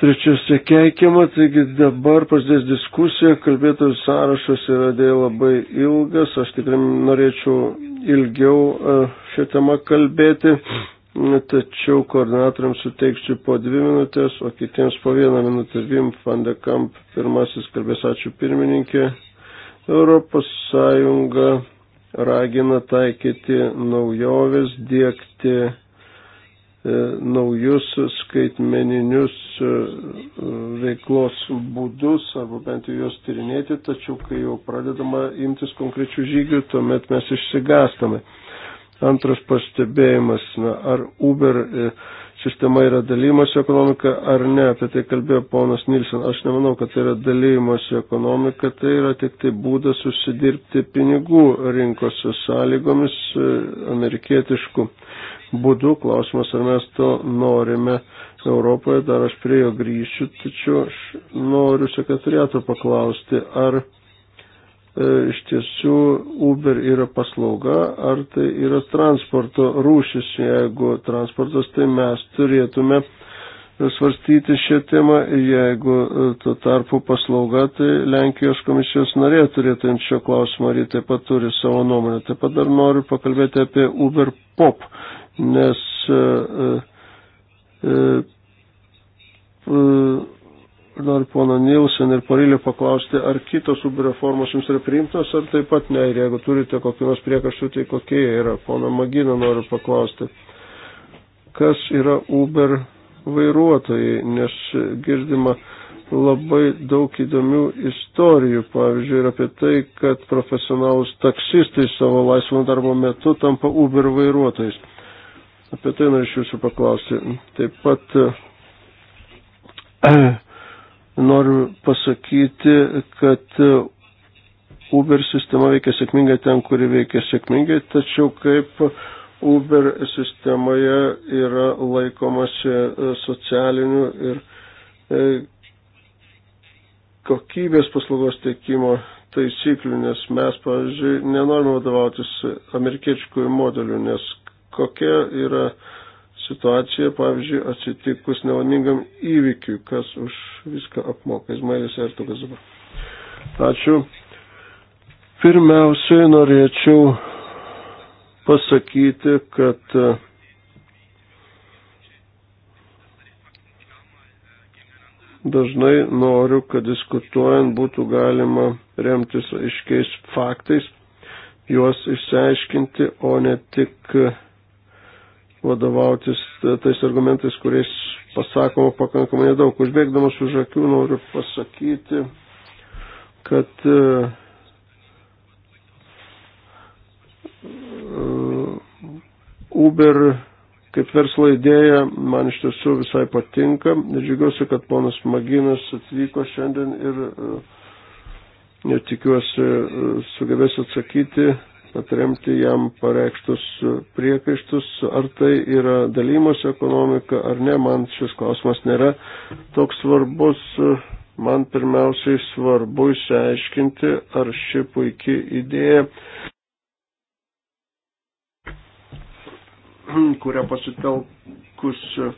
trečiose keikiama, taigi dabar prasidės diskusija, kalbėtojų sąrašas yra dėl labai ilgas, aš tikrai norėčiau ilgiau e, šią temą kalbėti, tačiau koordinatoriams suteiksiu po dvi minutės, o kitiems po vieną minutę. Vim van de Kamp pirmasis kalbės, ačiū pirmininkė. Europos Sąjunga ragina taikyti naujoves, dėkti E, naujus skaitmeninius e, veiklos būdus arba bent jau juos tyrinėti, tačiau kai jau pradedama imtis konkrečių žygių, tuomet mes išsigastame. Antras pastebėjimas, na, ar Uber e, sistema yra dalymosi ekonomika ar ne, apie tai kalbėjo ponas Nilsen. Aš nemanau, kad tai yra dalymosi ekonomika, tai yra tik tai būdas susidirbti pinigų rinkos sąlygomis amerikietiškų būdu. Klausimas, ar mes to norime Europoje, dar aš prie jo grįšiu, tačiau aš noriu sekretariato paklausti, ar e, iš tiesų Uber yra paslauga, ar tai yra transporto rūšis. Jeigu transportas, tai mes turėtume svarstyti šią temą, jeigu e, tuo tarpu paslauga, tai Lenkijos komisijos narė turėtų imti šio klausimo ir jie taip pat turi savo nuomonę. Taip pat dar noriu pakalbėti apie Uber Pop nes dar e, e, e, pono Nilsen ir Parilį paklausti, ar kitos UB reformos jums yra priimtos, ar taip pat ne, ir jeigu turite kokį nors priekaštų, tai kokie jie yra. Pono Magino noriu paklausti, kas yra Uber vairuotojai, nes girdima labai daug įdomių istorijų, pavyzdžiui, ir apie tai, kad profesionalus taksistai savo laisvo darbo metu tampa Uber vairuotojais. Apie tai norėčiau jūsų paklausti. Taip pat <clears throat> noriu pasakyti, kad Uber sistema veikia sėkmingai ten, kuri veikia sėkmingai, tačiau kaip Uber sistemoje yra laikomasi e, socialinių ir e, kokybės paslaugos teikimo taisyklių, nes mes, pavyzdžiui, nenorime vadovautis amerikiečių modeliu, nes kokia yra situacija, pavyzdžiui, atsitikus nelaimingam įvykiui, kas už viską apmoka. Izmailis Ertugas dabar. Ačiū. Pirmiausiai norėčiau pasakyti, kad e, dažnai noriu, kad diskutuojant būtų galima remtis aiškiais faktais, juos išsiaiškinti, o ne tik vadovautis tais argumentais, kuriais pasakoma pakankamai nedaug. Užbėgdamas už akių noriu pasakyti, kad e, Uber kaip verslo idėja man iš tiesų visai patinka. Džiugiuosi, kad ponas Maginas atvyko šiandien ir, ir e, tikiuosi e, sugebės atsakyti atremti jam pareikštus priekaištus, ar tai yra dalymosi ekonomika ar ne, man šis klausimas nėra toks svarbus. Man pirmiausiai svarbu išsiaiškinti, ar ši puikia idėja, kurią pasitelkus e,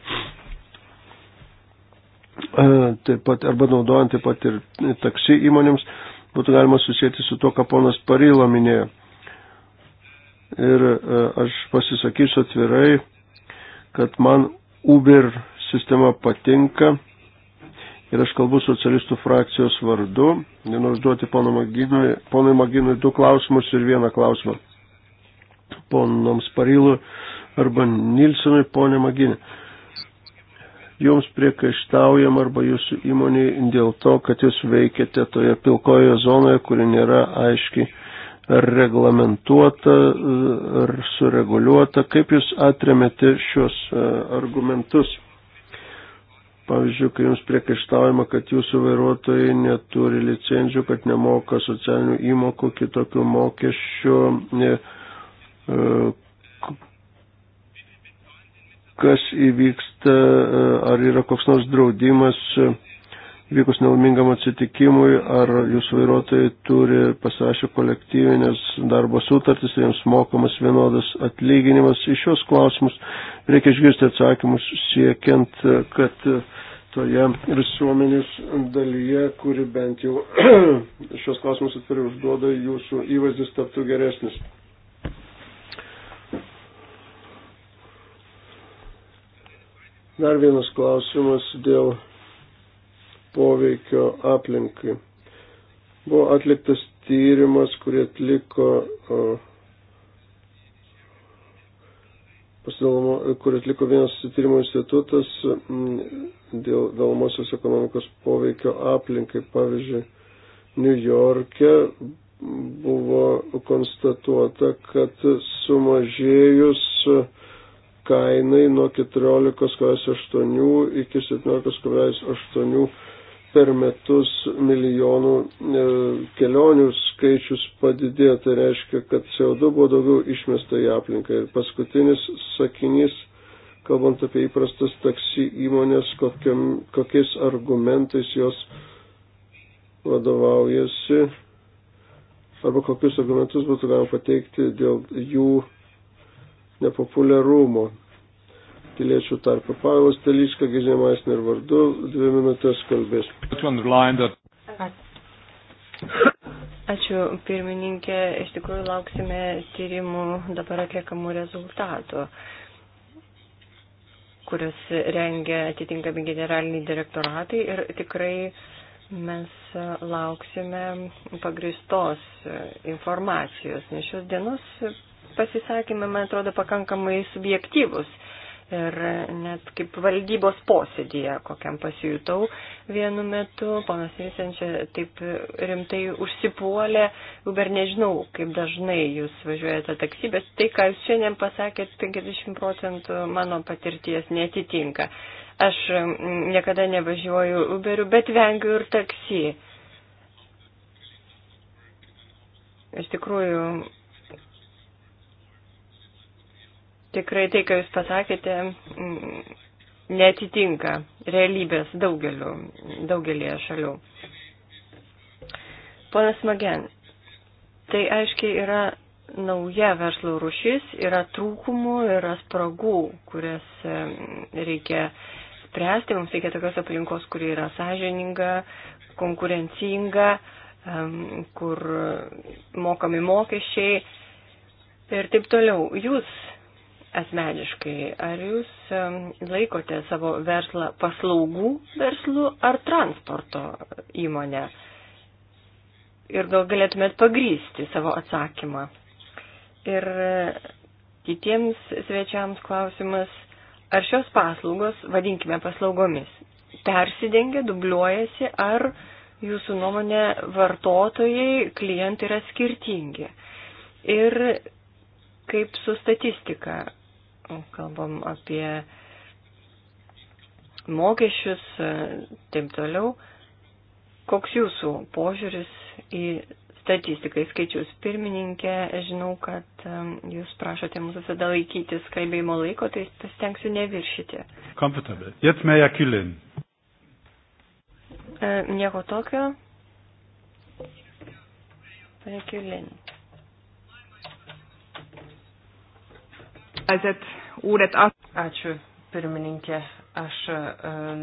taip pat arba naudojant taip pat ir taksi įmonėms, būtų galima susijęti su to, ką ponas Paryla minėjo ir e, aš pasisakysiu atvirai, kad man Uber sistema patinka ir aš kalbu socialistų frakcijos vardu. Nenu užduoti ponui Maginui du klausimus ir vieną klausimą. Ponoms Parylu arba Nilsenui, ponė Maginė. Jums priekaištaujam arba jūsų įmoniai dėl to, kad jūs veikiate toje pilkojoje zonoje, kuri nėra aiškiai reglamentuota ar sureguliuota. Kaip Jūs atremėte šios e, argumentus? Pavyzdžiui, kai Jums priekaištaujama, kad Jūsų vairuotojai neturi licenzijų, kad nemoka socialinių įmokų, kitokių mokesčių, e, e, kas įvyksta, ar yra koks nors draudimas vykus nelaimingam atsitikimui, ar jūsų vairuotojai turi pasirašę kolektyvinės darbo sutartys ir jiems mokamas vienodas atlyginimas. Iš šios klausimus reikia išgirsti atsakymus siekiant, kad toje visuomenės dalyje, kuri bent jau <clears throat> šios klausimus atvirai užduoda, jūsų įvaizdis taptų geresnis. Dar vienas klausimas dėl poveikio aplinkai. Buvo atliktas tyrimas, kurį atliko, kurį atliko vienas tyrimo institutas dėl galomosios ekonomikos poveikio aplinkai. Pavyzdžiui, New York'e buvo konstatuota, kad sumažėjus kainai nuo 14,8 iki 17,8 per metus milijonų e, kelionių skaičius padidėjo, tai reiškia, kad CO2 buvo daugiau išmesta į aplinką. Ir paskutinis sakinys, kalbant apie įprastas taksi įmonės, kokiam, kokiais argumentais jos vadovaujasi, arba kokius argumentus būtų galima pateikti dėl jų nepopuliarumo piliečių tarpą. Pavilas Teliška, Gizinė Maisner vardu, dvi minutės kalbės. Ačiū pirmininkė, iš tikrųjų lauksime tyrimų dabar atliekamų rezultatų, kuriuos rengia atitinkami generaliniai direktoratai ir tikrai mes lauksime pagristos informacijos, nes šios dienos pasisakymai, man atrodo, pakankamai subjektyvus. Ir net kaip valdybos posėdėje, kokiam pasijutau vienu metu, ponas Vysenčia taip rimtai užsipuolė, uber nežinau, kaip dažnai jūs važiuojate taksi, bet tai, ką jūs šiandien pasakėt, 50 procentų mano patirties netitinka. Aš niekada nevažiuoju uberiu, bet vengiu ir taksi. Iš tikrųjų, Tikrai tai, ką Jūs pasakėte, mm, netitinka realybės daugeliu, daugelėje šalių. Ponas Magen, tai aiškiai yra nauja verslo rušis, yra trūkumų, yra spragų, kurias mm, reikia spręsti. Mums reikia tokios aplinkos, kuri yra sąžininga, konkurencinga, mm, kur mokami mokesčiai ir taip toliau. Jūs asmeniškai, ar jūs laikote savo verslą paslaugų verslu ar transporto įmonę? Ir gal galėtumėt pagrysti savo atsakymą. Ir e, kitiems svečiams klausimas, ar šios paslaugos, vadinkime paslaugomis, persidengia, dubliuojasi, ar jūsų nuomonė vartotojai, klientai yra skirtingi. Ir kaip su statistika, kalbam apie mokesčius, e, taip toliau. Koks jūsų požiūris į statistikai skaičius pirmininkė, žinau, kad e, jūs prašote mūsų visada laikytis kalbėjimo laiko, tai pasitengsiu neviršyti. Komfortabel. Jetzt mehr Jakilin. E, nieko tokio. Pane Kilin. Ačiū, pirmininkė. Aš e,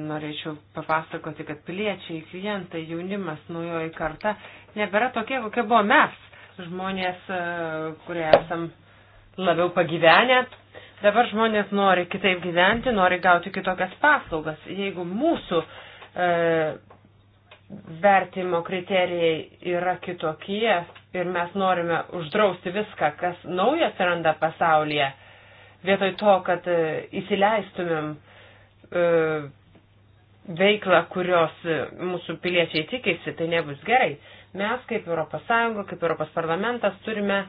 norėčiau papasakoti, kad piliečiai, klientai, jaunimas, naujoji karta nebėra tokie, kokie buvo mes, žmonės, e, kurie esam labiau pagyvenę. Dabar žmonės nori kitaip gyventi, nori gauti kitokias paslaugas. Jeigu mūsų e, vertimo kriterijai yra kitokie ir mes norime uždrausti viską, kas naujo atsiranda pasaulyje, Vietoj to, kad e, įsileistumėm e, veiklą, kurios e, mūsų piliečiai tikisi, tai nebus gerai. Mes kaip ES, kaip ES parlamentas turime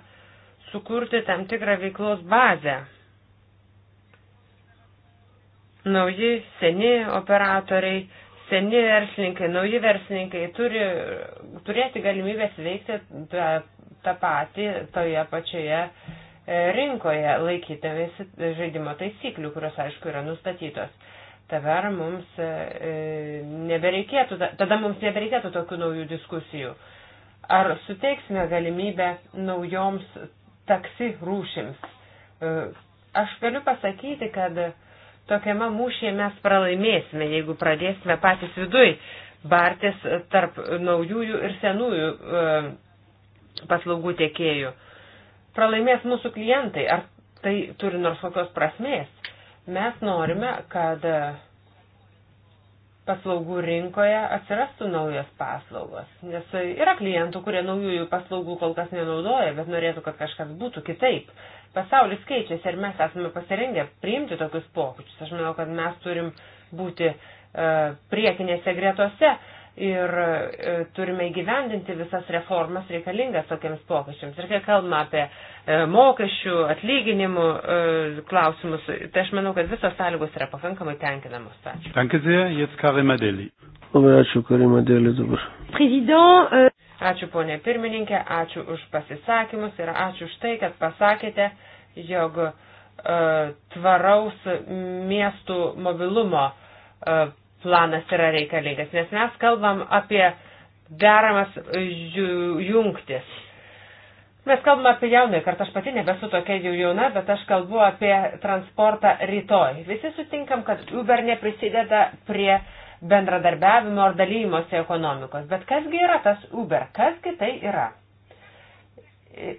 sukurti tam tikrą veiklos bazę. Nauji, seni operatoriai, seni verslininkai, nauji verslininkai turi turėti galimybės veikti tą, tą patį toje pačioje uh, E, rinkoje laikydavėsi žaidimo taisyklių, kurios aišku yra nustatytos. Tabar mums e, e, nebereikėtų, tada mums nebereikėtų tokių naujų diskusijų. Ar suteiksime galimybę naujoms taksi rūšims? Aš galiu pasakyti, kad tokiame mūšyje mes pralaimėsime, jeigu pradėsime patys viduj bartis tarp naujųjų ir senųjų paslaugų tiekėjų pralaimės mūsų klientai, ar tai turi nors kokios prasmės. Mes norime, kad e, paslaugų rinkoje atsirastų naujos paslaugos, nes tai yra klientų, kurie naujųjų paslaugų kol kas nenaudoja, bet norėtų, kad kažkas būtų kitaip. Pasaulis keičiasi ir mes esame pasirengę priimti tokius pokyčius. Aš manau, kad mes turim būti e, priekinėse gretose. E, ir e, turime įgyvendinti visas reformas reikalingas tokiems pokyčiams. Ir kai kalbame apie e, mokesčių, atlyginimų e, klausimus, tai aš manau, kad visos sąlygos yra pakankamai tenkinamos. Ačiū. Labai ačiū, Karimadėlį dabar. Prezident. Euh, ačiū, ponė pirmininkė, ačiū už pasisakymus ir ačiū už tai, kad pasakėte, jog tvaraus miestų mobilumo planas yra reikalingas, nes mes kalbam apie deramas jungtis. Mes kalbame apie jaunąją kartą, aš pati nebesu tokia jau jauna, bet aš kalbu apie transportą rytoj. Visi sutinkam, kad Uber neprisideda prie bendradarbiavimo ar dalymosi ekonomikos. Bet kasgi yra tas Uber? Kasgi tai yra?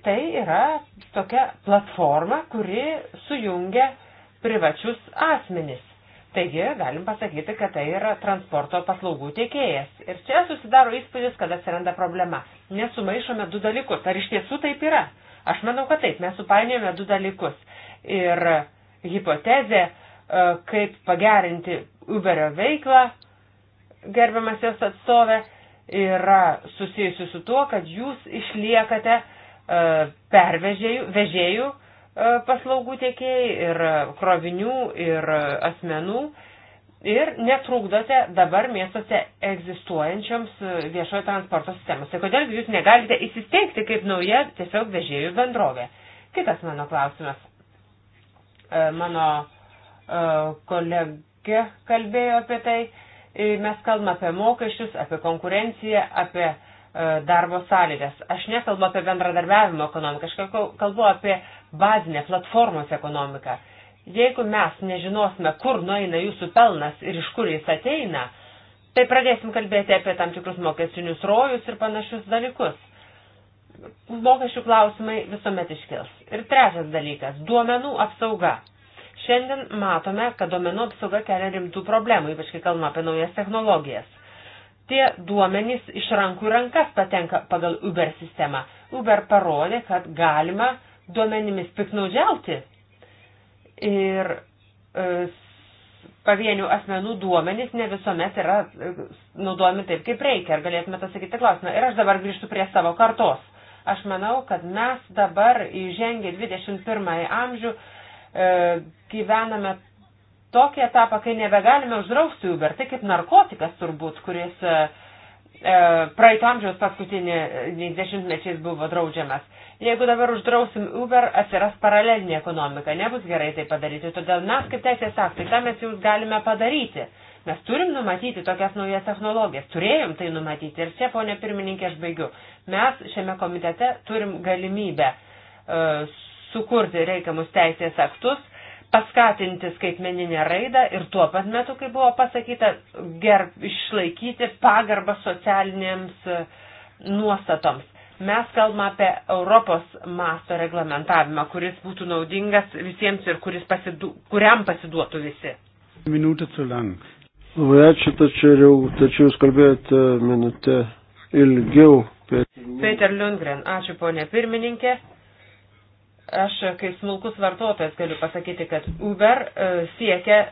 Tai yra tokia platforma, kuri sujungia privačius asmenis Taigi galim pasakyti, kad tai yra transporto paslaugų tiekėjas. Ir čia susidaro įspūdis, kad atsiranda problema. Nesumaišome du dalykus. Ar iš tiesų taip yra? Aš manau, kad taip. Mes supainiojame du dalykus. Ir hipotezė, e, kaip pagerinti Uberio veiklą, gerbiamas jos atstovė, yra susijusi su tuo, kad jūs išliekate e, pervežėjų, vežėjų E, paslaugų tiekėjai, ir krovinių, ir asmenų. Ir netrukdote dabar miestuose egzistuojančioms viešojo transporto sistemos. Tai kodėl jūs negalite įsisteigti kaip nauja tiesiog vežėjų bendrovė? Kitas mano klausimas. E, mano e, kolegė kalbėjo apie tai. Mes kalbame apie mokesčius, apie konkurenciją, apie E, darbo sąlygas. Aš nekalbu apie bendradarbiavimo ekonomiką, aš kalbu apie bazinę platformos ekonomiką. Jeigu mes nežinosime, kur nueina jūsų pelnas ir iš kur jis ateina, tai pradėsim kalbėti apie tam tikrus mokestinius rojus ir panašius dalykus. Mokesčių klausimai visuomet iškils. Ir trečias dalykas - duomenų apsauga. Šiandien matome, kad duomenų apsauga kelia rimtų problemų, ypač kai kalbame apie naujas technologijas tie duomenys iš rankų į rankas patenka pagal Uber sistemą. Uber parodė, kad galima duomenimis piknaudžiauti. Ir e, pavienių asmenų duomenys ne visuomet yra e, naudojami taip, kaip reikia. Ar galėtume tą sakyti klausimą? Ir aš dabar grįžtu prie savo kartos. Aš manau, kad mes dabar įžengę 21 amžių e, gyvename tokį etapą, kai nebegalime uždrausti Uber. Tai kaip narkotikas turbūt, kuris e, e praeito amžiaus paskutinį dešimtmečiais buvo draudžiamas. Jeigu dabar uždrausim Uber, atsiras paralelinė ekonomika, nebus gerai tai padaryti. Todėl mes kaip teisės aktai, ką mes jūs galime padaryti? Mes turim numatyti tokias naujas technologijas, turėjom tai numatyti. Ir čia, ponė pirmininkė, aš baigiu. Mes šiame komitete turim galimybę uh, sukurti reikiamus teisės aktus, paskatinti skaitmeninę raidą ir tuo pat metu, kai buvo pasakyta, gerb, išlaikyti pagarbą socialinėms e, nuostatoms. Mes kalbame apie Europos masto reglamentavimą, kuris būtų naudingas visiems ir kuris pasidu, kuriam pasiduotų visi. Minutė su lang. Labai ačiū, tačiau, tačiau jūs kalbėjote minutę ilgiau. Peter Lundgren, ačiū ponė pirmininkė. Aš kaip smulkus vartotojas galiu pasakyti, kad Uber e, siekia e,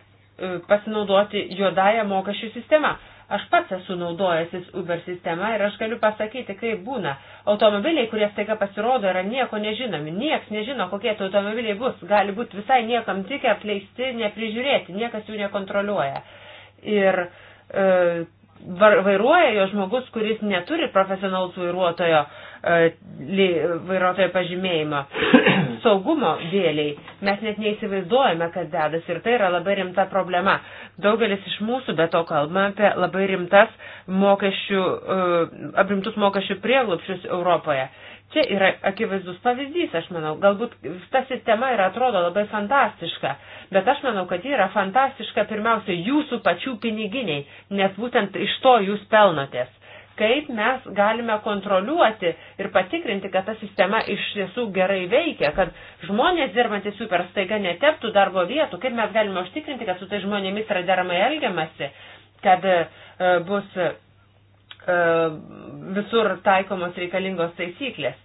pasinaudoti juodąją mokesčių sistemą. Aš pats esu naudojęsis Uber sistema ir aš galiu pasakyti, kaip būna. Automobiliai, kurie staiga pasirodo, yra nieko nežinomi. Niekas nežino, kokie tie automobiliai bus. Gali būti visai niekam tikę, apleisti, neprižiūrėti, niekas jų nekontroliuoja. Ir e, vairuoja jo žmogus, kuris neturi profesionalus vairuotojo e, E, vairuotojo pažymėjimo. <coughs> Saugumo dėliai mes net neįsivaizduojame, kas dedas ir tai yra labai rimta problema. Daugelis iš mūsų be to kalbame apie labai rimtas mokesčių, e, aprimtus mokesčių prieglupščius Europoje. Čia yra akivaizdus pavyzdys, aš manau, galbūt ta sistema ir atrodo labai fantastiška, bet aš manau, kad ji yra fantastiška pirmiausia jūsų pačių piniginiai, nes būtent iš to jūs pelnotės kaip mes galime kontroliuoti ir patikrinti, kad ta sistema iš tiesų gerai veikia, kad žmonės dirbantys super staiga neteptų darbo vietų, kaip mes galime užtikrinti, kad su tai žmonėmis yra deramai elgiamasi, kad e, bus e, visur taikomos reikalingos taisyklės.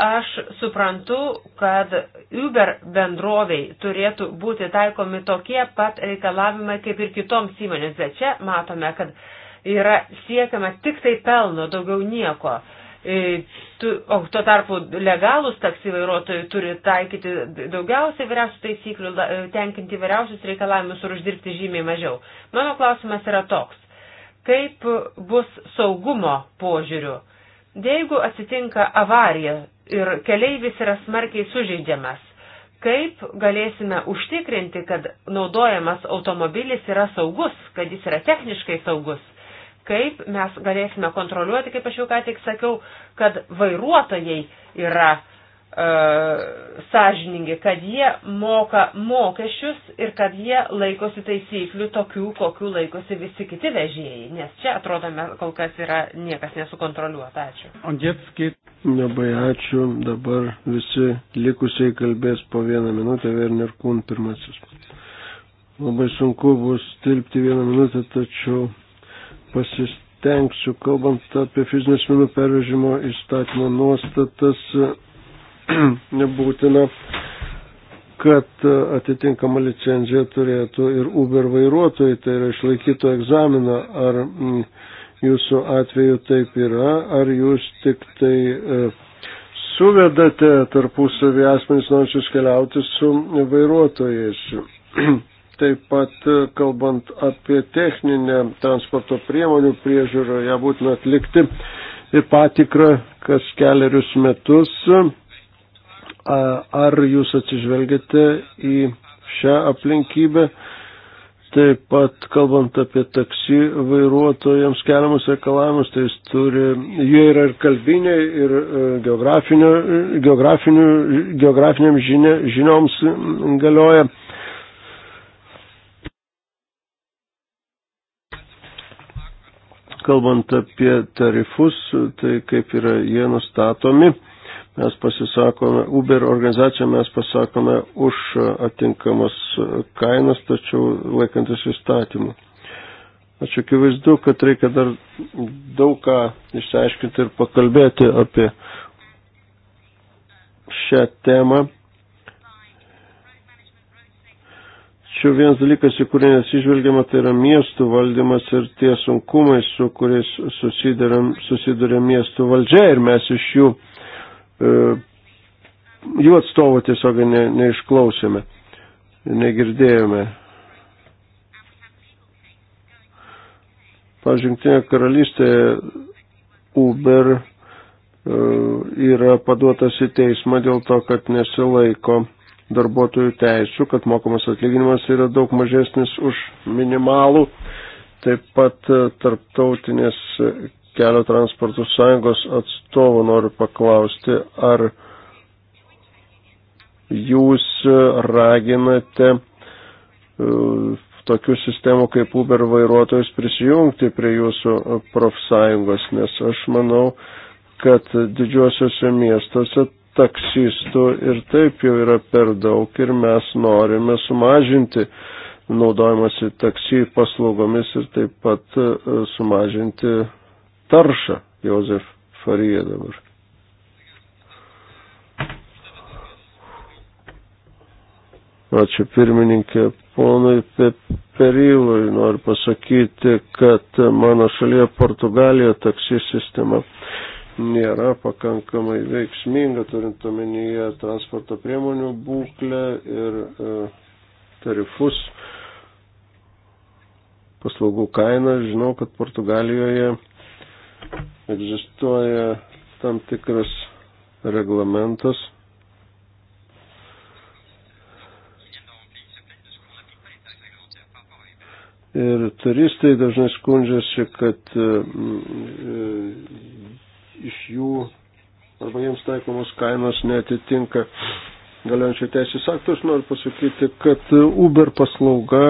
Aš suprantu, kad Uber bendroviai turėtų būti taikomi tokie pat reikalavimai kaip ir kitoms įmonėms, bet čia matome, kad uh, yra siekiama tik tai pelno, daugiau nieko. E, tu, o tuo tarpu legalus taksi vairuotojai turi taikyti daugiausiai vyriausių taisyklių, e, tenkinti vyriausius reikalavimus ir uždirbti žymiai mažiau. Mano klausimas yra toks. Kaip bus saugumo požiūriu? Jeigu atsitinka avarija ir keleivis yra smarkiai sužeidžiamas, kaip galėsime užtikrinti, kad naudojamas automobilis yra saugus, kad jis yra techniškai saugus kaip mes galėsime kontroliuoti, kaip aš jau ką tik sakiau, kad vairuotojai yra e, sąžiningi, kad jie moka mokesčius ir kad jie laikosi taisyklių tokių, kokių laikosi visi kiti vežėjai, nes čia atrodome kol kas yra niekas nesukontroliuota. Ačiū. Andžetski. Labai ačiū. Dabar visi likusiai kalbės po vieną minutę. Werner Kun pirmasis. Labai sunku bus tilpti vieną minutę, tačiau pasistengsiu, kalbant apie fizinės minų pervežimo įstatymo nuostatas, <clears throat> nebūtina, kad atitinkama licenzija turėtų ir Uber vairuotojai, tai yra išlaikytų egzaminą, ar mm, jūsų atveju taip yra, ar jūs tik tai e, suvedate tarpusavį asmenys norinčius keliauti su vairuotojais. <clears throat> Taip pat e, kalbant apie techninę transporto priemonių priežiūrą, ją būtina atlikti ir patikrą kas keliarius metus. E, ar jūs atsižvelgiate į šią aplinkybę? Taip pat, kalbant apie taksi vairuotojams keliamus reikalavimus, tai jis turi, jie yra ir kalbiniai, ir e, geografiniam žinia, žinioms galioja. Kalbant apie tarifus, tai kaip yra jie nustatomi, mes pasisakome, Uber organizacija mes pasakome už atinkamas kainas, tačiau laikantis įstatymų. Aš akivaizdu, kad reikia dar daug ką išsiaiškinti ir pakalbėti apie šią temą. Tačiau vienas dalykas, į kurį nesižvelgiama, tai yra miestų valdymas ir tie sunkumai, su kuriais susiduria miestų valdžia ir mes iš jų, e, jų atstovų tiesiog ne, neišklausėme, negirdėjome. Pavyzdžiui, Junktinė karalystė Uber e, yra paduotas į teismą dėl to, kad nesilaiko darbuotojų teisų, kad mokamas atlyginimas yra daug mažesnis už minimalų. Taip pat e, tarptautinės kelio transportų sąjungos atstovų noriu paklausti, ar jūs raginate e, tokių sistemų kaip Uber vairuotojus prisijungti prie jūsų profsąjungos, nes aš manau, kad didžiuosiuose miestuose taksistų ir taip jau yra per daug ir mes norime sumažinti naudojimasi taksi paslaugomis ir taip pat e, sumažinti taršą. Jozef Farija dabar. Ačiū pirmininkė, ponui Peperylui noriu pasakyti, kad mano šalyje Portugalijoje taksi sistema nėra pakankamai veiksminga, turint omenyje transporto priemonių būklę ir e, tarifus, paslaugų kainą. Žinau, kad Portugalijoje egzistuoja tam tikras reglamentas. Ir turistai dažnai skundžiasi, kad mm, jiems taikomos kainos netitinka galiojančių teisės aktų. Aš noriu pasakyti, kad Uber paslauga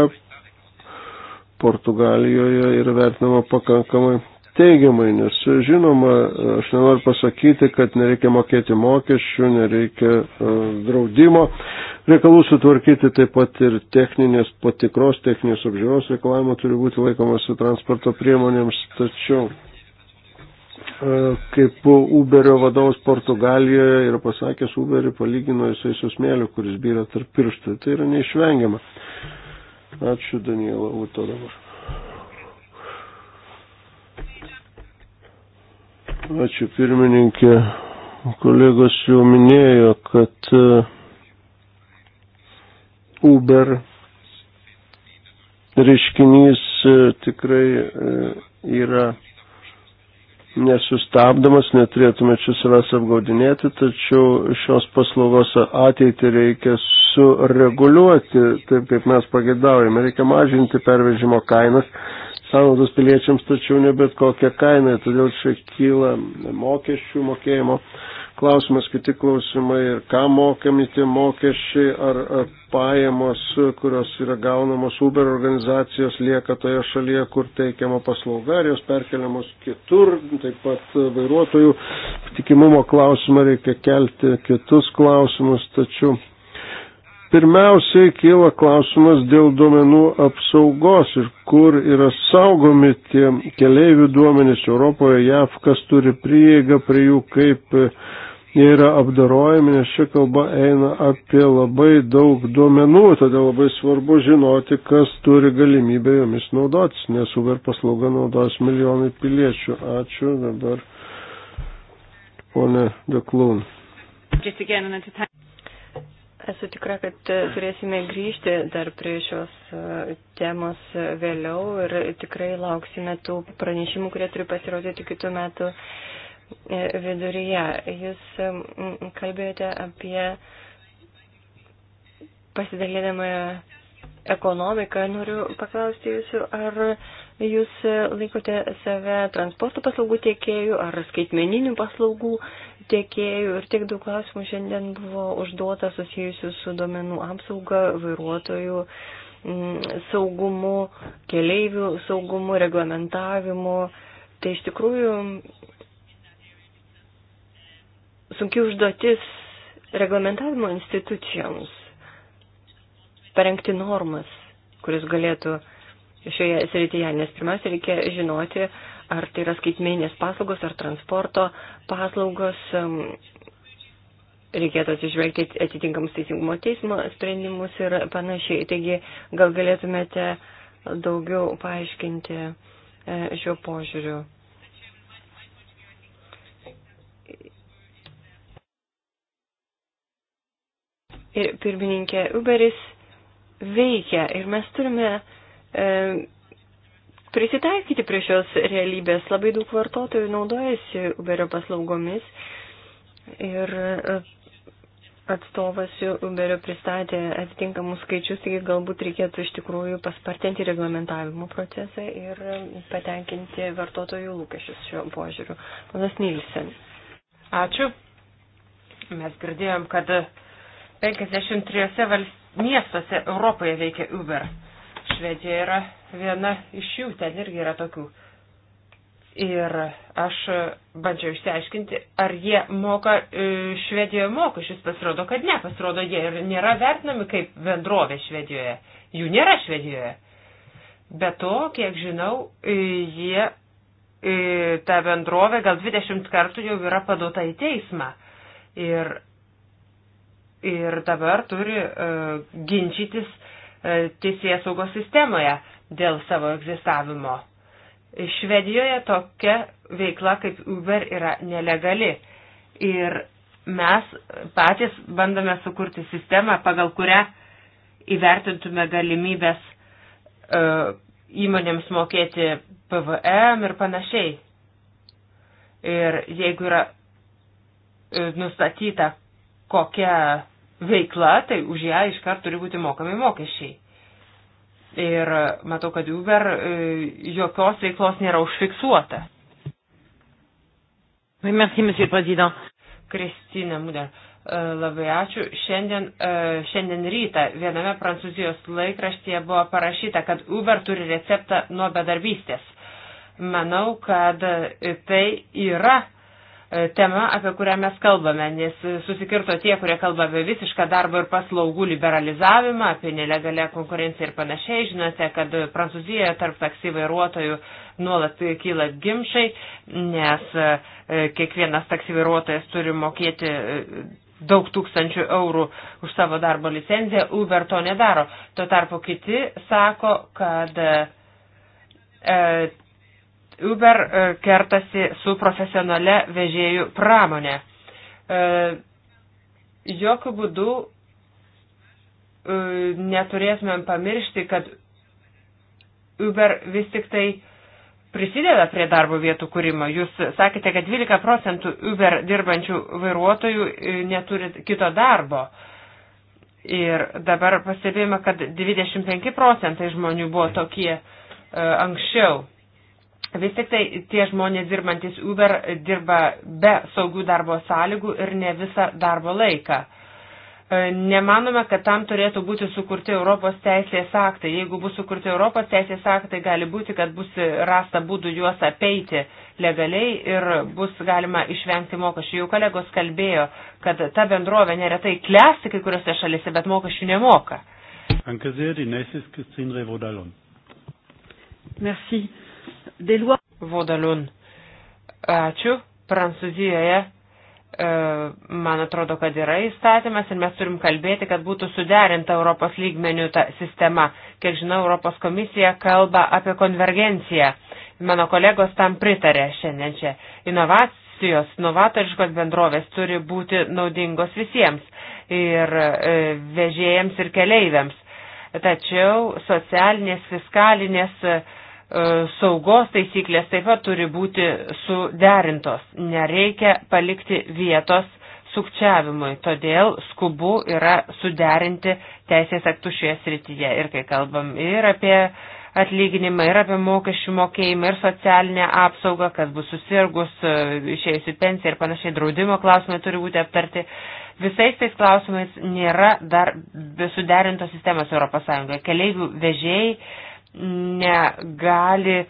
Portugalijoje yra vertinama pakankamai teigiamai, nes žinoma, aš nenoriu pasakyti, kad nereikia mokėti mokesčių, nereikia e, draudimo reikalų sutvarkyti, taip pat ir techninės patikros, techninės apžiūros reikalavimo turi būti laikomasi transporto priemonėms, tačiau kaip Uberio vadovas Portugalijoje yra pasakęs, Uberį palygino jisai su smėliu, kuris byra tarp pirštų. Tai yra neišvengiama. Ačiū Daniela Uto dabar. Ačiū pirmininkė. Kolegos jau minėjo, kad e, Uber reiškinys e, tikrai e, yra nesustabdamas, neturėtume čia savęs apgaudinėti, tačiau šios paslaugos ateitį reikia sureguliuoti, taip kaip mes pagėdaujame. Reikia mažinti pervežimo kainas, sąnaudos piliečiams, tačiau ne bet kokią kainą, todėl čia kyla mokesčių mokėjimo klausimas, kiti klausimai ir ką mokami tie mokesčiai ar, ar pajamos, kurios yra gaunamos Uber organizacijos, lieka toje šalyje, kur teikiama paslauga, ar jos perkeliamos kitur, taip pat vairuotojų patikimumo klausimą reikia kelti kitus klausimus, tačiau Pirmiausiai kyla klausimas dėl duomenų apsaugos ir kur yra saugomi tie keliaivių duomenys Europoje, JAV, kas turi prieigą prie jų, kaip yra apdarojami, nes čia kalba eina apie labai daug duomenų, todėl labai svarbu žinoti, kas turi galimybę jomis naudotis, nes Uber paslauga naudos milijonai piliečių. Ačiū dabar, ponė Deklūn. Esu tikra, kad e, turėsime grįžti dar prie šios e, temos e, vėliau ir tikrai lauksime tų pranešimų, kurie turi pasirodyti kitų metų viduryje. Jūs kalbėjote apie pasidalydamą ekonomiką. Noriu paklausti jūsų, ar jūs laikote save transporto paslaugų tiekėjų ar skaitmeninių paslaugų tiekėjų. Ir tiek daug klausimų šiandien buvo užduota susijusių su domenų apsauga, vairuotojų saugumu, keleivių saugumu, reglamentavimu. Tai iš tikrųjų sunki užduotis reglamentavimo institucijoms parengti normas, kuris galėtų šioje srityje, nes pirmiausia reikia žinoti, ar tai yra skaitmeninės paslaugos ar transporto paslaugos. Reikėtų atsižvelgti atitinkamus teisingumo teismo sprendimus ir panašiai. Taigi, gal galėtumėte daugiau paaiškinti e, šiuo požiūriu. ir pirmininkė Uberis veikia ir mes turime e, prisitaikyti prie šios realybės. Labai daug vartotojų naudojasi Uberio paslaugomis ir e, atstovas Uberio pristatė atitinkamus skaičius, taigi galbūt reikėtų iš tikrųjų paspartinti reglamentavimo procesą ir e, patenkinti vartotojų lūkesčius šiuo požiūriu. Panas Nilsen. Ačiū. Mes girdėjom, kad uh, 53 valst... miestuose Europoje veikia Uber. Švedija yra viena iš jų, ten irgi yra tokių. Ir aš bandžiau išsiaiškinti, ar jie moka e, Švedijoje mokesčius. Pasirodo, kad ne, pasirodo, jie ir nėra vertinami kaip bendrovė Švedijoje. Jų nėra Švedijoje. Be to, kiek žinau, e, jie, e, ta bendrovė gal 20 kartų jau yra paduota į teismą. Ir ir dabar turi uh, ginčytis uh, e, teisėje saugos sistemoje dėl savo egzistavimo. Švedijoje tokia veikla kaip Uber yra nelegali ir mes patys bandome sukurti sistemą, pagal kurią įvertintume galimybės uh, įmonėms mokėti PVM ir panašiai. Ir jeigu yra nustatyta, kokia veikla, tai už ją iškart turi būti mokami mokesčiai. Ir matau, kad Uber e, jokios veiklos nėra užfiksuota. Oui, merci, monsieur le président. Kristina Muder, e, labai ačiū. Šiandien, e, šiandien rytą viename prancūzijos laikraštyje buvo parašyta, kad Uber turi receptą nuo bedarbystės. Manau, kad tai yra tema, apie kurią mes kalbame, nes susikirto tie, kurie kalba apie visišką darbo ir paslaugų liberalizavimą, apie nelegalę konkurenciją ir panašiai. Žinote, kad Prancūzijoje tarp taksi vairuotojų nuolat kyla gimšai, nes e, kiekvienas taksi vairuotojas turi mokėti e, daug tūkstančių eurų už savo darbo licenciją, Uber to nedaro. Tuo tarpu kiti sako, kad e, Uber e, kertasi su profesionale vežėjų pramonė. E, jokių būdų e, neturėsime pamiršti, kad Uber vis tik tai prisideda prie darbo vietų kūrimo. Jūs sakėte, kad 12 procentų Uber dirbančių vairuotojų neturi kito darbo. Ir dabar pastebėjome, kad 25 procentai žmonių buvo tokie uh, anksčiau. Vis tik tai tie žmonės dirbantis Uber dirba be saugių darbo sąlygų ir ne visą darbo laiką. E, nemanome, kad tam turėtų būti sukurti Europos teisės aktai. Jeigu bus sukurti Europos teisės aktai, gali būti, kad bus rasta būdų juos apeiti legaliai ir bus galima išvengti mokesčių. Jau kolegos kalbėjo, kad ta bendrovė neretai klesti kai kuriuose šalise, bet mokesčių nemoka. Merci. Vodaliun. Ačiū. Prancūzijoje, e, man atrodo, kad yra įstatymas ir mes turim kalbėti, kad būtų suderinta Europos lygmenių ta sistema. Kiek žinau, Europos komisija kalba apie konvergenciją. Mano kolegos tam pritarė šiandien čia. Inovacijos investicijos, novatoriškos bendrovės turi būti naudingos visiems ir e, vežėjams ir keleiviams. Tačiau socialinės, fiskalinės E, saugos taisyklės taip pat turi būti suderintos. Nereikia palikti vietos sukčiavimui, todėl skubu yra suderinti teisės aktų šioje srityje. Ir kai kalbam ir apie atlyginimą, ir apie mokesčių mokėjimą, ir socialinę apsaugą, kas bus susirgus, e, išėjusi pensija ir panašiai draudimo klausimai turi būti aptarti. Visais tais klausimais nėra dar suderintos sistemos ES. Keleivių vežėjai negali e,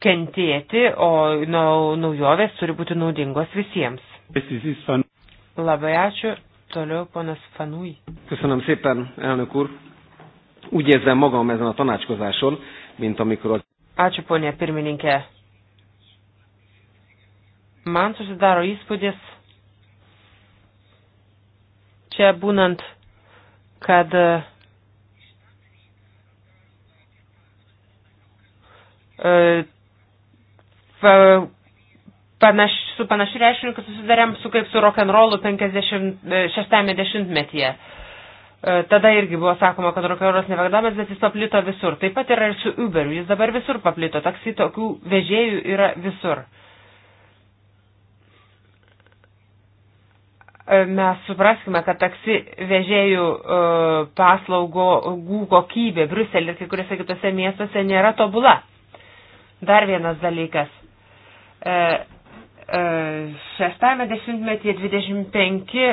kentėti, o naujovės turi būti naudingos visiems. Labai ačiū. Toliau ponas Fanui. Köszönöm szépen, elnök úr. Úgy érzem magam ezen a tanácskozáson, mint amikor az... Ačiū, ponė pirmininkė. Man susidaro įspūdis, čia būnant, kad uh, E, pa, panaš, su panašiu reiškiniu, kad susidarėm su kaip su rock'n'rollu 56-ame e, dešimtmetyje. E, tada irgi buvo sakoma, kad rock'n'rollas nevegdamas, bet jis paplito visur. Taip pat yra ir su Uberiu, jis dabar visur paplito, taksi tokių vežėjų yra visur. mes supraskime, kad taksi vežėjų paslaugų kokybė Bruselė ir kai kuriuose kitose miestuose nėra tobula. Dar vienas dalykas. E, e, šeštame dešimtmetyje 25 e,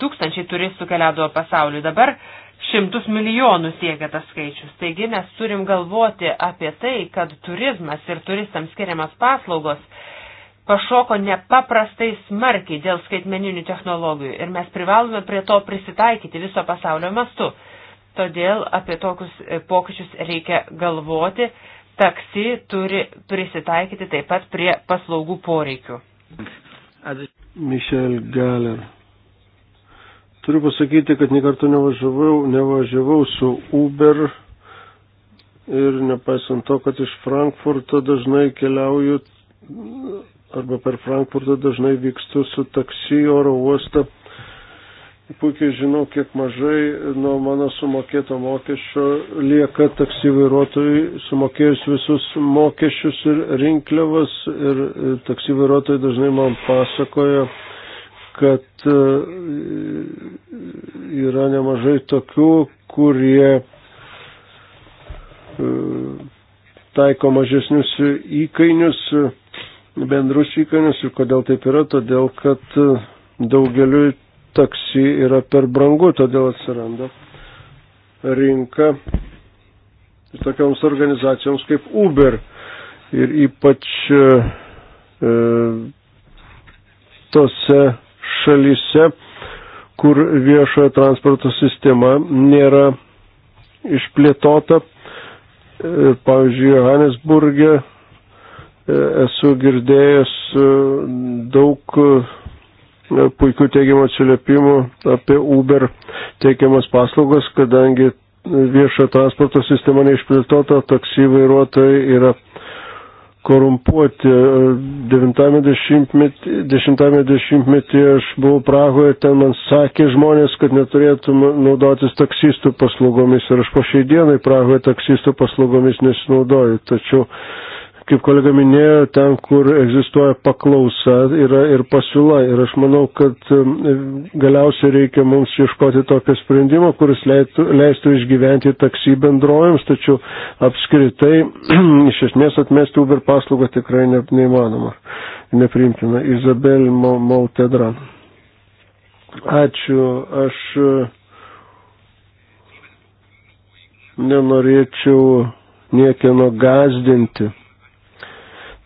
tūkstančiai turistų keliaudavo pasauliu. Dabar šimtus milijonų siekia tas skaičius. Taigi mes turim galvoti apie tai, kad turizmas ir turistams skiriamas paslaugos pašoko nepaprastai smarkiai dėl skaitmeninių technologijų ir mes privalome prie to prisitaikyti viso pasaulio mastu. Todėl apie tokius pokyčius reikia galvoti taksi turi prisitaikyti taip pat prie paslaugų poreikių. Mišel Galer. Turiu pasakyti, kad niekartų nevažiavau, nevažiavau su Uber ir nepaisant to, kad iš Frankfurto dažnai keliauju arba per Frankfurtą dažnai vykstu su taksi oro uostą puikiai žinau, kiek mažai nuo mano sumokėto mokesčio lieka taksi vairuotojai, sumokėjus visus mokesčius ir rinkliavas. Ir e, taksi vairuotojai dažnai man pasakoja, kad e, yra nemažai tokių, kurie e, taiko mažesnius įkainius, bendrus įkainius ir kodėl taip yra, todėl kad daugeliu taksi yra per brangu, todėl atsiranda rinka tokioms organizacijoms kaip Uber ir ypač e, e tose šalyse, kur viešojo transporto sistema nėra išplėtota. E, pavyzdžiui, Johannesburgė e, esu girdėjęs e, daug e, puikių teigiamų atsiliepimų apie Uber teikiamas paslaugas, kadangi viešo transporto sistema neišplėtota, taksi vairuotojai yra korumpuoti. 90-metyje dešimt, aš buvau Prahoje, ten man sakė žmonės, kad neturėtum naudotis taksistų paslaugomis ir aš po šiai dienai Prahoje taksistų paslaugomis nesinaudoju. Tačiau kaip kolega minėjo, ten, kur egzistuoja paklausa, yra ir pasiūla. Ir aš manau, kad galiausiai reikia mums ieškoti tokio sprendimo, kuris leistų, leistų išgyventi taksi bendrovėms, tačiau apskritai <clears throat> iš esmės atmesti Uber paslaugą tikrai ne, neįmanoma. Nepriimtina. Izabel Mautedra. Ačiū. Aš e, nenorėčiau niekieno gazdinti.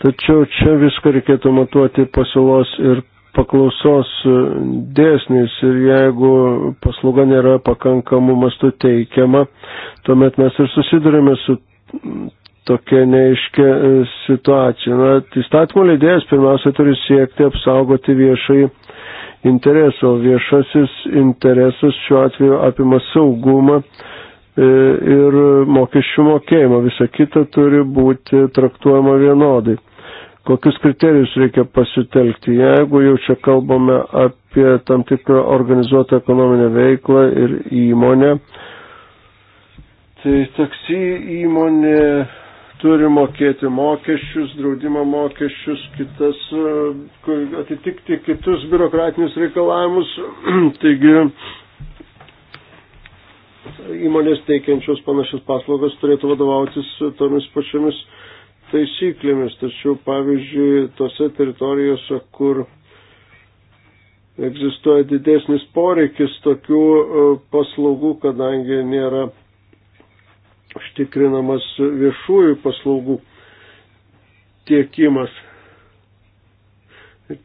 Tačiau čia viską reikėtų matuoti pasiūlos ir paklausos e, dėsnis ir jeigu paslauga nėra pakankamų mastų teikiama, tuomet mes ir susidurime su tokia neiškia e, situacija. Na, įstatymų leidėjas pirmiausia turi siekti apsaugoti viešai interesą, o viešasis interesas šiuo atveju apima saugumą e, ir mokesčių mokėjimą. Visa kita turi būti traktuojama vienodai kokius kriterijus reikia pasitelkti. Jeigu jau čia kalbame apie tam tikrą organizuotą ekonominę veiklą ir įmonę, tai taksi įmonė turi mokėti mokesčius, draudimo mokesčius, kitas, atitikti kitus biurokratinius reikalavimus. <clears throat> Taigi, įmonės teikiančios panašias paslaugas turėtų vadovautis tomis pačiamis taisyklėmis, tačiau pavyzdžiui, tose teritorijose, kur egzistuoja didesnis poreikis tokių e, paslaugų, kadangi nėra užtikrinamas viešųjų paslaugų tiekimas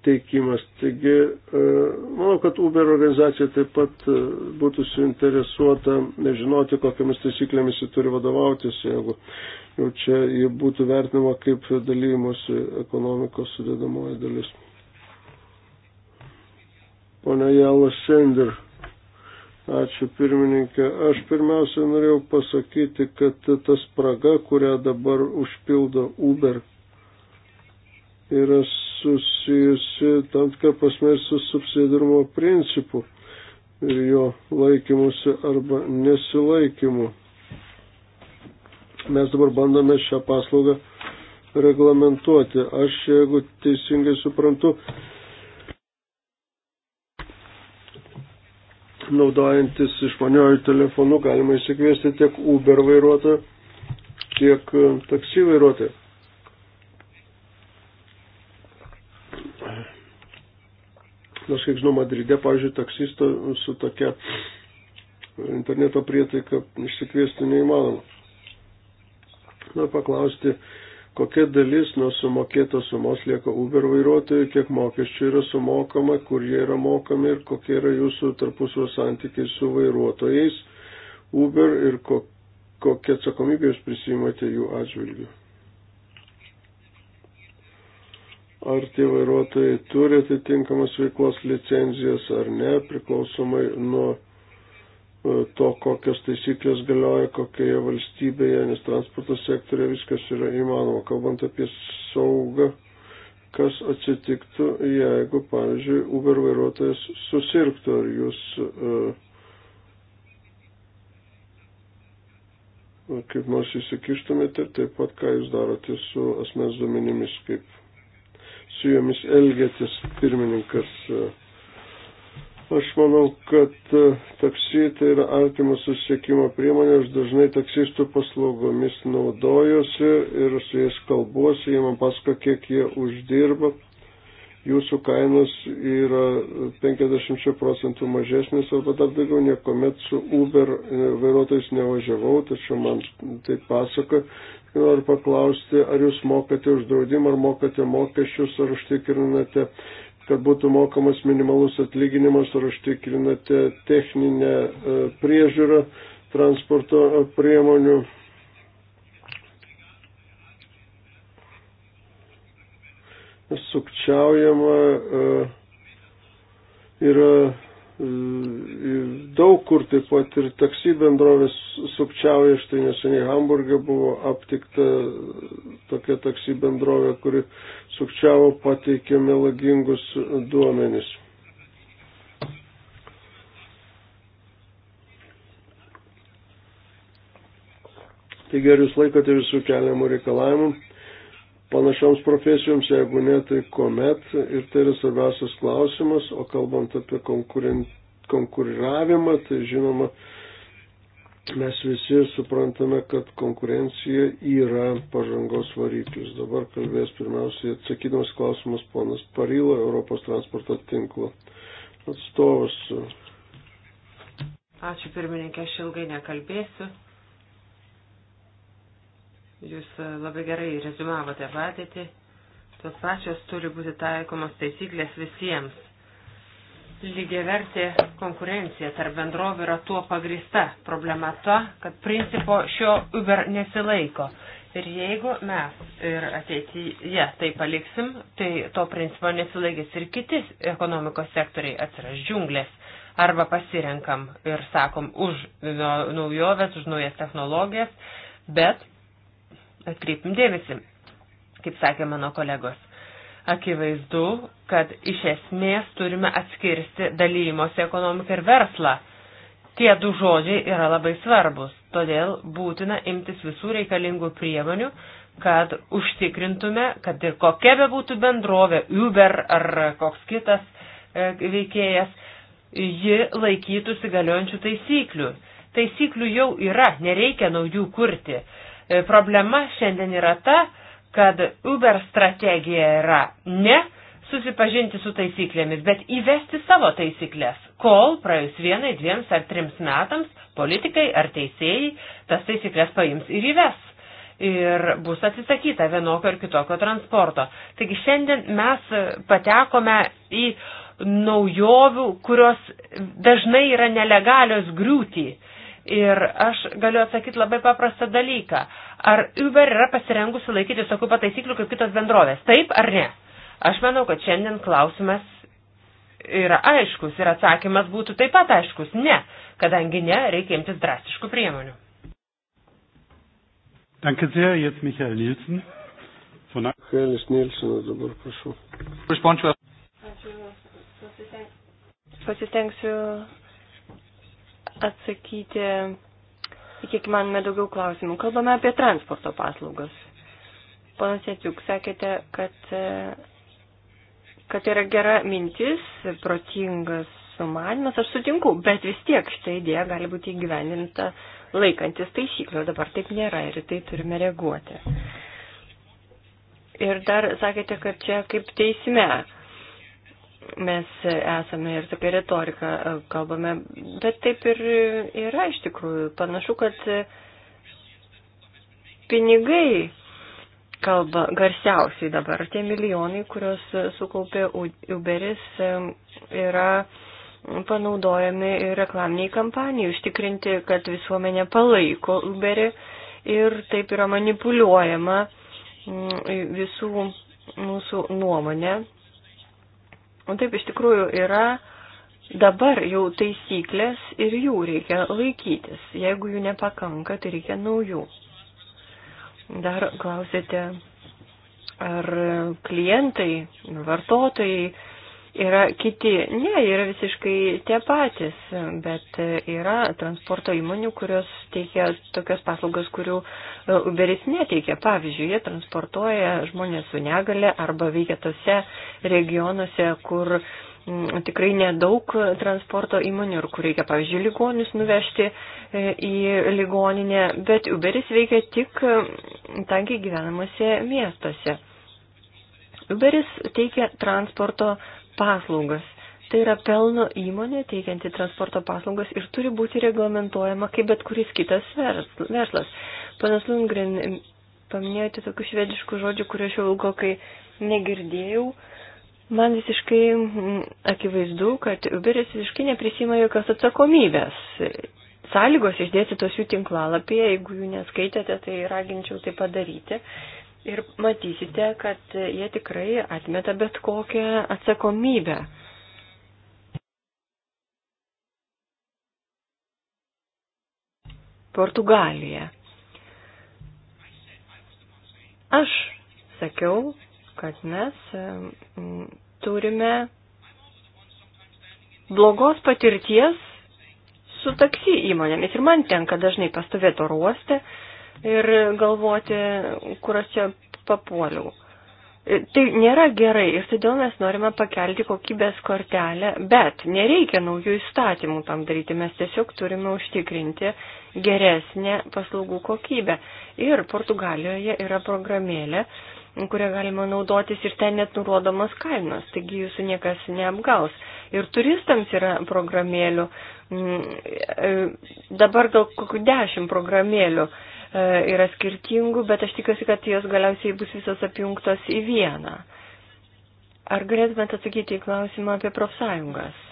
teikimas. Taigi, e, manau, kad Uber organizacija taip pat e, būtų suinteresuota nežinoti, kokiamis taisyklėmis ji turi vadovautis, jeigu jau čia ji būtų vertinama kaip dalymosi ekonomikos sudėdamoji dalis. Pone Jalas Sender, ačiū pirmininkė. Aš pirmiausia norėjau pasakyti, kad ta spraga, kurią dabar užpildo Uber, yra susijusi tam tikrą prasme su subsidirumo principu ir jo laikymusi arba nesilaikymu. Mes dabar bandome šią paslaugą reglamentuoti. Aš, jeigu teisingai suprantu, naudojantis išmaniojų telefonų galima įsikviesti tiek Uber vairuotoją, tiek taksi vairuotoją. Nors, kiek žinau, Madride, pavyzdžiui, taksisto su tokia interneto prietaika išsikviesti neįmanoma. Na, paklausti, kokia dalis nuo sumokėtos sumos lieka Uber vairuotojai, kiek mokesčių yra sumokama, kur jie yra mokami ir kokie yra jūsų tarpusio santykiai su vairuotojais Uber ir kokia atsakomybė jūs prisimate jų atžvilgių. ar tie vairuotojai turi atitinkamas veiklos licenzijas ar ne, priklausomai nuo e, to, kokios taisyklės galioja, kokioje valstybėje, nes transporto sektorė viskas yra įmanoma. Kalbant apie saugą, kas atsitiktų, jeigu, pavyzdžiui, Uber vairuotojas susirgtų, ar jūs e, kaip nors įsikištumėte, taip pat ką jūs darote su asmens duomenimis, kaip su jomis elgėtis pirmininkas. Aš manau, kad e, taksi tai yra artimo susisiekimo priemonė, aš dažnai taksistų paslaugomis naudojuosi ir su jais kalbuosi, jie man pasako, kiek jie uždirba jūsų kainos yra 50 procentų mažesnės arba dar daugiau, niekuomet su Uber e, vairuotojais nevažiavau, tačiau man tai pasaka. Noriu paklausti, ar jūs mokate už draudimą, ar mokate mokesčius, ar užtikrinate, kad būtų mokamas minimalus atlyginimas, ar užtikrinate techninę e, priežiūrą transporto e, priemonių sukčiaujama e, yra e, daug kur taip pat ir taksi bendrovės sukčiauja, štai neseniai Hamburgė buvo aptikta tokia taksi bendrovė, kuri sukčiavo pateikė melagingus duomenis. Taigi ar jūs laikote visų keliamų reikalavimų? panašioms profesijoms, jeigu ne, tai kuomet. Ir tai yra svarbiausias klausimas, o kalbant apie konkuravimą, tai žinoma, mes visi suprantame, kad konkurencija yra pažangos variklis. Dabar kalbės pirmiausiai atsakydamas klausimas ponas Paryla, Europos transporto tinklo atstovas. Ačiū pirmininkė, aš ilgai nekalbėsiu. Jūs e, labai gerai rezumavote padėtį. Tos pačios turi būti taikomos taisyklės visiems. Lygiavertė konkurencija tarp bendrovų yra tuo pagrįsta. Problema ta, kad principo šio Uber nesilaiko. Ir jeigu mes ir ateityje tai paliksim, tai to principo nesilaikys ir kiti ekonomikos sektoriai atsiras džiunglės. Arba pasirenkam ir sakom už naujoves, už naujas technologijas, bet atkreipim dėmesį, kaip sakė mano kolegos. Akivaizdu, kad iš esmės turime atskirsti dalymosi ekonomiką ir verslą. Tie du žodžiai yra labai svarbus, todėl būtina imtis visų reikalingų priemonių, kad užtikrintume, kad ir kokia be būtų bendrovė, Uber ar koks kitas e, veikėjas, ji laikytųsi galiojančių taisyklių. Taisyklių jau yra, nereikia naujų kurti. E, problema šiandien yra ta, kad Uber strategija yra ne susipažinti su taisyklėmis, bet įvesti savo taisyklės, kol praėjus vienai, dviems ar trims metams politikai ar teisėjai tas taisyklės paims ir įves. Ir bus atsisakyta vienokio ir kitokio transporto. Taigi šiandien mes patekome į naujovių, kurios dažnai yra nelegalios griūtį. Ir aš galiu atsakyti labai paprastą dalyką. Ar Uber yra pasirengusi laikytis tokių pataisyklių kaip kitos bendrovės? Taip ar ne? Aš manau, kad šiandien klausimas yra aiškus ir atsakymas būtų taip pat aiškus. Ne, kadangi ne, reikia imtis drastiškų priemonių. Danke sehr, jetzt Michael Nielsen. Von Michaelis Nielsenas dabar, prašau. Ačiū. Pasistengsiu atsakyti, kiek manome, daugiau klausimų. Kalbame apie transporto paslaugas. Panas Jėtiuk, sakėte, kad, kad tai yra gera mintis, protingas sumanimas, aš sutinku, bet vis tiek šitą idėją gali būti įgyvendinta laikantis taisyklių, dabar taip nėra ir tai turime reaguoti. Ir dar sakėte, kad čia kaip teisme mes esame ir tokia retorika e, kalbame, bet taip ir yra iš tikrųjų. Panašu, kad pinigai kalba garsiausiai dabar. Tie milijonai, kuriuos sukaupė Uberis, e, yra panaudojami ir reklaminiai kampanijai, užtikrinti, kad visuomenė palaiko Uberį ir taip yra manipuliuojama visų mūsų nuomonė O taip iš tikrųjų yra dabar jau taisyklės ir jų reikia laikytis. Jeigu jų nepakanka, tai reikia naujų. Dar klausėte, ar klientai, vartotojai yra kiti. Ne, yra visiškai tie patys, bet yra transporto įmonių, kurios teikia tokias paslaugas, kurių e, Uberis neteikia. Pavyzdžiui, jie transportuoja žmonės su negale arba veikia tose regionuose, kur mm, tikrai nedaug transporto įmonių ir kur reikia, pavyzdžiui, ligonius nuvežti e, į ligoninę, bet Uberis veikia tik mm, tankiai gyvenamuose miestuose. Uberis teikia transporto paslaugas. Tai yra pelno įmonė teikianti transporto paslaugas ir turi būti reglamentojama kaip bet kuris kitas verslas. Panas Lundgren, paminėjote tokių švediškų žodžių, kurių aš jau ilgokai negirdėjau. Man visiškai akivaizdu, kad Uberis visiškai neprisima jokios atsakomybės. Sąlygos išdėstytos jų tinklalapyje, jeigu jų neskaitėte, tai raginčiau tai padaryti. Ir matysite, kad jie tikrai atmeta bet kokią atsakomybę. Portugalija. Aš sakiau, kad mes turime blogos patirties su taksi įmonėmis ir man tenka dažnai pastovėti oro uoste ir galvoti, kur aš čia papuoliau. Tai nėra gerai ir todėl mes norime pakelti kokybės kortelę, bet nereikia naujų įstatymų tam daryti, mes tiesiog turime užtikrinti geresnę paslaugų kokybę. Ir Portugalijoje yra programėlė, kurią galima naudotis ir ten net nurodomos kainos, taigi jūsų niekas neapgaus. Ir turistams yra programėlių, mm, e, dabar gal kokių dešimt programėlių E, yra skirtingų, bet aš tikiuosi, kad jos galiausiai bus visos apjungtos į vieną. Ar galėtumėt atsakyti į klausimą apie profsąjungas?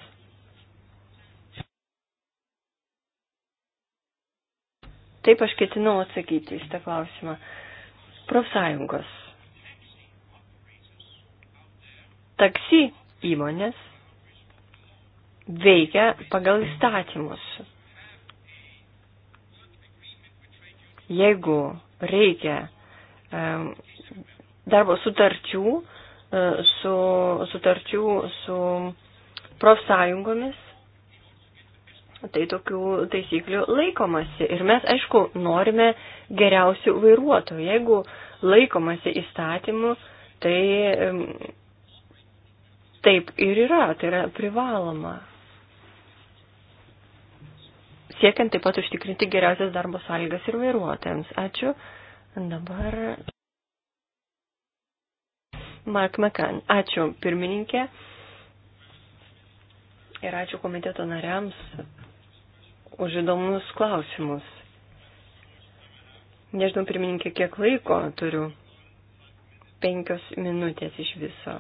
Taip aš ketinau atsakyti į šitą klausimą. Profsąjungos. Taksi įmonės veikia pagal įstatymus. jeigu reikia darbo sutarčių, e, su, sutarčių su profsąjungomis, tai tokių taisyklių laikomasi. Ir mes, aišku, norime geriausių vairuotojų. Jeigu laikomasi įstatymų, tai taip ir yra, tai yra privaloma siekiant taip pat užtikrinti geriausias darbo sąlygas ir vairuotojams. Ačiū. Dabar. Mark McCann. Ačiū pirmininkė ir ačiū komiteto nariams už įdomus klausimus. Nežinau, pirmininkė, kiek laiko turiu. Penkios minutės iš viso.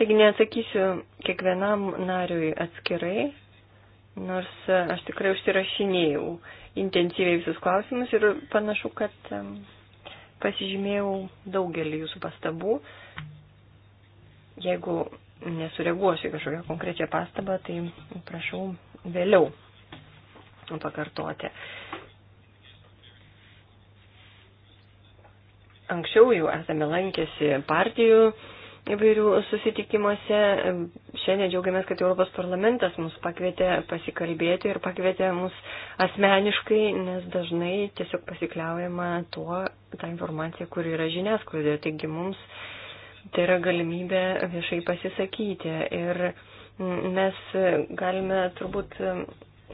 Taigi neatsakysiu kiekvienam nariui atskirai, nors aš tikrai užsirašinėjau intensyviai visus klausimus ir panašu, kad pasižymėjau daugelį jūsų pastabų. Jeigu nesureaguosiu kažkokią konkrečią pastabą, tai prašau vėliau pakartoti. Anksčiau jau esame lankėsi partijų įvairių susitikimuose. Šiandien džiaugiamės, kad Europos parlamentas mus pakvietė pasikalbėti ir pakvietė mus asmeniškai, nes dažnai tiesiog pasikliaujama tuo, tą informaciją, kuri yra žiniasklaidoje. Taigi mums tai yra galimybė viešai pasisakyti. Ir mes galime turbūt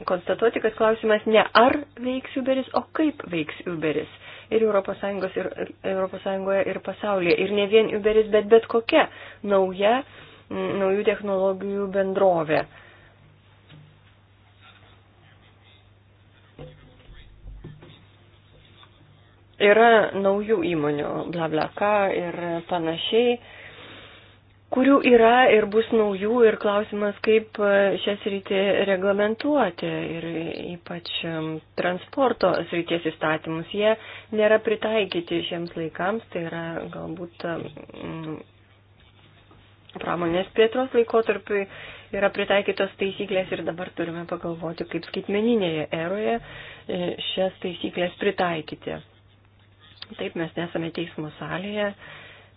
konstatuoti, kad klausimas ne ar veiks Uberis, o kaip veiks Uberis ir ES ir, ES ir pasaulyje. Ir ne vien Uberis, bet bet kokia nauja, naujų technologijų bendrovė. Yra naujų įmonių, bla bla ką ir panašiai kurių yra ir bus naujų ir klausimas, kaip e, šią sritį reglamentuoti ir ypač e, transporto srities įstatymus. Jie nėra pritaikyti šiems laikams, tai yra galbūt e, pramonės plėtros laikotarpiui yra pritaikytos taisyklės ir dabar turime pagalvoti, kaip skaitmeninėje eroje šias taisyklės pritaikyti. Taip, mes nesame teismo salėje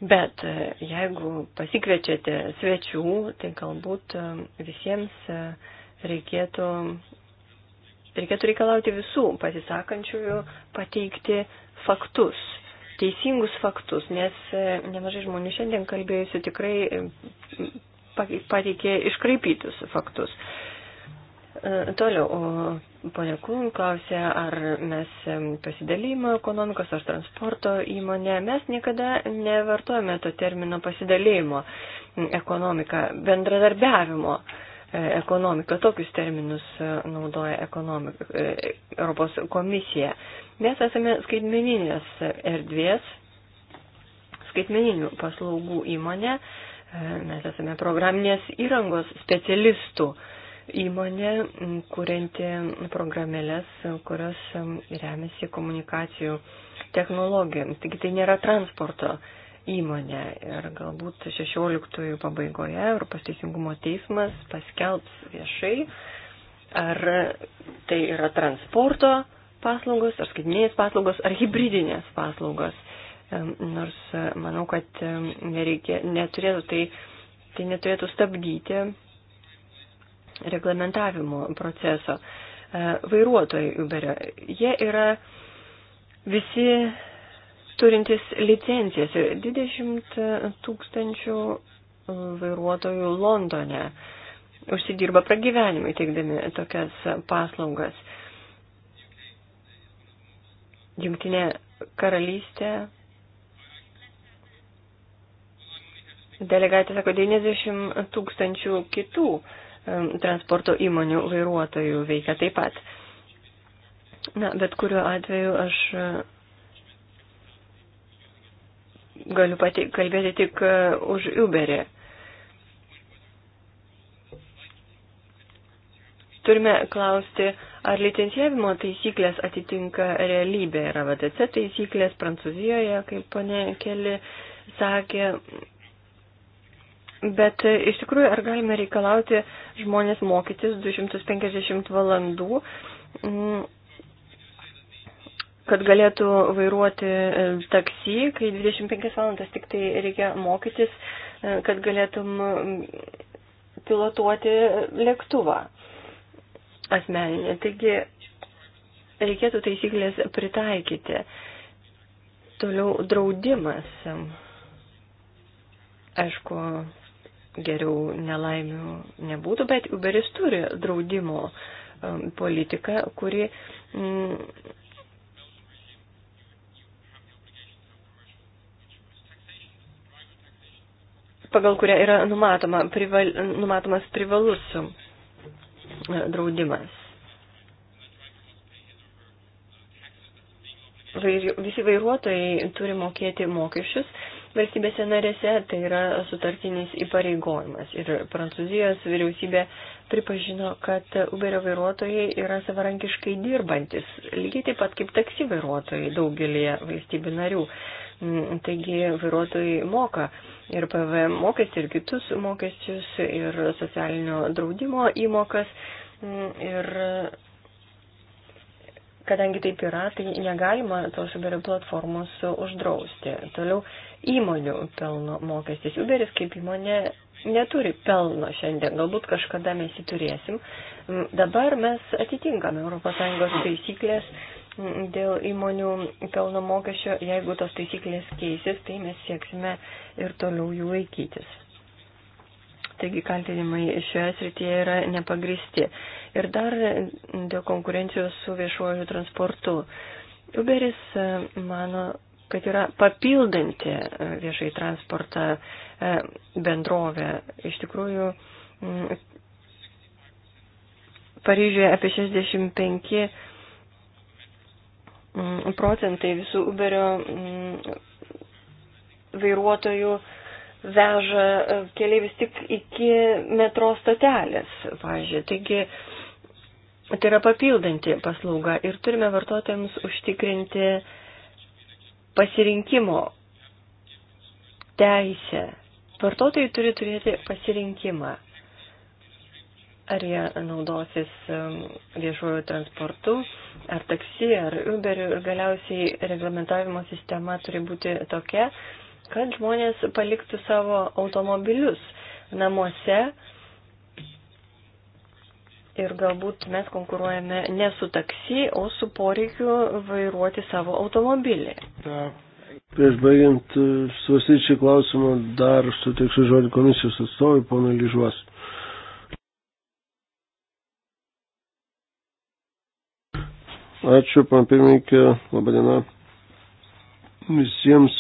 Bet e, jeigu pasikviečiate svečių, tai galbūt e, visiems e, reikėtų, reikėtų reikalauti visų pasisakančiųjų pateikti faktus, teisingus faktus, nes nemažai žmonių šiandien kalbėjusių tikrai pateikė iškraipytus faktus. E, toliau, ponia Kūn klausė, ar mes pasidalymo ekonomikos ar transporto įmonė. Mes niekada nevartojame to termino pasidalymo ekonomika, bendradarbiavimo e, ekonomika. Tokius terminus e, naudoja ekonomika, Europos komisija. Mes esame skaitmeninės erdvės, skaitmeninių paslaugų įmonė. Mes esame programinės įrangos specialistų. Uh, įmonė, kurianti programėlės, kurios remiasi komunikacijų technologijomis. Taigi tai nėra transporto įmonė ir galbūt 16 pabaigoje Europos teisingumo teismas paskelbs viešai, ar tai yra transporto paslaugos, ar skaitinės paslaugos, ar hybridinės paslaugos. Nors e, manau, kad nereikia, neturėtų tai, tai neturėtų stabdyti reglamentavimo proceso. E, vairuotojai Uberio, jie yra visi turintis licencijas ir 20 tūkstančių vairuotojų Londone užsidirba pragyvenimai teikdami tokias paslaugas. Jungtinė karalystė. Delegatė sako 90 tūkstančių kitų transporto įmonių vairuotojų veikia taip pat. Na, bet kuriuo atveju aš e, galiu pati kalbėti tik e, už Uberį. Turime klausti, ar licencijavimo taisyklės atitinka realybę. Yra VTC taisyklės Prancūzijoje, kaip ponė Keli sakė, Bet e, iš tikrųjų, ar galime reikalauti žmonės mokytis 250 valandų, mm, kad galėtų vairuoti e, taksi, kai 25 valandas tik tai reikia mokytis, e, kad galėtum pilotuoti lėktuvą asmeninį. Taigi reikėtų taisyklės pritaikyti. Toliau draudimas. Aišku, geriau nelaimių nebūtų, bet Uberis turi draudimo um, politiką, kuri mm, pagal kurią yra numatoma, prival, numatomas privalus um, draudimas. Visi vairuotojai turi mokėti mokesčius valstybėse narėse, tai yra sutartinis įpareigojimas. Ir Prancūzijos vyriausybė pripažino, kad Uberio vairuotojai yra savarankiškai dirbantis, lygiai taip pat kaip taksi vairuotojai daugelėje valstybių narių. Mm, taigi vairuotojai moka ir PVM mokestį, ir kitus mokesčius, ir socialinio draudimo įmokas. Mm, ir kadangi taip yra, tai negalima tos Uberio platformos uždrausti. Toliau įmonių pelno mokestis. Uberis kaip įmonė neturi pelno šiandien, galbūt kažkada mes jį turėsim. Mm, dabar mes atitinkame ES taisyklės dėl įmonių pelno mokesčio, jeigu tos taisyklės keisis, tai mes sieksime ir toliau jų laikytis. Taigi kaltinimai šioje srityje yra nepagristi. Ir dar dėl konkurencijos su viešuoju transportu. Uberis e, mano, kad yra papildanti e, viešai transportą e, bendrovė. Iš tikrųjų, mm, Paryžiuje apie 65 mm, procentai visų Uberio mm, vairuotojų veža e, keliaivis tik iki metro stotelės, pažiūrėjau. Taigi, tai yra papildanti paslauga ir turime vartotojams užtikrinti pasirinkimo teisę. Vartotojai turi turėti pasirinkimą, ar jie naudosis um, viešuoju transportu, ar taksi, ar Uberiu. Ir galiausiai reglamentavimo sistema turi būti tokia, kad žmonės paliktų savo automobilius namuose ir galbūt mes konkuruojame ne su taksi, o su poreikiu vairuoti savo automobilį. Prieš baigiant e, svarstyti šį klausimą, dar suteiksiu žodį komisijos atstovui, ponai Lyžuos. Ačiū, pan pirmininkė, labadiena. Visiems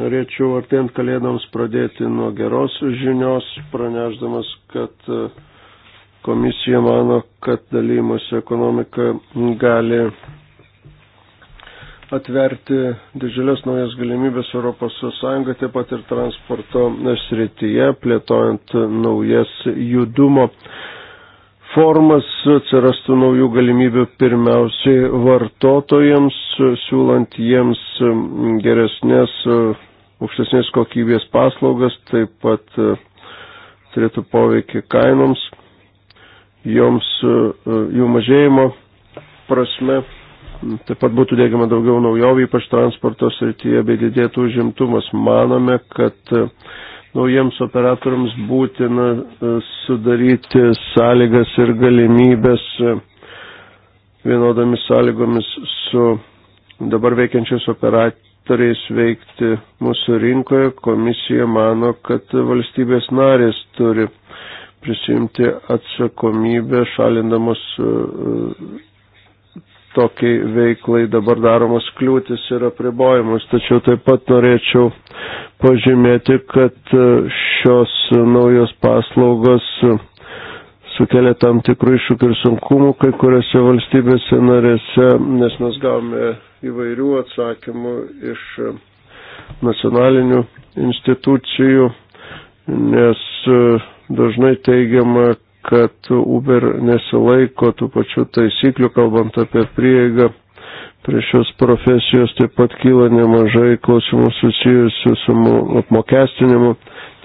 norėčiau artėjant kalėdams pradėti nuo geros žinios, pranešdamas, kad uh, Komisija mano, kad dalymosi ekonomika gali atverti didžiulės naujas galimybės Europos Sąjunga, taip pat ir transporto srityje, plėtojant naujas judumo formas, atsirastų naujų galimybių pirmiausiai vartotojams, siūlant jiems geresnės, aukštesnės kokybės paslaugas, taip pat turėtų poveikį kainoms joms e, e, jų mažėjimo prasme. Taip pat būtų dėgiama daugiau naujovių, ypač transporto srityje, bei didėtų užimtumas. Manome, kad e, naujiems operatoriams būtina sudaryti sąlygas ir galimybės vienodomis sąlygomis su dabar veikiančiais operatoriais veikti mūsų rinkoje. Komisija mano, kad valstybės narės turi prisimti atsakomybę, šalindamas e, e, tokiai veiklai dabar daromas kliūtis ir apribojimus. Tačiau taip pat norėčiau pažymėti, kad e, šios naujos paslaugos sukelia tam tikrų iššūkių ir sunkumų kai kuriuose valstybėse narėse, nes mes gavome įvairių atsakymų iš nacionalinių institucijų, nes uh, Dažnai teigiama, kad Uber nesilaiko tų pačių taisyklių, kalbant apie prieigą. Prie šios profesijos taip pat kyla nemažai klausimų susijusių su apmokestinimu,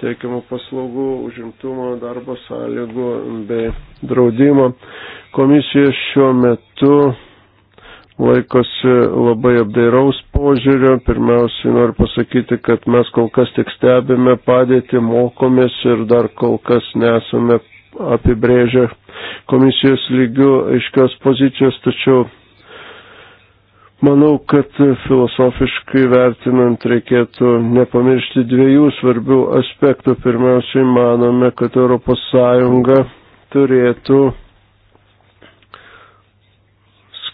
teikiamų paslaugų, užimtumo, darbo sąlygų bei draudimo. Komisija šiuo metu laikosi labai apdairaus požiūrio. Pirmiausiai noriu pasakyti, kad mes kol kas tik stebime padėtį, mokomės ir dar kol kas nesame apibrėžę komisijos lygių aiškios pozicijos, tačiau manau, kad filosofiškai vertinant reikėtų nepamiršti dviejų svarbių aspektų. Pirmiausiai manome, kad ES turėtų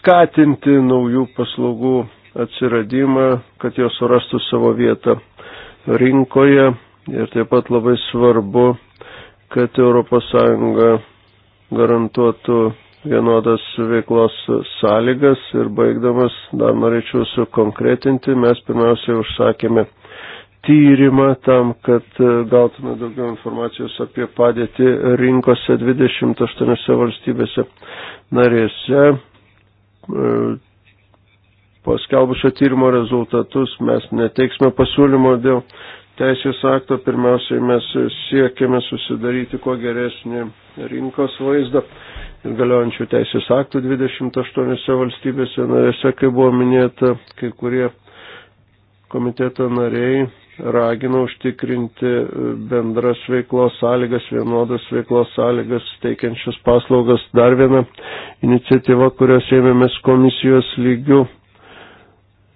skatinti naujų paslaugų atsiradimą, kad jos surastų savo vietą rinkoje. Ir taip pat labai svarbu, kad ES garantuotų vienodas veiklos sąlygas ir baigdamas dar norėčiau sukonkretinti, mes pirmiausiai užsakėme tyrimą tam, kad gautume daugiau informacijos apie padėtį rinkose 28 valstybėse narėse. E, paskelbus šio tyrimo rezultatus mes neteiksime pasiūlymo dėl teisės akto. Pirmiausiai mes siekiame susidaryti kuo geresnį rinkos vaizdą ir galiojančių teisės aktų 28 valstybėse narėse, kaip buvo minėta, kai kurie komiteto nariai ragina užtikrinti bendras veiklos sąlygas, vienodas veiklos sąlygas, teikiančias paslaugas. Dar viena iniciatyva, kurios ėmėmės komisijos lygių,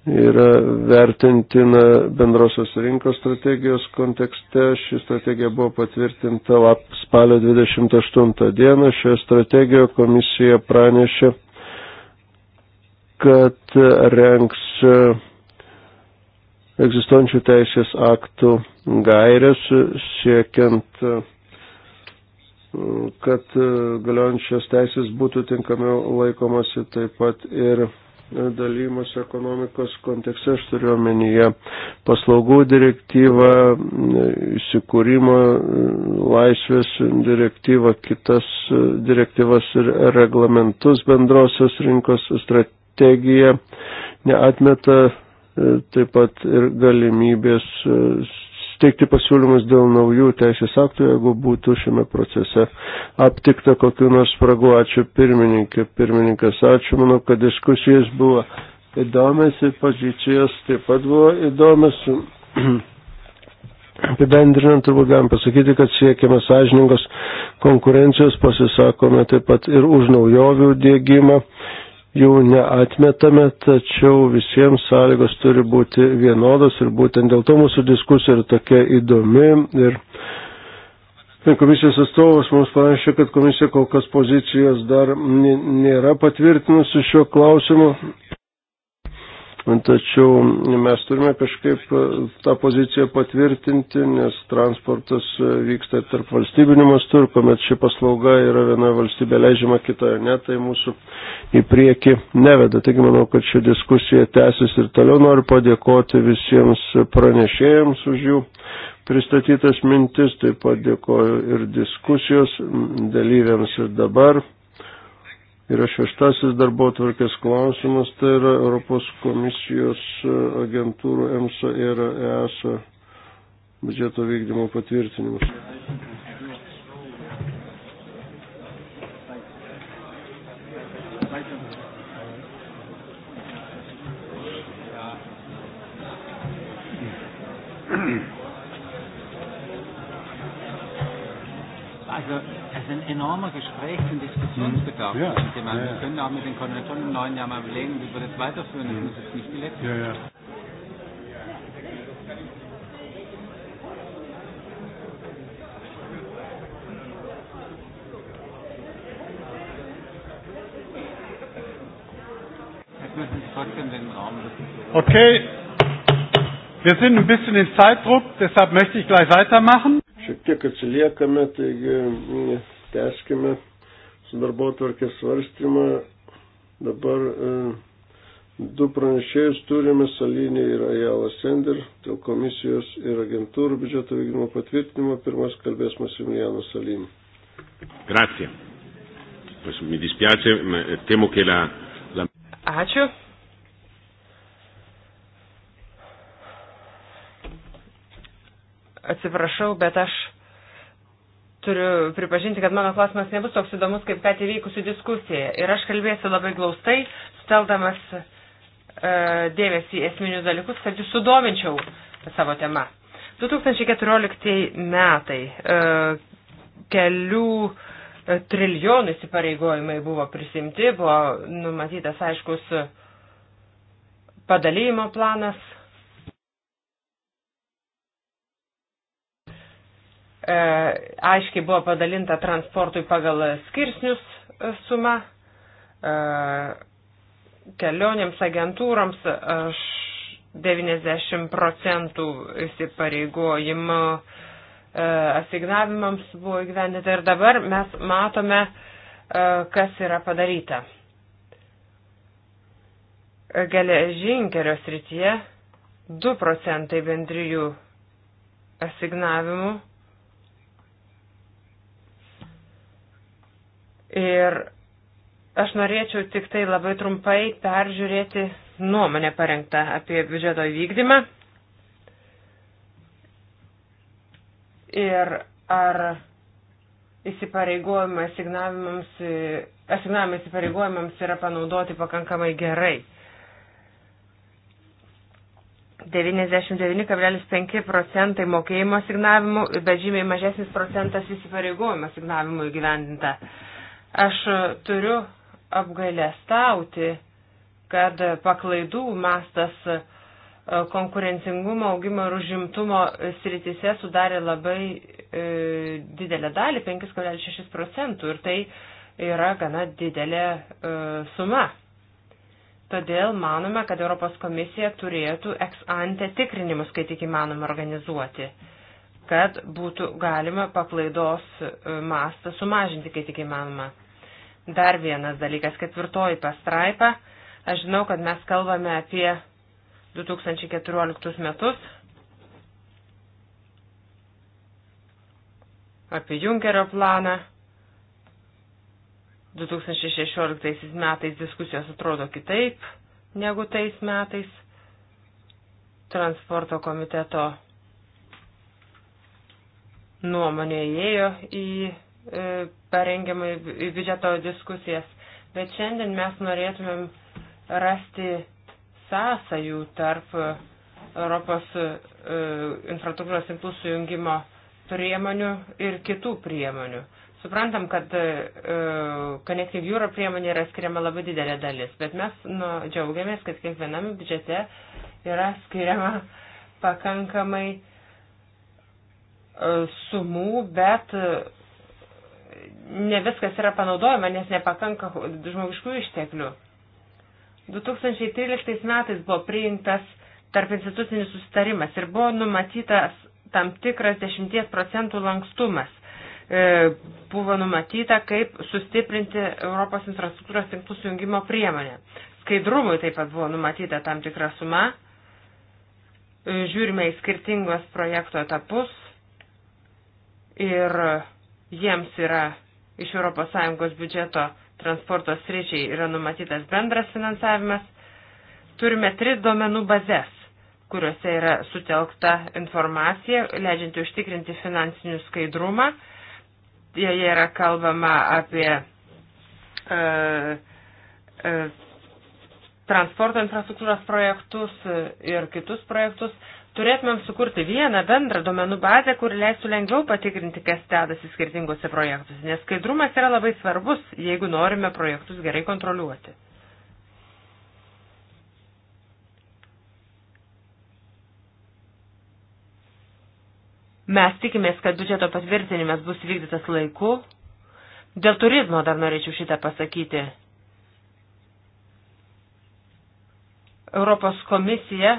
yra vertintina bendrosios rinkos strategijos kontekste. Ši strategija buvo patvirtinta lap, spalio 28 dieną. Šioje strategijoje komisija pranešė, kad renks egzistuojančių teisės aktų gairias siekiant, kad galiojančios teisės būtų tinkamiau laikomasi taip pat ir dalymas ekonomikos kontekste, aš turiu omenyje paslaugų direktyvą, įsikūrimo laisvės direktyvą, kitas direktyvas ir reglamentus bendrosios rinkos strategiją, neatmeta E, taip pat ir galimybės e, steigti pasiūlymus dėl naujų teisės aktų, jeigu būtų šiame procese aptikta kokiu nors spragu. Ačiū pirmininkė, pirmininkas, ačiū, manau, kad diskusijos buvo įdomias ir pozicijos taip pat buvo įdomias. <clears throat> Apibendrinant, turbūt galim pasakyti, kad siekime sąžiningos konkurencijos, pasisakome taip pat ir už naujovių dėgymą jų neatmetame, tačiau visiems sąlygos turi būti vienodos ir būtent dėl to mūsų diskusija yra tokia įdomi. Ir tai Komisijos atstovas mums parašė, kad komisija kol kas pozicijos dar nėra patvirtinusi šiuo klausimu. Tačiau mes turime kažkaip e, tą poziciją patvirtinti, nes transportas e, vyksta tarp valstybinių mastų ir kuomet ši paslauga yra viena valstybė leidžiama kitoje, ne, tai mūsų į priekį neveda. Taigi manau, kad ši diskusija tęsis ir toliau noriu padėkoti visiems pranešėjams už jų pristatytas mintis, taip pat dėkoju ir diskusijos dalyviams ir dabar yra šeštasis darbo tvarkės klausimas, tai yra Europos komisijos e, agentūrų EMSA ir EASA biudžeto vykdymo patvirtinimas. Also ist ein enormer Gesprächs- und Diskussionsbedarf mhm. ja. zu dem Thema. Ja, ja. Wir können auch mit den Konventionen im neuen Jahr mal überlegen, wie wir das weiterführen. Mhm. Das muss jetzt nicht die letzte. Ja, ja. Okay, wir sind ein bisschen in Zeitdruck, deshalb möchte ich gleich weitermachen. Šiek tiek atsiliekame, taigi mm, Teskime su darbo tvarkės svarstymą. Dabar e, du pranešėjus turime Salinį ir Ajala Sender dėl komisijos ir agentūrų biudžeto vykdymo patvirtinimo. Pirmas kalbės Masimiliano Salinį. Grazie. Pues, mi dispiace, eh, temo che la, la... Ačiū. Atsiprašau, bet aš turiu pripažinti, kad mano klausimas nebus toks įdomus, kaip ką įvykusi diskusija. Ir aš kalbėsiu labai glaustai, steldamas e, dėmesį esminius dalykus, kad jūs sudominčiau savo temą. 2014 metai e, kelių e, trilijonų įsipareigojimai buvo prisimti, buvo numatytas aiškus e, padalymo planas, E, aiškiai buvo padalinta transportui pagal skirsnius e, suma, e, kelionėms agentūroms 90 procentų įsipareigojimo asignavimams buvo įgyvendinta ir dabar mes matome, kas yra padaryta. Geležinkerio srityje 2 procentai bendrijų asignavimų Ir aš norėčiau tik tai labai trumpai peržiūrėti nuomonę parengtą apie biudžeto įvykdymą. Ir ar įsipareigojimai asignavimams, asignavimai įsipareigojimams yra panaudoti pakankamai gerai. 99,5 procentai mokėjimo signavimų, bet žymiai mažesnis procentas įsipareigojimo signavimų įgyvendinta. Uh, Aš turiu apgailestauti, kad paklaidų mastas e, konkurencingumo augimo ir užimtumo sritise sudarė labai e, didelę dalį, 5,6 procentų ir tai yra gana didelė e, suma. Todėl manome, kad Europos komisija turėtų ex ante tikrinimus, kai tik įmanoma organizuoti, kad būtų galima paklaidos e, mastą sumažinti, kai tik įmanoma. Dar vienas dalykas, ketvirtoji pastraipa. Aš žinau, kad mes kalbame apie 2014 metus, apie Junkerio planą. 2016 metais diskusijos atrodo kitaip negu tais metais. Transporto komiteto nuomonė įėjo į E, parengiamai biudžeto diskusijas, bet šiandien mes norėtumėm rasti sąsajų tarp Europos e, infrastruktūros tinklų sujungimo priemonių ir kitų priemonių. Suprantam, kad uh, Connective Europe priemonė yra skiriama labai didelė dalis, bet mes nu, džiaugiamės, kad kiekvienam biudžete yra skiriama pakankamai uh, sumų, bet uh, ne viskas yra panaudojama, nes nepakanka žmogiškų išteklių. 2013 metais buvo priimtas tarp institucinis sustarimas ir buvo numatytas tam tikras 10 procentų lankstumas. E, buvo numatyta, kaip sustiprinti Europos infrastruktūros tinklų sujungimo priemonę. Skaidrumui taip pat buvo numatyta tam tikra suma. E, žiūrime į skirtingos projekto etapus ir jiems yra iš ES biudžeto transporto sričiai yra numatytas bendras finansavimas. Turime tris duomenų bazės, kuriuose yra sutelkta informacija, leidžianti užtikrinti finansinių skaidrumą. Joje yra kalbama apie e, e, transporto infrastruktūros projektus ir kitus projektus. E, Turėtumėm sukurti vieną bendrą duomenų bazę, kuri leistų lengviau patikrinti, kas dedasi skirtingose projektuose, nes skaidrumas yra labai svarbus, jeigu norime projektus gerai kontroliuoti. Mes tikimės, kad biudžeto patvirtinimas bus vykdytas laiku. Dėl turizmo dar norėčiau šitą pasakyti. Europos komisija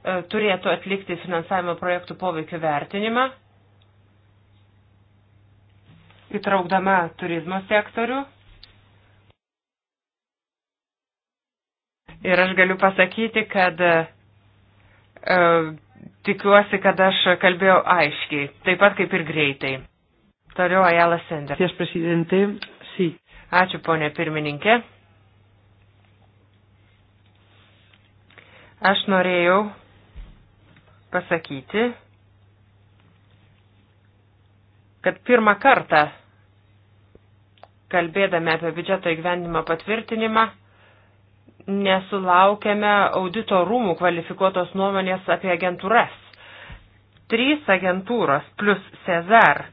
E, turėtų atlikti finansavimo projektų poveikio vertinimą, įtraukdama turizmo sektorių. Ir aš galiu pasakyti, kad e, e tikiuosi, kad aš kalbėjau aiškiai, taip pat kaip ir greitai. Toliau Ajala Sender. Ačiū, ponė pirmininkė. Aš norėjau pasakyti, kad pirmą kartą, kalbėdami apie biudžeto įgyvendimo patvirtinimą, nesulaukėme audito rūmų kvalifikuotos nuomonės apie agentūras. Trys agentūros plus Cezar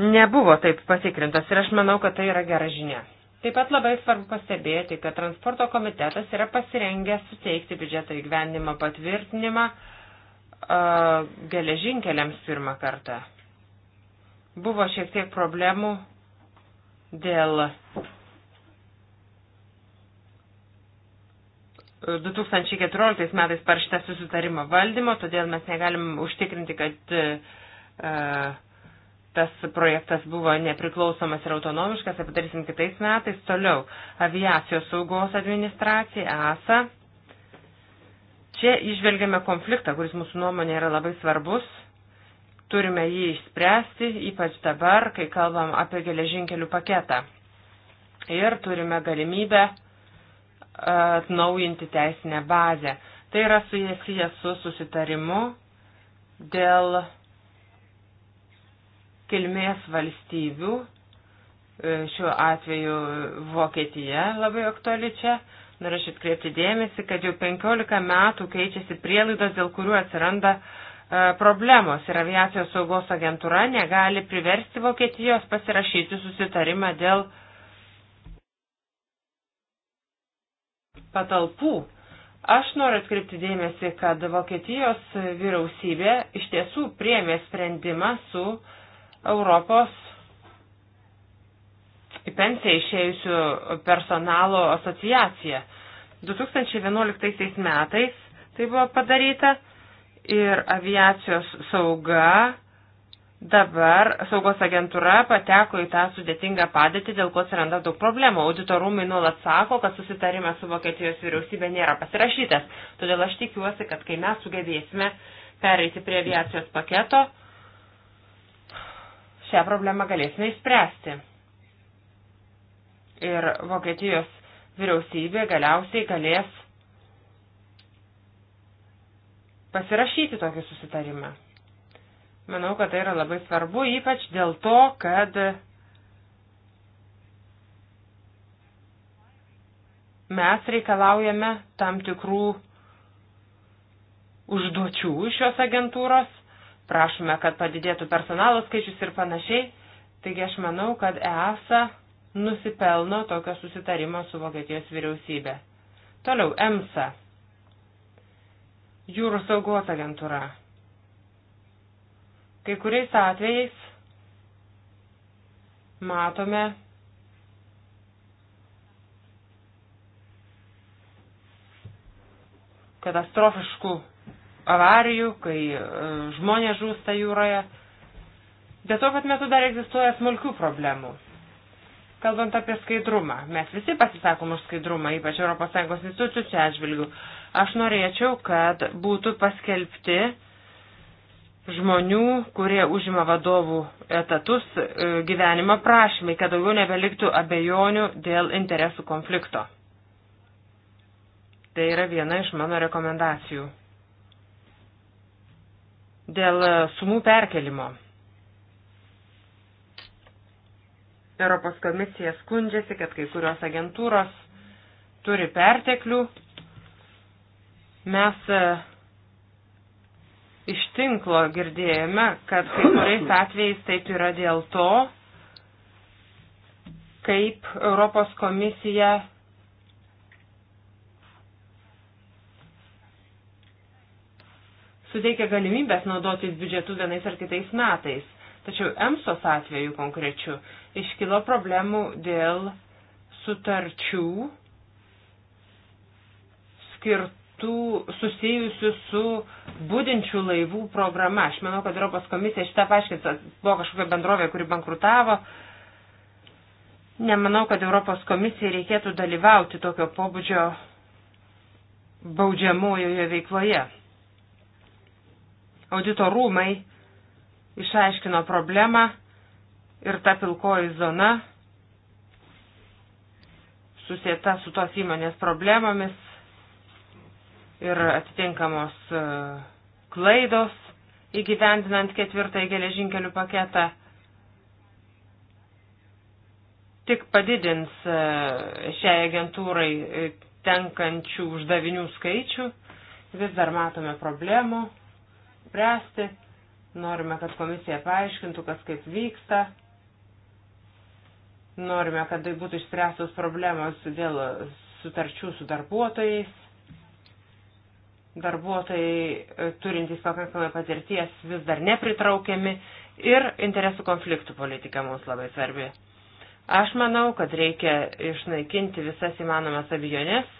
nebuvo taip patikrintos ir aš manau, kad tai yra gera žinia. Taip pat labai svarbu pastebėti, kad transporto komitetas yra pasirengęs suteikti biudžeto įgyvendimo patvirtinimą uh, geležinkeliams pirmą kartą. Buvo šiek tiek problemų dėl 2014 e, metais parašyta susitarimo valdymo, todėl mes negalim užtikrinti, kad uh, tas projektas buvo nepriklausomas ir autonomiškas, aptarysim tai kitais metais. Toliau, aviacijos saugos administracija, ASA. Čia išvelgiame konfliktą, kuris mūsų nuomonė yra labai svarbus. Turime jį išspręsti, ypač dabar, kai kalbam apie geležinkelių paketą. Ir turime galimybę atnaujinti teisinę bazę. Tai yra susijęs su susitarimu dėl kilmės valstybių, e, šiuo atveju Vokietija labai aktuali čia, norėčiau atkreipti dėmesį, kad jau 15 metų keičiasi prielaidos, dėl kurių atsiranda e, problemos ir aviacijos saugos agentūra negali priversti Vokietijos pasirašyti susitarimą dėl patalpų. Aš noriu atkreipti dėmesį, kad Vokietijos vyriausybė iš tiesų priemė sprendimą su uh, Europos į pensiją išėjusių personalo asociacija. 2011 metais tai buvo padaryta ir aviacijos sauga dabar, saugos agentūra pateko į tą sudėtingą padėtį, dėl ko atsiranda daug problemų. Auditorumai nuolat sako, kad susitarimas su Vokietijos vyriausybė nėra pasirašytas. Todėl aš tikiuosi, kad kai mes sugebėsime pereiti prie aviacijos paketo, šią problemą galėsime išspręsti. Ir Vokietijos vyriausybė galiausiai galės pasirašyti tokį susitarimą. Manau, kad tai yra labai svarbu, ypač dėl to, kad mes reikalaujame tam tikrų užduočių iš šios agentūros prašome, kad padidėtų personalo skaičius ir panašiai. Taigi aš manau, kad EASA nusipelno tokio susitarimo su Vokietijos vyriausybė. Toliau EMSA. Jūrų saugos agentūra. Kai kuriais atvejais matome katastrofiškų avarijų, kai e, žmonės žūsta jūroje. Bet tuo pat metu dar egzistuoja smulkių problemų. Kalbant apie skaidrumą, mes visi pasisakom už skaidrumą, ypač ES institucijų čia atžvilgių. Aš norėčiau, kad būtų paskelbti žmonių, kurie užima vadovų etatus e, gyvenimo prašymai, kad daugiau nebeliktų abejonių dėl interesų konflikto. Tai yra viena iš mano rekomendacijų dėl e, sumų perkelimo. Europos komisija skundžiasi, kad kai kurios agentūros turi perteklių. Mes e, iš tinklo girdėjome, kad kai kuriais atvejais taip yra dėl to, kaip Europos komisija suteikia galimybės naudotis biudžetu vienais ar kitais metais. Tačiau EMSOS atveju konkrečiu iškilo problemų dėl sutarčių skirtų susijusių su būdinčių laivų programa. Aš manau, kad Europos komisija šitą paaiškins, buvo kažkokia bendrovė, kuri bankrutavo. Nemanau, kad Europos komisijai reikėtų dalyvauti tokio pobūdžio baudžiamojoje veikloje. Audito rūmai išaiškino problemą ir ta pilkoji zona susieta su tos įmonės problemomis ir atitinkamos e, klaidos įgyvendinant ketvirtąjį geležinkelių paketą tik padidins e, šiai agentūrai e, tenkančių uždavinių skaičių, vis dar matome problemų spręsti. Norime, kad komisija paaiškintų, kas kaip vyksta. Norime, kad tai būtų išspręstos problemos dėl sutarčių su darbuotojais. Darbuotojai e, turintys pakankamai patirties vis dar nepritraukiami ir interesų konfliktų politika mums labai svarbi. Aš manau, kad reikia išnaikinti visas įmanomas abijonės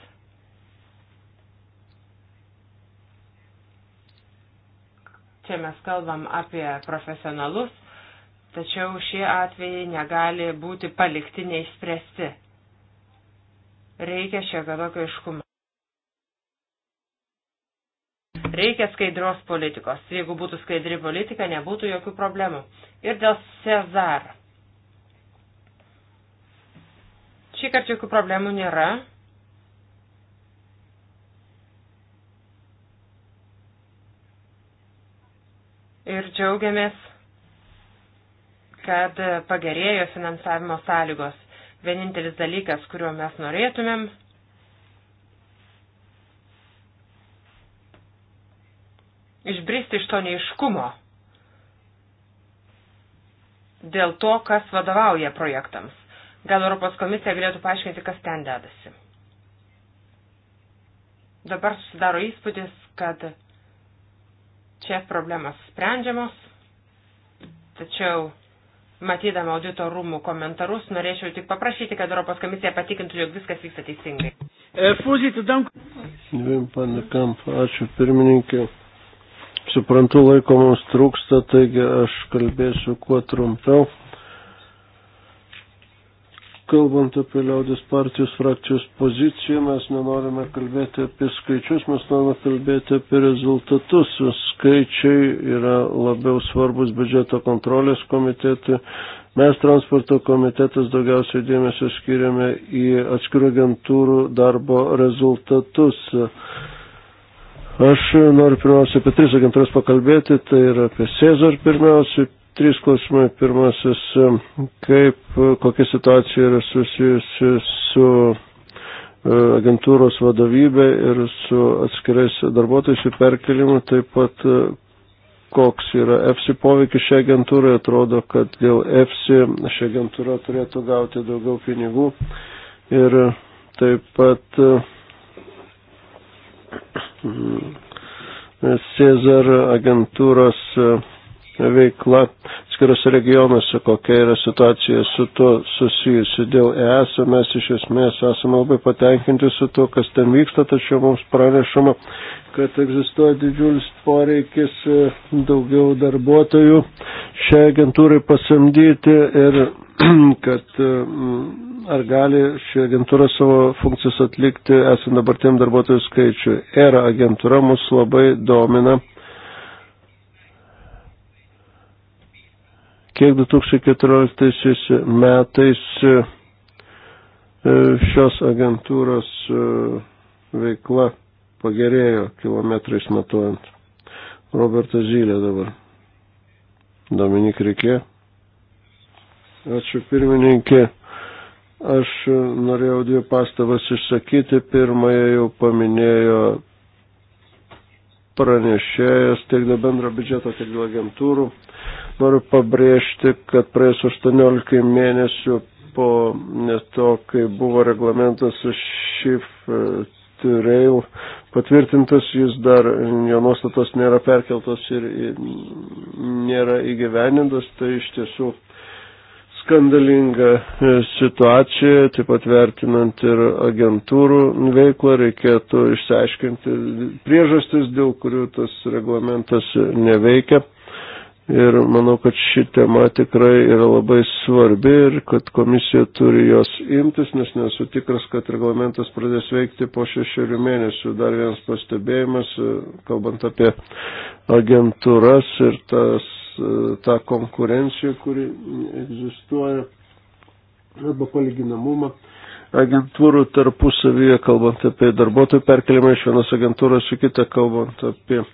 Čia mes kalbam apie profesionalus, tačiau šie atvejai negali būti palikti neįspręsti. Reikia šiek tiek tokio iškumo. Reikia skaidros politikos. Jeigu būtų skaidri politika, nebūtų jokių problemų. Ir dėl Cezar. Šį kartą jokių problemų nėra. ir džiaugiamės, kad pagerėjo finansavimo sąlygos. Vienintelis dalykas, kuriuo mes norėtumėm, išbristi iš to neiškumo dėl to, kas vadovauja projektams. Gal Europos komisija galėtų paaiškinti, kas ten dedasi. Dabar susidaro įspūdis, kad Čia problemos sprendžiamos, tačiau matydama audito rūmų komentarus, norėčiau tik paprašyti, kad Europos komisija patikintų, jog viskas vyksta teisingai. E, ačiū pirmininkė. Suprantu, laiko mums trūksta, taigi aš kalbėsiu kuo trumpiau. Kalbant apie liaudės partijos frakcijos poziciją, mes nenorime kalbėti apie skaičius, mes norime kalbėti apie rezultatus. Skaičiai yra labiau svarbus biudžeto kontrolės komitetui. Mes transporto komitetas daugiausiai dėmesio skiriame į atskirų agentūrų darbo rezultatus. Aš noriu pirmiausia apie tris agentūras pakalbėti, tai yra apie Cezar pirmiausiai, Trys klausimai. Pirmasis, kaip, e, kokia situacija yra susijusi su e, agentūros vadovybė ir su atskirais darbuotojais jų perkelimu, taip pat e, koks yra EFSI poveikis šią agentūrą, atrodo, kad dėl EFSI šią agentūrą turėtų gauti daugiau pinigų ir taip pat Cezar agentūros veikla skiriuose regionuose, kokia yra situacija su tuo susijusi. Dėl ES mes iš esmės esame labai patenkinti su tuo, kas ten vyksta, tačiau mums pranešama, kad egzistuoja didžiulis poreikis e, daugiau darbuotojų šiai agentūrai pasamdyti ir <clears throat> kad e, ar gali ši agentūra savo funkcijas atlikti esant dabartiniam darbuotojų skaičiui. ERA agentūra mus labai domina kiek 2014 metais e, šios agentūros e, veikla pagerėjo kilometrais matuojant. Robertas Zylė dabar. Dominik Rikė. Ačiū pirmininkė. Aš e, norėjau dvi pastabas išsakyti. Pirmąją jau paminėjo pranešėjas tiek dėl bendro biudžeto, tiek dėl agentūrų. Noriu pabrėžti, kad praėjus 18 mėnesių po to, kai buvo reglamentas SHIF turėjau patvirtintas, jis dar, jo nuostatos nėra perkeltos ir nėra įgyvenintas, tai iš tiesų skandalinga e, situacija, taip pat vertinant ir agentūrų veiklą, reikėtų išsiaiškinti priežastis, dėl kurių tas reglamentas neveikia. Ir manau, kad ši tema tikrai yra labai svarbi ir kad komisija turi jos imtis, nes nesu tikras, kad reglamentas pradės veikti po šešerių mėnesių. Dar vienas pastebėjimas, kalbant apie agentūras ir tas, tą konkurenciją, kuri egzistuoja, arba palyginamumą agentūrų tarpusavyje, kalbant apie darbuotojų perkelimą iš vienos agentūros į kitą, kalbant apie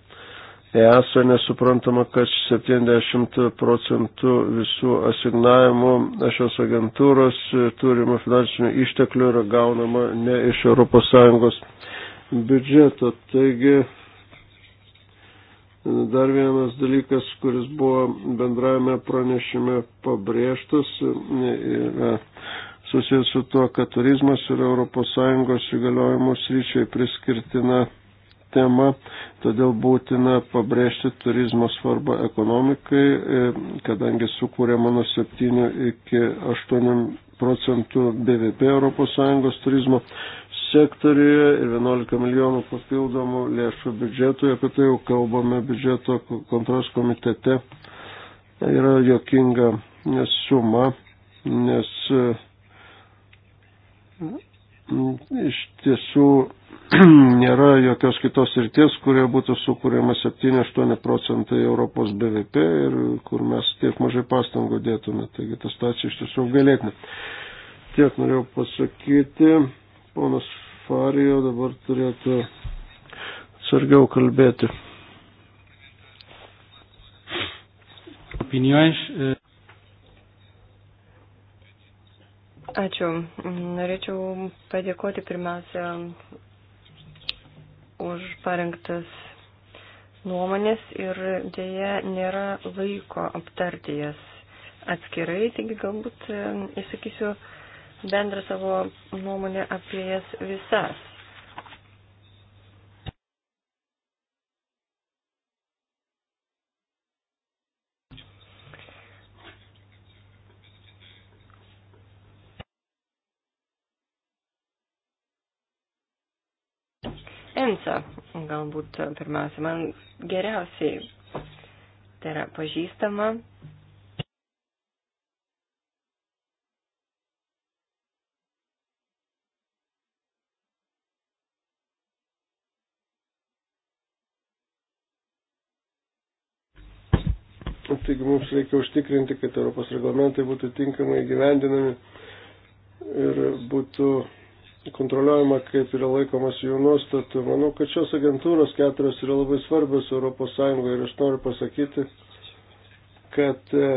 ESA nesuprantama, kad 70 procentų visų asignavimų šios agentūros turimo finansinių išteklių yra gaunama ne iš ES biudžeto. Taigi dar vienas dalykas, kuris buvo bendrajame pranešime pabrėžtas, yra susijęs su tuo, kad turizmas yra ES įgaliojimų sryčiai priskirtina tema, todėl būtina pabrėžti turizmo svarbą ekonomikai, e, kadangi sukūrėma nuo 7 iki 8 procentų BVP ES turizmo sektoriuje ir 11 milijonų papildomų lėšų biudžetui, apie tai jau kalbame biudžeto kontros komitete, tai yra jokinga suma, nes e, iš tiesų <clears throat> nėra jokios kitos ryties, kurioje būtų sukūrėma 7-8 procentai Europos BVP ir kur mes tiek mažai pastangų dėtume. Taigi ta stacija iš tiesų galėtume. Tiek norėjau pasakyti. Ponas Farijo dabar turėtų sargiau kalbėti. Opiniões. E, Ačiū. Norėčiau padėkoti pirmiausia už parengtas nuomonės ir dėja nėra laiko aptarti jas atskirai, taigi galbūt įsakysiu e, bendrą savo nuomonę apie jas visas. tiesą. Galbūt pirmiausia, man geriausiai tai yra pažįstama. Taigi mums reikia užtikrinti, kad Europos reglamentai būtų tinkamai gyvendinami ir būtų kontroliuojama, kaip yra laikomas jų nuostatų. Manau, kad šios agentūros keturios yra labai svarbios ES ir aš noriu pasakyti, kad e,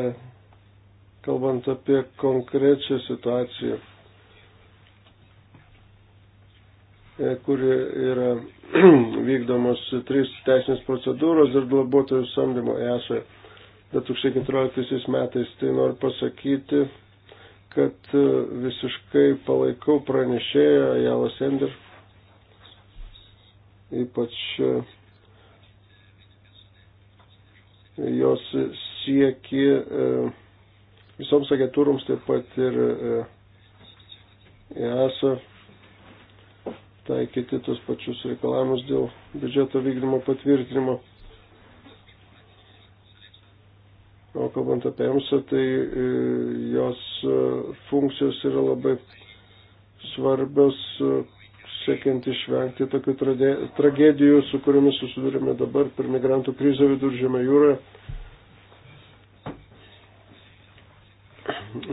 kalbant apie konkrečią situaciją, e, kuri yra <clears throat> vykdomos trys teisinės procedūros ir darbuotojų samdymo esą 2014 e metais, tai noriu pasakyti, kad e, visiškai palaikau pranešėją Jalas Ender, ypač e, jos sieki e, visoms agentūroms, taip pat ir EASA taikyti tos pačius reikalavimus dėl biudžeto vykdymo patvirtinimo. O kalbant apie EMSA, tai e, jos e, funkcijos yra labai svarbios, e, siekiant išvengti tokių tragedijų, su kuriomis susidurime dabar per migrantų krizę viduržėme jūroje.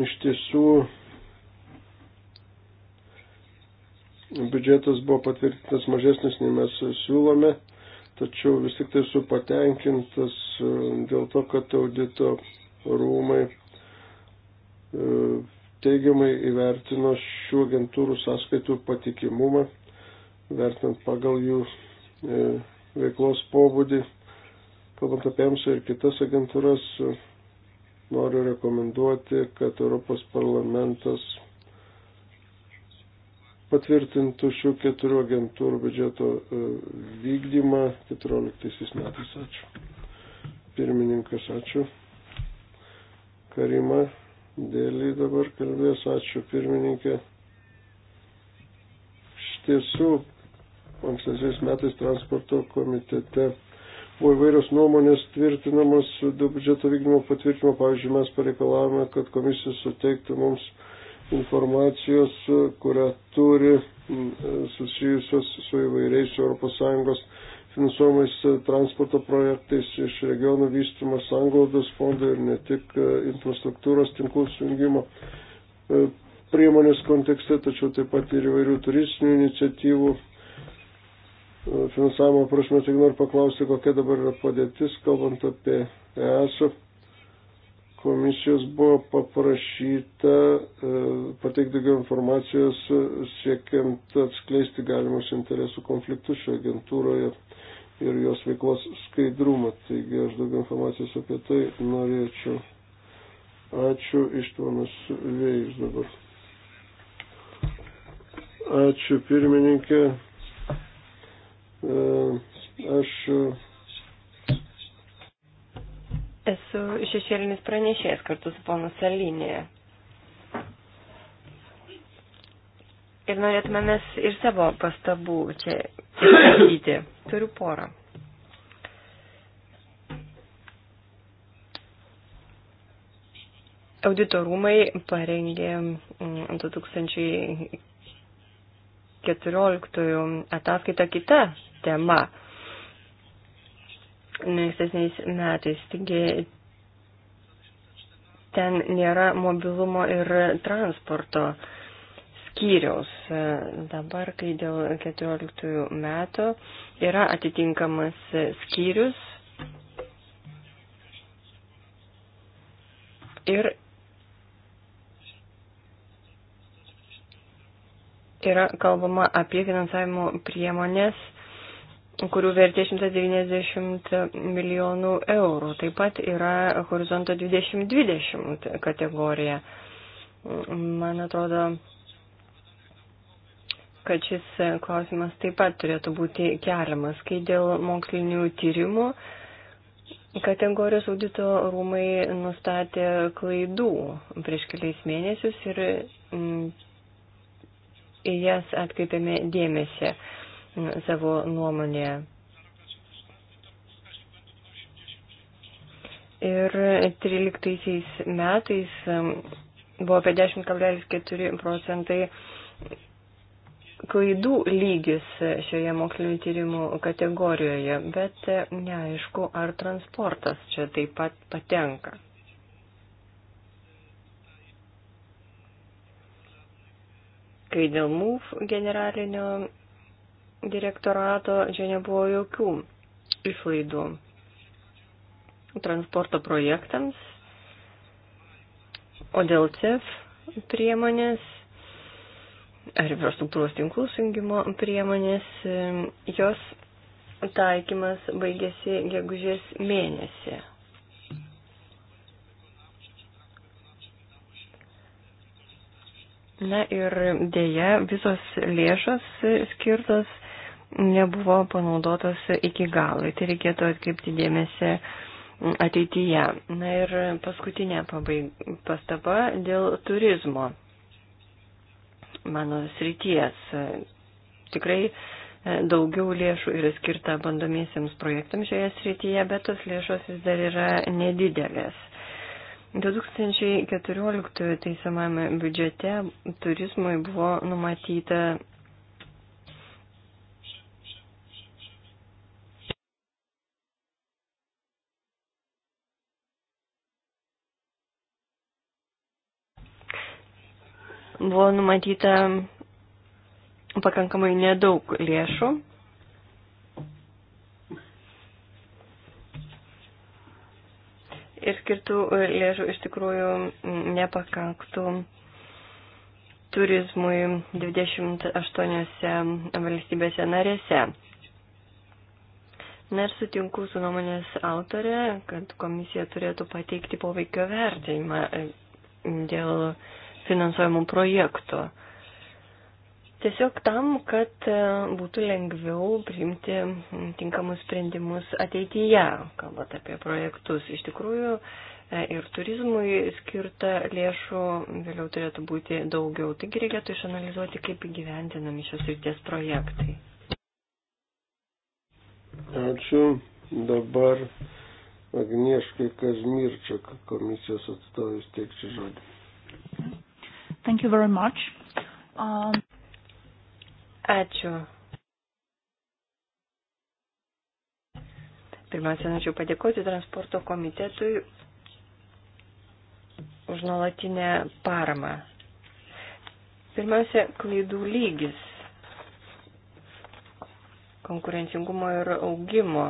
Iš tiesų, biudžetas buvo patvirtintas mažesnis, nei mes siūlome, tačiau vis tik tai su patenkintas E, dėl to, kad audito rūmai e, teigiamai įvertino šių agentūrų sąskaitų patikimumą, vertinant pagal jų e, veiklos pobūdį, kalbant apie EMSA ir kitas agentūras, noriu rekomenduoti, kad Europos parlamentas patvirtintų šių keturių agentūrų biudžeto vykdymą 2014 metais. Ačiū. Pirmininkas, ačiū. Karima dėlį dabar kalbės, ačiū pirmininkė. Štiesų, ankstesiais metais transporto komitete buvo įvairios nuomonės tvirtinamos dėl biudžeto vykdymo patvirtinimo. Pavyzdžiui, mes pareikalavome, kad komisija suteiktų mums informacijos, kurią turi mm, susijusios su įvairiais ES finansuojamais e, transporto projektais iš regionų vystymo sanglaudos fondo ir ne tik e, infrastruktūros tinklų sujungimo e, priemonės kontekste, tačiau taip pat ir įvairių turistinių iniciatyvų finansavimo prasme. Tik noriu paklausti, kokia dabar yra padėtis, kalbant apie ESF komisijos buvo paprašyta e, pateikti daugiau informacijos e, siekiant atskleisti galimus interesų konfliktus šioje agentūroje ir jos veiklos skaidrumą. Taigi aš daugiau informacijos apie tai norėčiau. Ačiū Ištvanas Vėjus dabar. Ačiū pirmininkė. E, aš Esu šešėlinis pranešėjas kartu su ponu Salinėje. Ir norėtume mes ir savo pastabų čia išsakyti. Turiu porą. Auditorumai parengė 2014 mm, ataskaitą kitą temą ankstesniais metais. Taigi ten nėra mobilumo ir transporto skyriaus. Dabar, kai dėl 14 metų yra atitinkamas skyrius ir yra kalbama apie finansavimo priemonės kurių vertė 190 milijonų eurų. Taip pat yra horizonto 2020 kategorija. Man atrodo, kad šis klausimas taip pat turėtų būti keliamas, kai dėl mokslinių tyrimų kategorijos audito rūmai nustatė klaidų prieš keliais mėnesius ir į jas atkreipėme dėmesį savo nuomonėje. Ir 13 metais um, buvo apie 10,4 procentai klaidų lygis šioje mokslinio tyrimų kategorijoje, bet e, neaišku, ar transportas čia taip pat patenka. Kai dėl MUF generalinio direktorato čia nebuvo jokių išlaidų transporto projektams, o dėl CEF priemonės ar infrastruktūros tinklų sujungimo priemonės, e, jos taikymas baigėsi gegužės mėnesį. Na ir dėja, visos lėšos skirtos nebuvo panaudotos iki galo. Tai reikėtų atkreipti dėmesį ateityje. Na ir paskutinė pabaig... pastaba dėl turizmo mano srities. Tikrai e, daugiau lėšų yra skirta bandomiesiems projektams šioje srityje, bet tos lėšos vis dar yra nedidelės. 2014 teisamame biudžete turizmui buvo numatyta buvo numatyta pakankamai nedaug lėšų. Ir skirtų lėšų iš tikrųjų nepakanktų turizmui 28 valstybėse narėse. Na ir sutinku su nuomonės autorė, kad komisija turėtų pateikti poveikio vertinimą dėl uh, finansuojamų projektų. Tiesiog tam, kad e, būtų lengviau priimti tinkamus sprendimus ateityje, kalbant apie projektus. Iš tikrųjų, e, ir turizmui skirta lėšų vėliau turėtų būti daugiau. Taigi reikėtų išanalizuoti, kaip įgyvendinami šios ryties projektai. Ačiū. Dabar Agnieškai Kazmirčiak komisijos atstovės teikčia žodį. Thank you very much. Um... Ačiū. Pirmiausia, norėčiau padėkoti transporto komitetui už nuolatinę paramą. Pirmiausia, klaidų lygis konkurencingumo ir augimo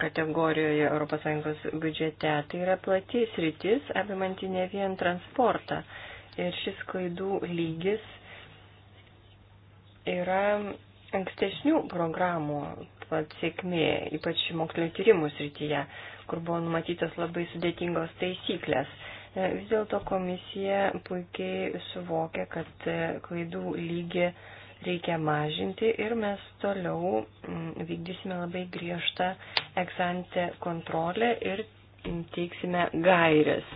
kategorijoje ES biudžete. Tai yra platys rytis, apimanti ne vien transportą. Ir šis klaidų lygis yra ankstesnių programų sėkmė, ypač mokslinio tyrimų srityje, kur buvo numatytos labai sudėtingos taisyklės. E, vis dėlto komisija puikiai suvokia, kad e, klaidų lygį reikia mažinti ir mes toliau vykdysime labai griežtą eksantę kontrolę ir teiksime gairias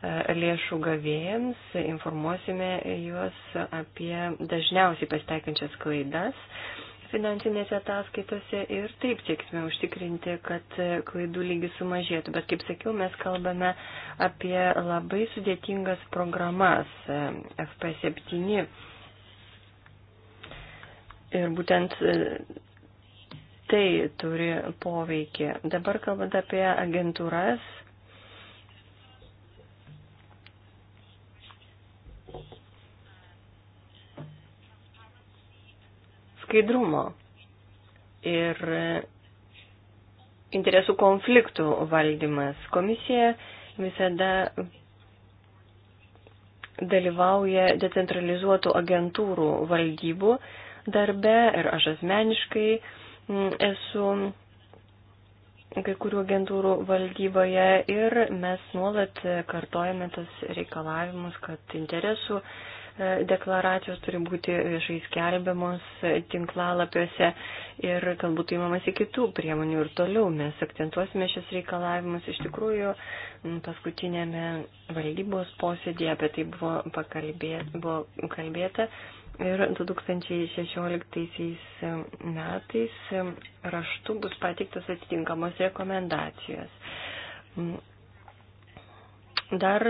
E, lėšų gavėjams, informuosime juos apie dažniausiai pasitaikančias klaidas finansinėse ataskaitose ir taip sieksime užtikrinti, kad klaidų lygis sumažėtų. Bet kaip sakiau, mes kalbame apie labai sudėtingas programas e, FP7. Ir būtent e, tai turi poveikį. Dabar kalbant apie agentūras, skaidrumo ir interesų konfliktų valdymas. Komisija visada dalyvauja decentralizuotų agentūrų valdybų darbe ir aš asmeniškai mm, esu kai kurių agentūrų valdyboje ir mes nuolat kartojame tas reikalavimus, kad interesų uh, deklaracijos turi būti viešai skelbiamos tinklalapiuose ir galbūt įmamasi kitų priemonių ir toliau mes akcentuosime šios reikalavimus. Iš tikrųjų, paskutinėme valdybos posėdėje apie tai buvo, pakalbė, buvo kalbėta ir 2016 metais raštu bus pateiktas atitinkamos rekomendacijos. Dar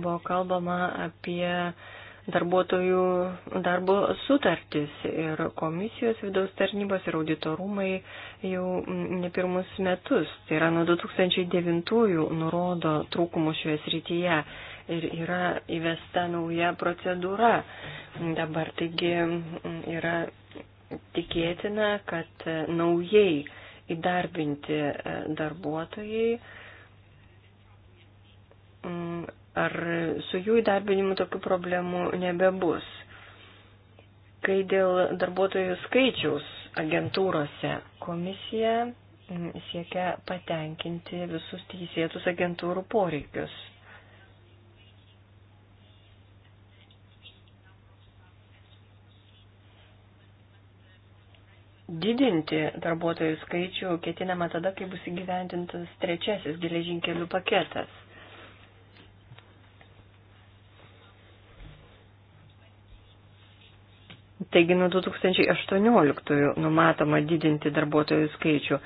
buvo kalbama apie darbuotojų darbo sutartis ir komisijos vidaus tarnybos ir auditorumai jau ne pirmus metus, tai yra nuo 2009-ųjų nurodo trūkumų šioje srityje ir yra įvesta nauja procedūra. Dabar taigi yra tikėtina, kad naujai įdarbinti darbuotojai ar su jų įdarbinimu tokių problemų nebebus. Kai dėl darbuotojų skaičiaus agentūrose komisija mm, siekia patenkinti visus teisėtus agentūrų poreikius. Didinti darbuotojų skaičių ketinama tada, kai bus įgyvendintas trečiasis geležinkelių paketas. Taigi nuo 2018 numatoma didinti darbuotojų skaičių.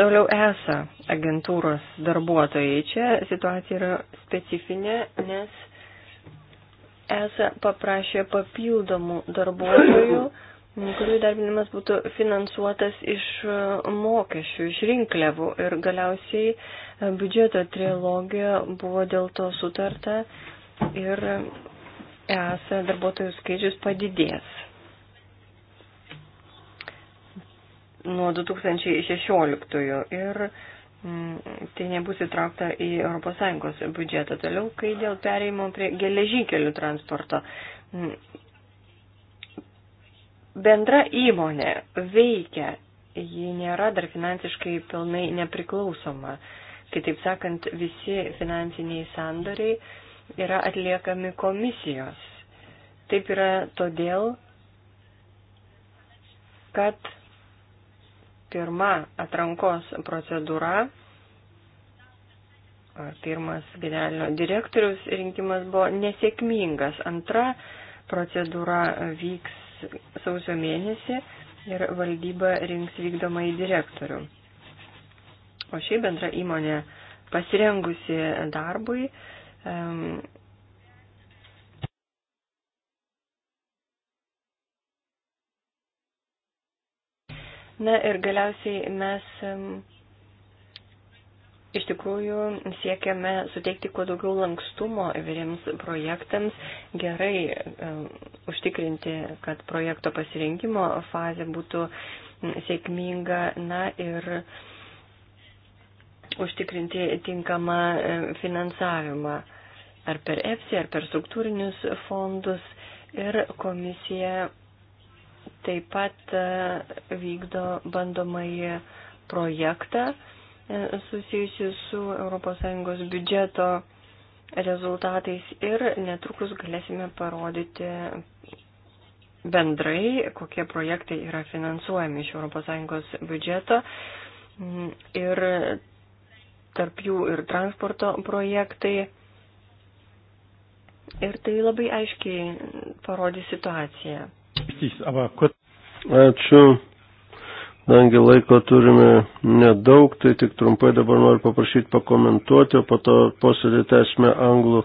Toliau esą agentūros darbuotojai. Čia situacija yra specifinė, nes esą paprašė papildomų darbuotojų, kurių darbinimas būtų finansuotas iš mokesčių, iš rinkliavų. Ir galiausiai biudžeto trilogija buvo dėl to sutarta ir ES darbuotojų skaičius padidės nuo 2016 ir mm, tai nebus įtraukta į ES biudžetą. Toliau, kai dėl pereimo prie geležinkelių transporto. Mm, bendra įmonė veikia, ji nėra dar finansiškai pilnai nepriklausoma. Kitaip sakant, visi finansiniai sandoriai yra atliekami komisijos. Taip yra todėl, kad pirma atrankos procedūra, pirmas generalinio direktoriaus rinkimas buvo nesėkmingas. Antra procedūra vyks sausio mėnesį ir valdyba rinks vykdomą į direktorių. O šiaip bendra įmonė pasirengusi darbui, um, Na ir galiausiai mes iš tikrųjų siekiame suteikti kuo daugiau lankstumo įvairiems projektams, gerai užtikrinti, kad projekto pasirinkimo fazė būtų sėkminga. Na ir užtikrinti tinkamą finansavimą ar per EFSI, ar per struktūrinius fondus. Ir komisija taip pat e, vykdo bandomąjį projektą e, susijusi su ES biudžeto rezultatais ir netrukus galėsime parodyti bendrai, kokie projektai yra finansuojami iš ES biudžeto. Mm, ir tarp jų ir transporto projektai. Ir tai labai aiškiai parodys situaciją. Ačiū. Dangi laiko turime nedaug, tai tik trumpai dabar noriu paprašyti pakomentuoti, o po to posėdį tęsime anglų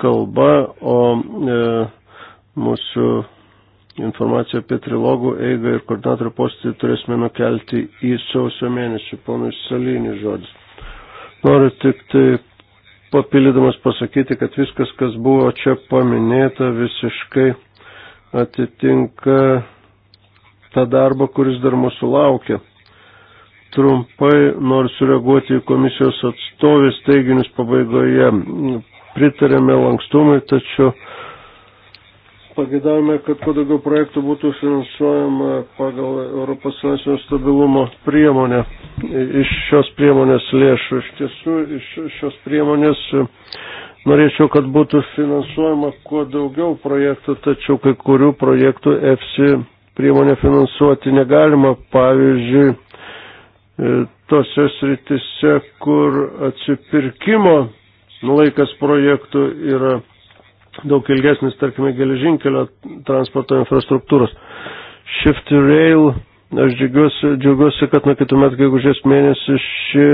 kalba, o e, mūsų informaciją apie trilogų eigą ir koordinatorių posėdį turėsime nukelti į sausio mėnesį. Ponui Salinį žodis. Noriu tik taip papildydamas pasakyti, kad viskas, kas buvo čia paminėta, visiškai atitinka tą darbą, kuris dar mūsų laukia. Trumpai noriu sureaguoti į komisijos atstovės teiginius pabaigoje. Pritarėme lankstumui, tačiau Pagėdavome, kad kuo daugiau projektų būtų finansuojama pagal Europos finansinio stabilumo priemonę. Iš šios priemonės lėšų, iš tiesų, iš šios priemonės e, norėčiau, kad būtų finansuojama kuo daugiau projektų, tačiau kai kurių projektų EFSI priemonė finansuoti negalima. Pavyzdžiui, e, tose sritise, kur atsipirkimo laikas projektų yra daug ilgesnis, tarkime, geležinkelio transporto infrastruktūros. Shift to Rail, aš džiaugiuosi, džiaugiuosi kad nuo kitų metų gegužės mėnesį ši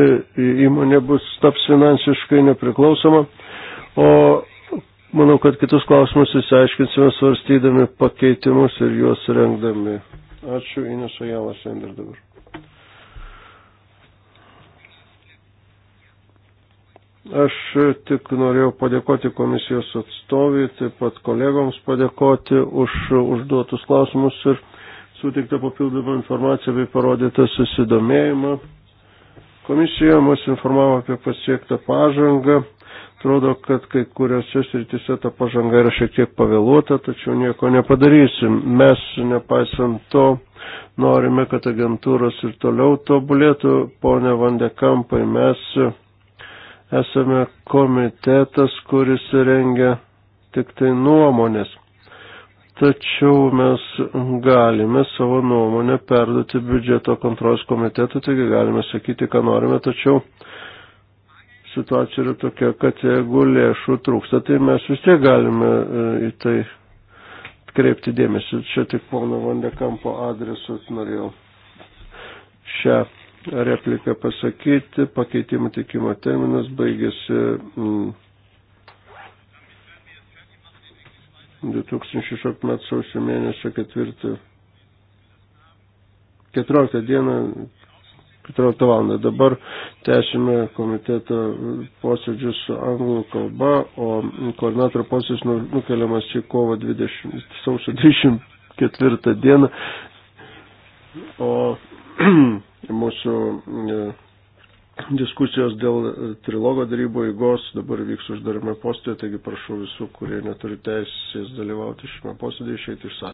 įmonė bus taps finansiškai nepriklausoma, o manau, kad kitus klausimus įsiaiškinsime svarstydami pakeitimus ir juos rengdami. Ačiū, Ineso Jalas Ender dabar. Aš tik norėjau padėkoti komisijos atstovui, taip pat kolegoms padėkoti už užduotus klausimus ir suteiktą papildomą informaciją bei parodytą susidomėjimą. Komisija mus informavo apie pasiektą pažangą. Atrodo, kad kai kuriuose srityse ta pažanga yra šiek tiek pavėluota, tačiau nieko nepadarysim. Mes, nepaisant to, norime, kad agentūros ir toliau tobulėtų. Pone Vandekampai, mes esame komitetas, kuris rengia tik tai nuomonės. Tačiau mes galime savo nuomonę perduoti biudžeto kontrolės komitetui, taigi galime sakyti, ką norime, tačiau situacija yra tokia, kad jeigu lėšų trūksta, tai mes vis tiek galime e, į tai kreipti dėmesį. Čia tik pono Vandekampo adresu norėjau šią repliką pasakyti, pakeitimų tikimo terminas baigėsi 2016 mm, m. sausio mėnesio 4. 14 dieną 14 val. Dabar tęsime komiteto posėdžius su anglų kalba, o koordinatorių posėdis nu, nukeliamas į kovo 20, sausio 24 dieną. O <clears throat> mūsų e, diskusijos dėl e, trilogo darybų įgos dabar vyks uždarame postėje, taigi prašau visų, kurie neturi teisės dalyvauti šiame posėdėje, išeiti iš salės.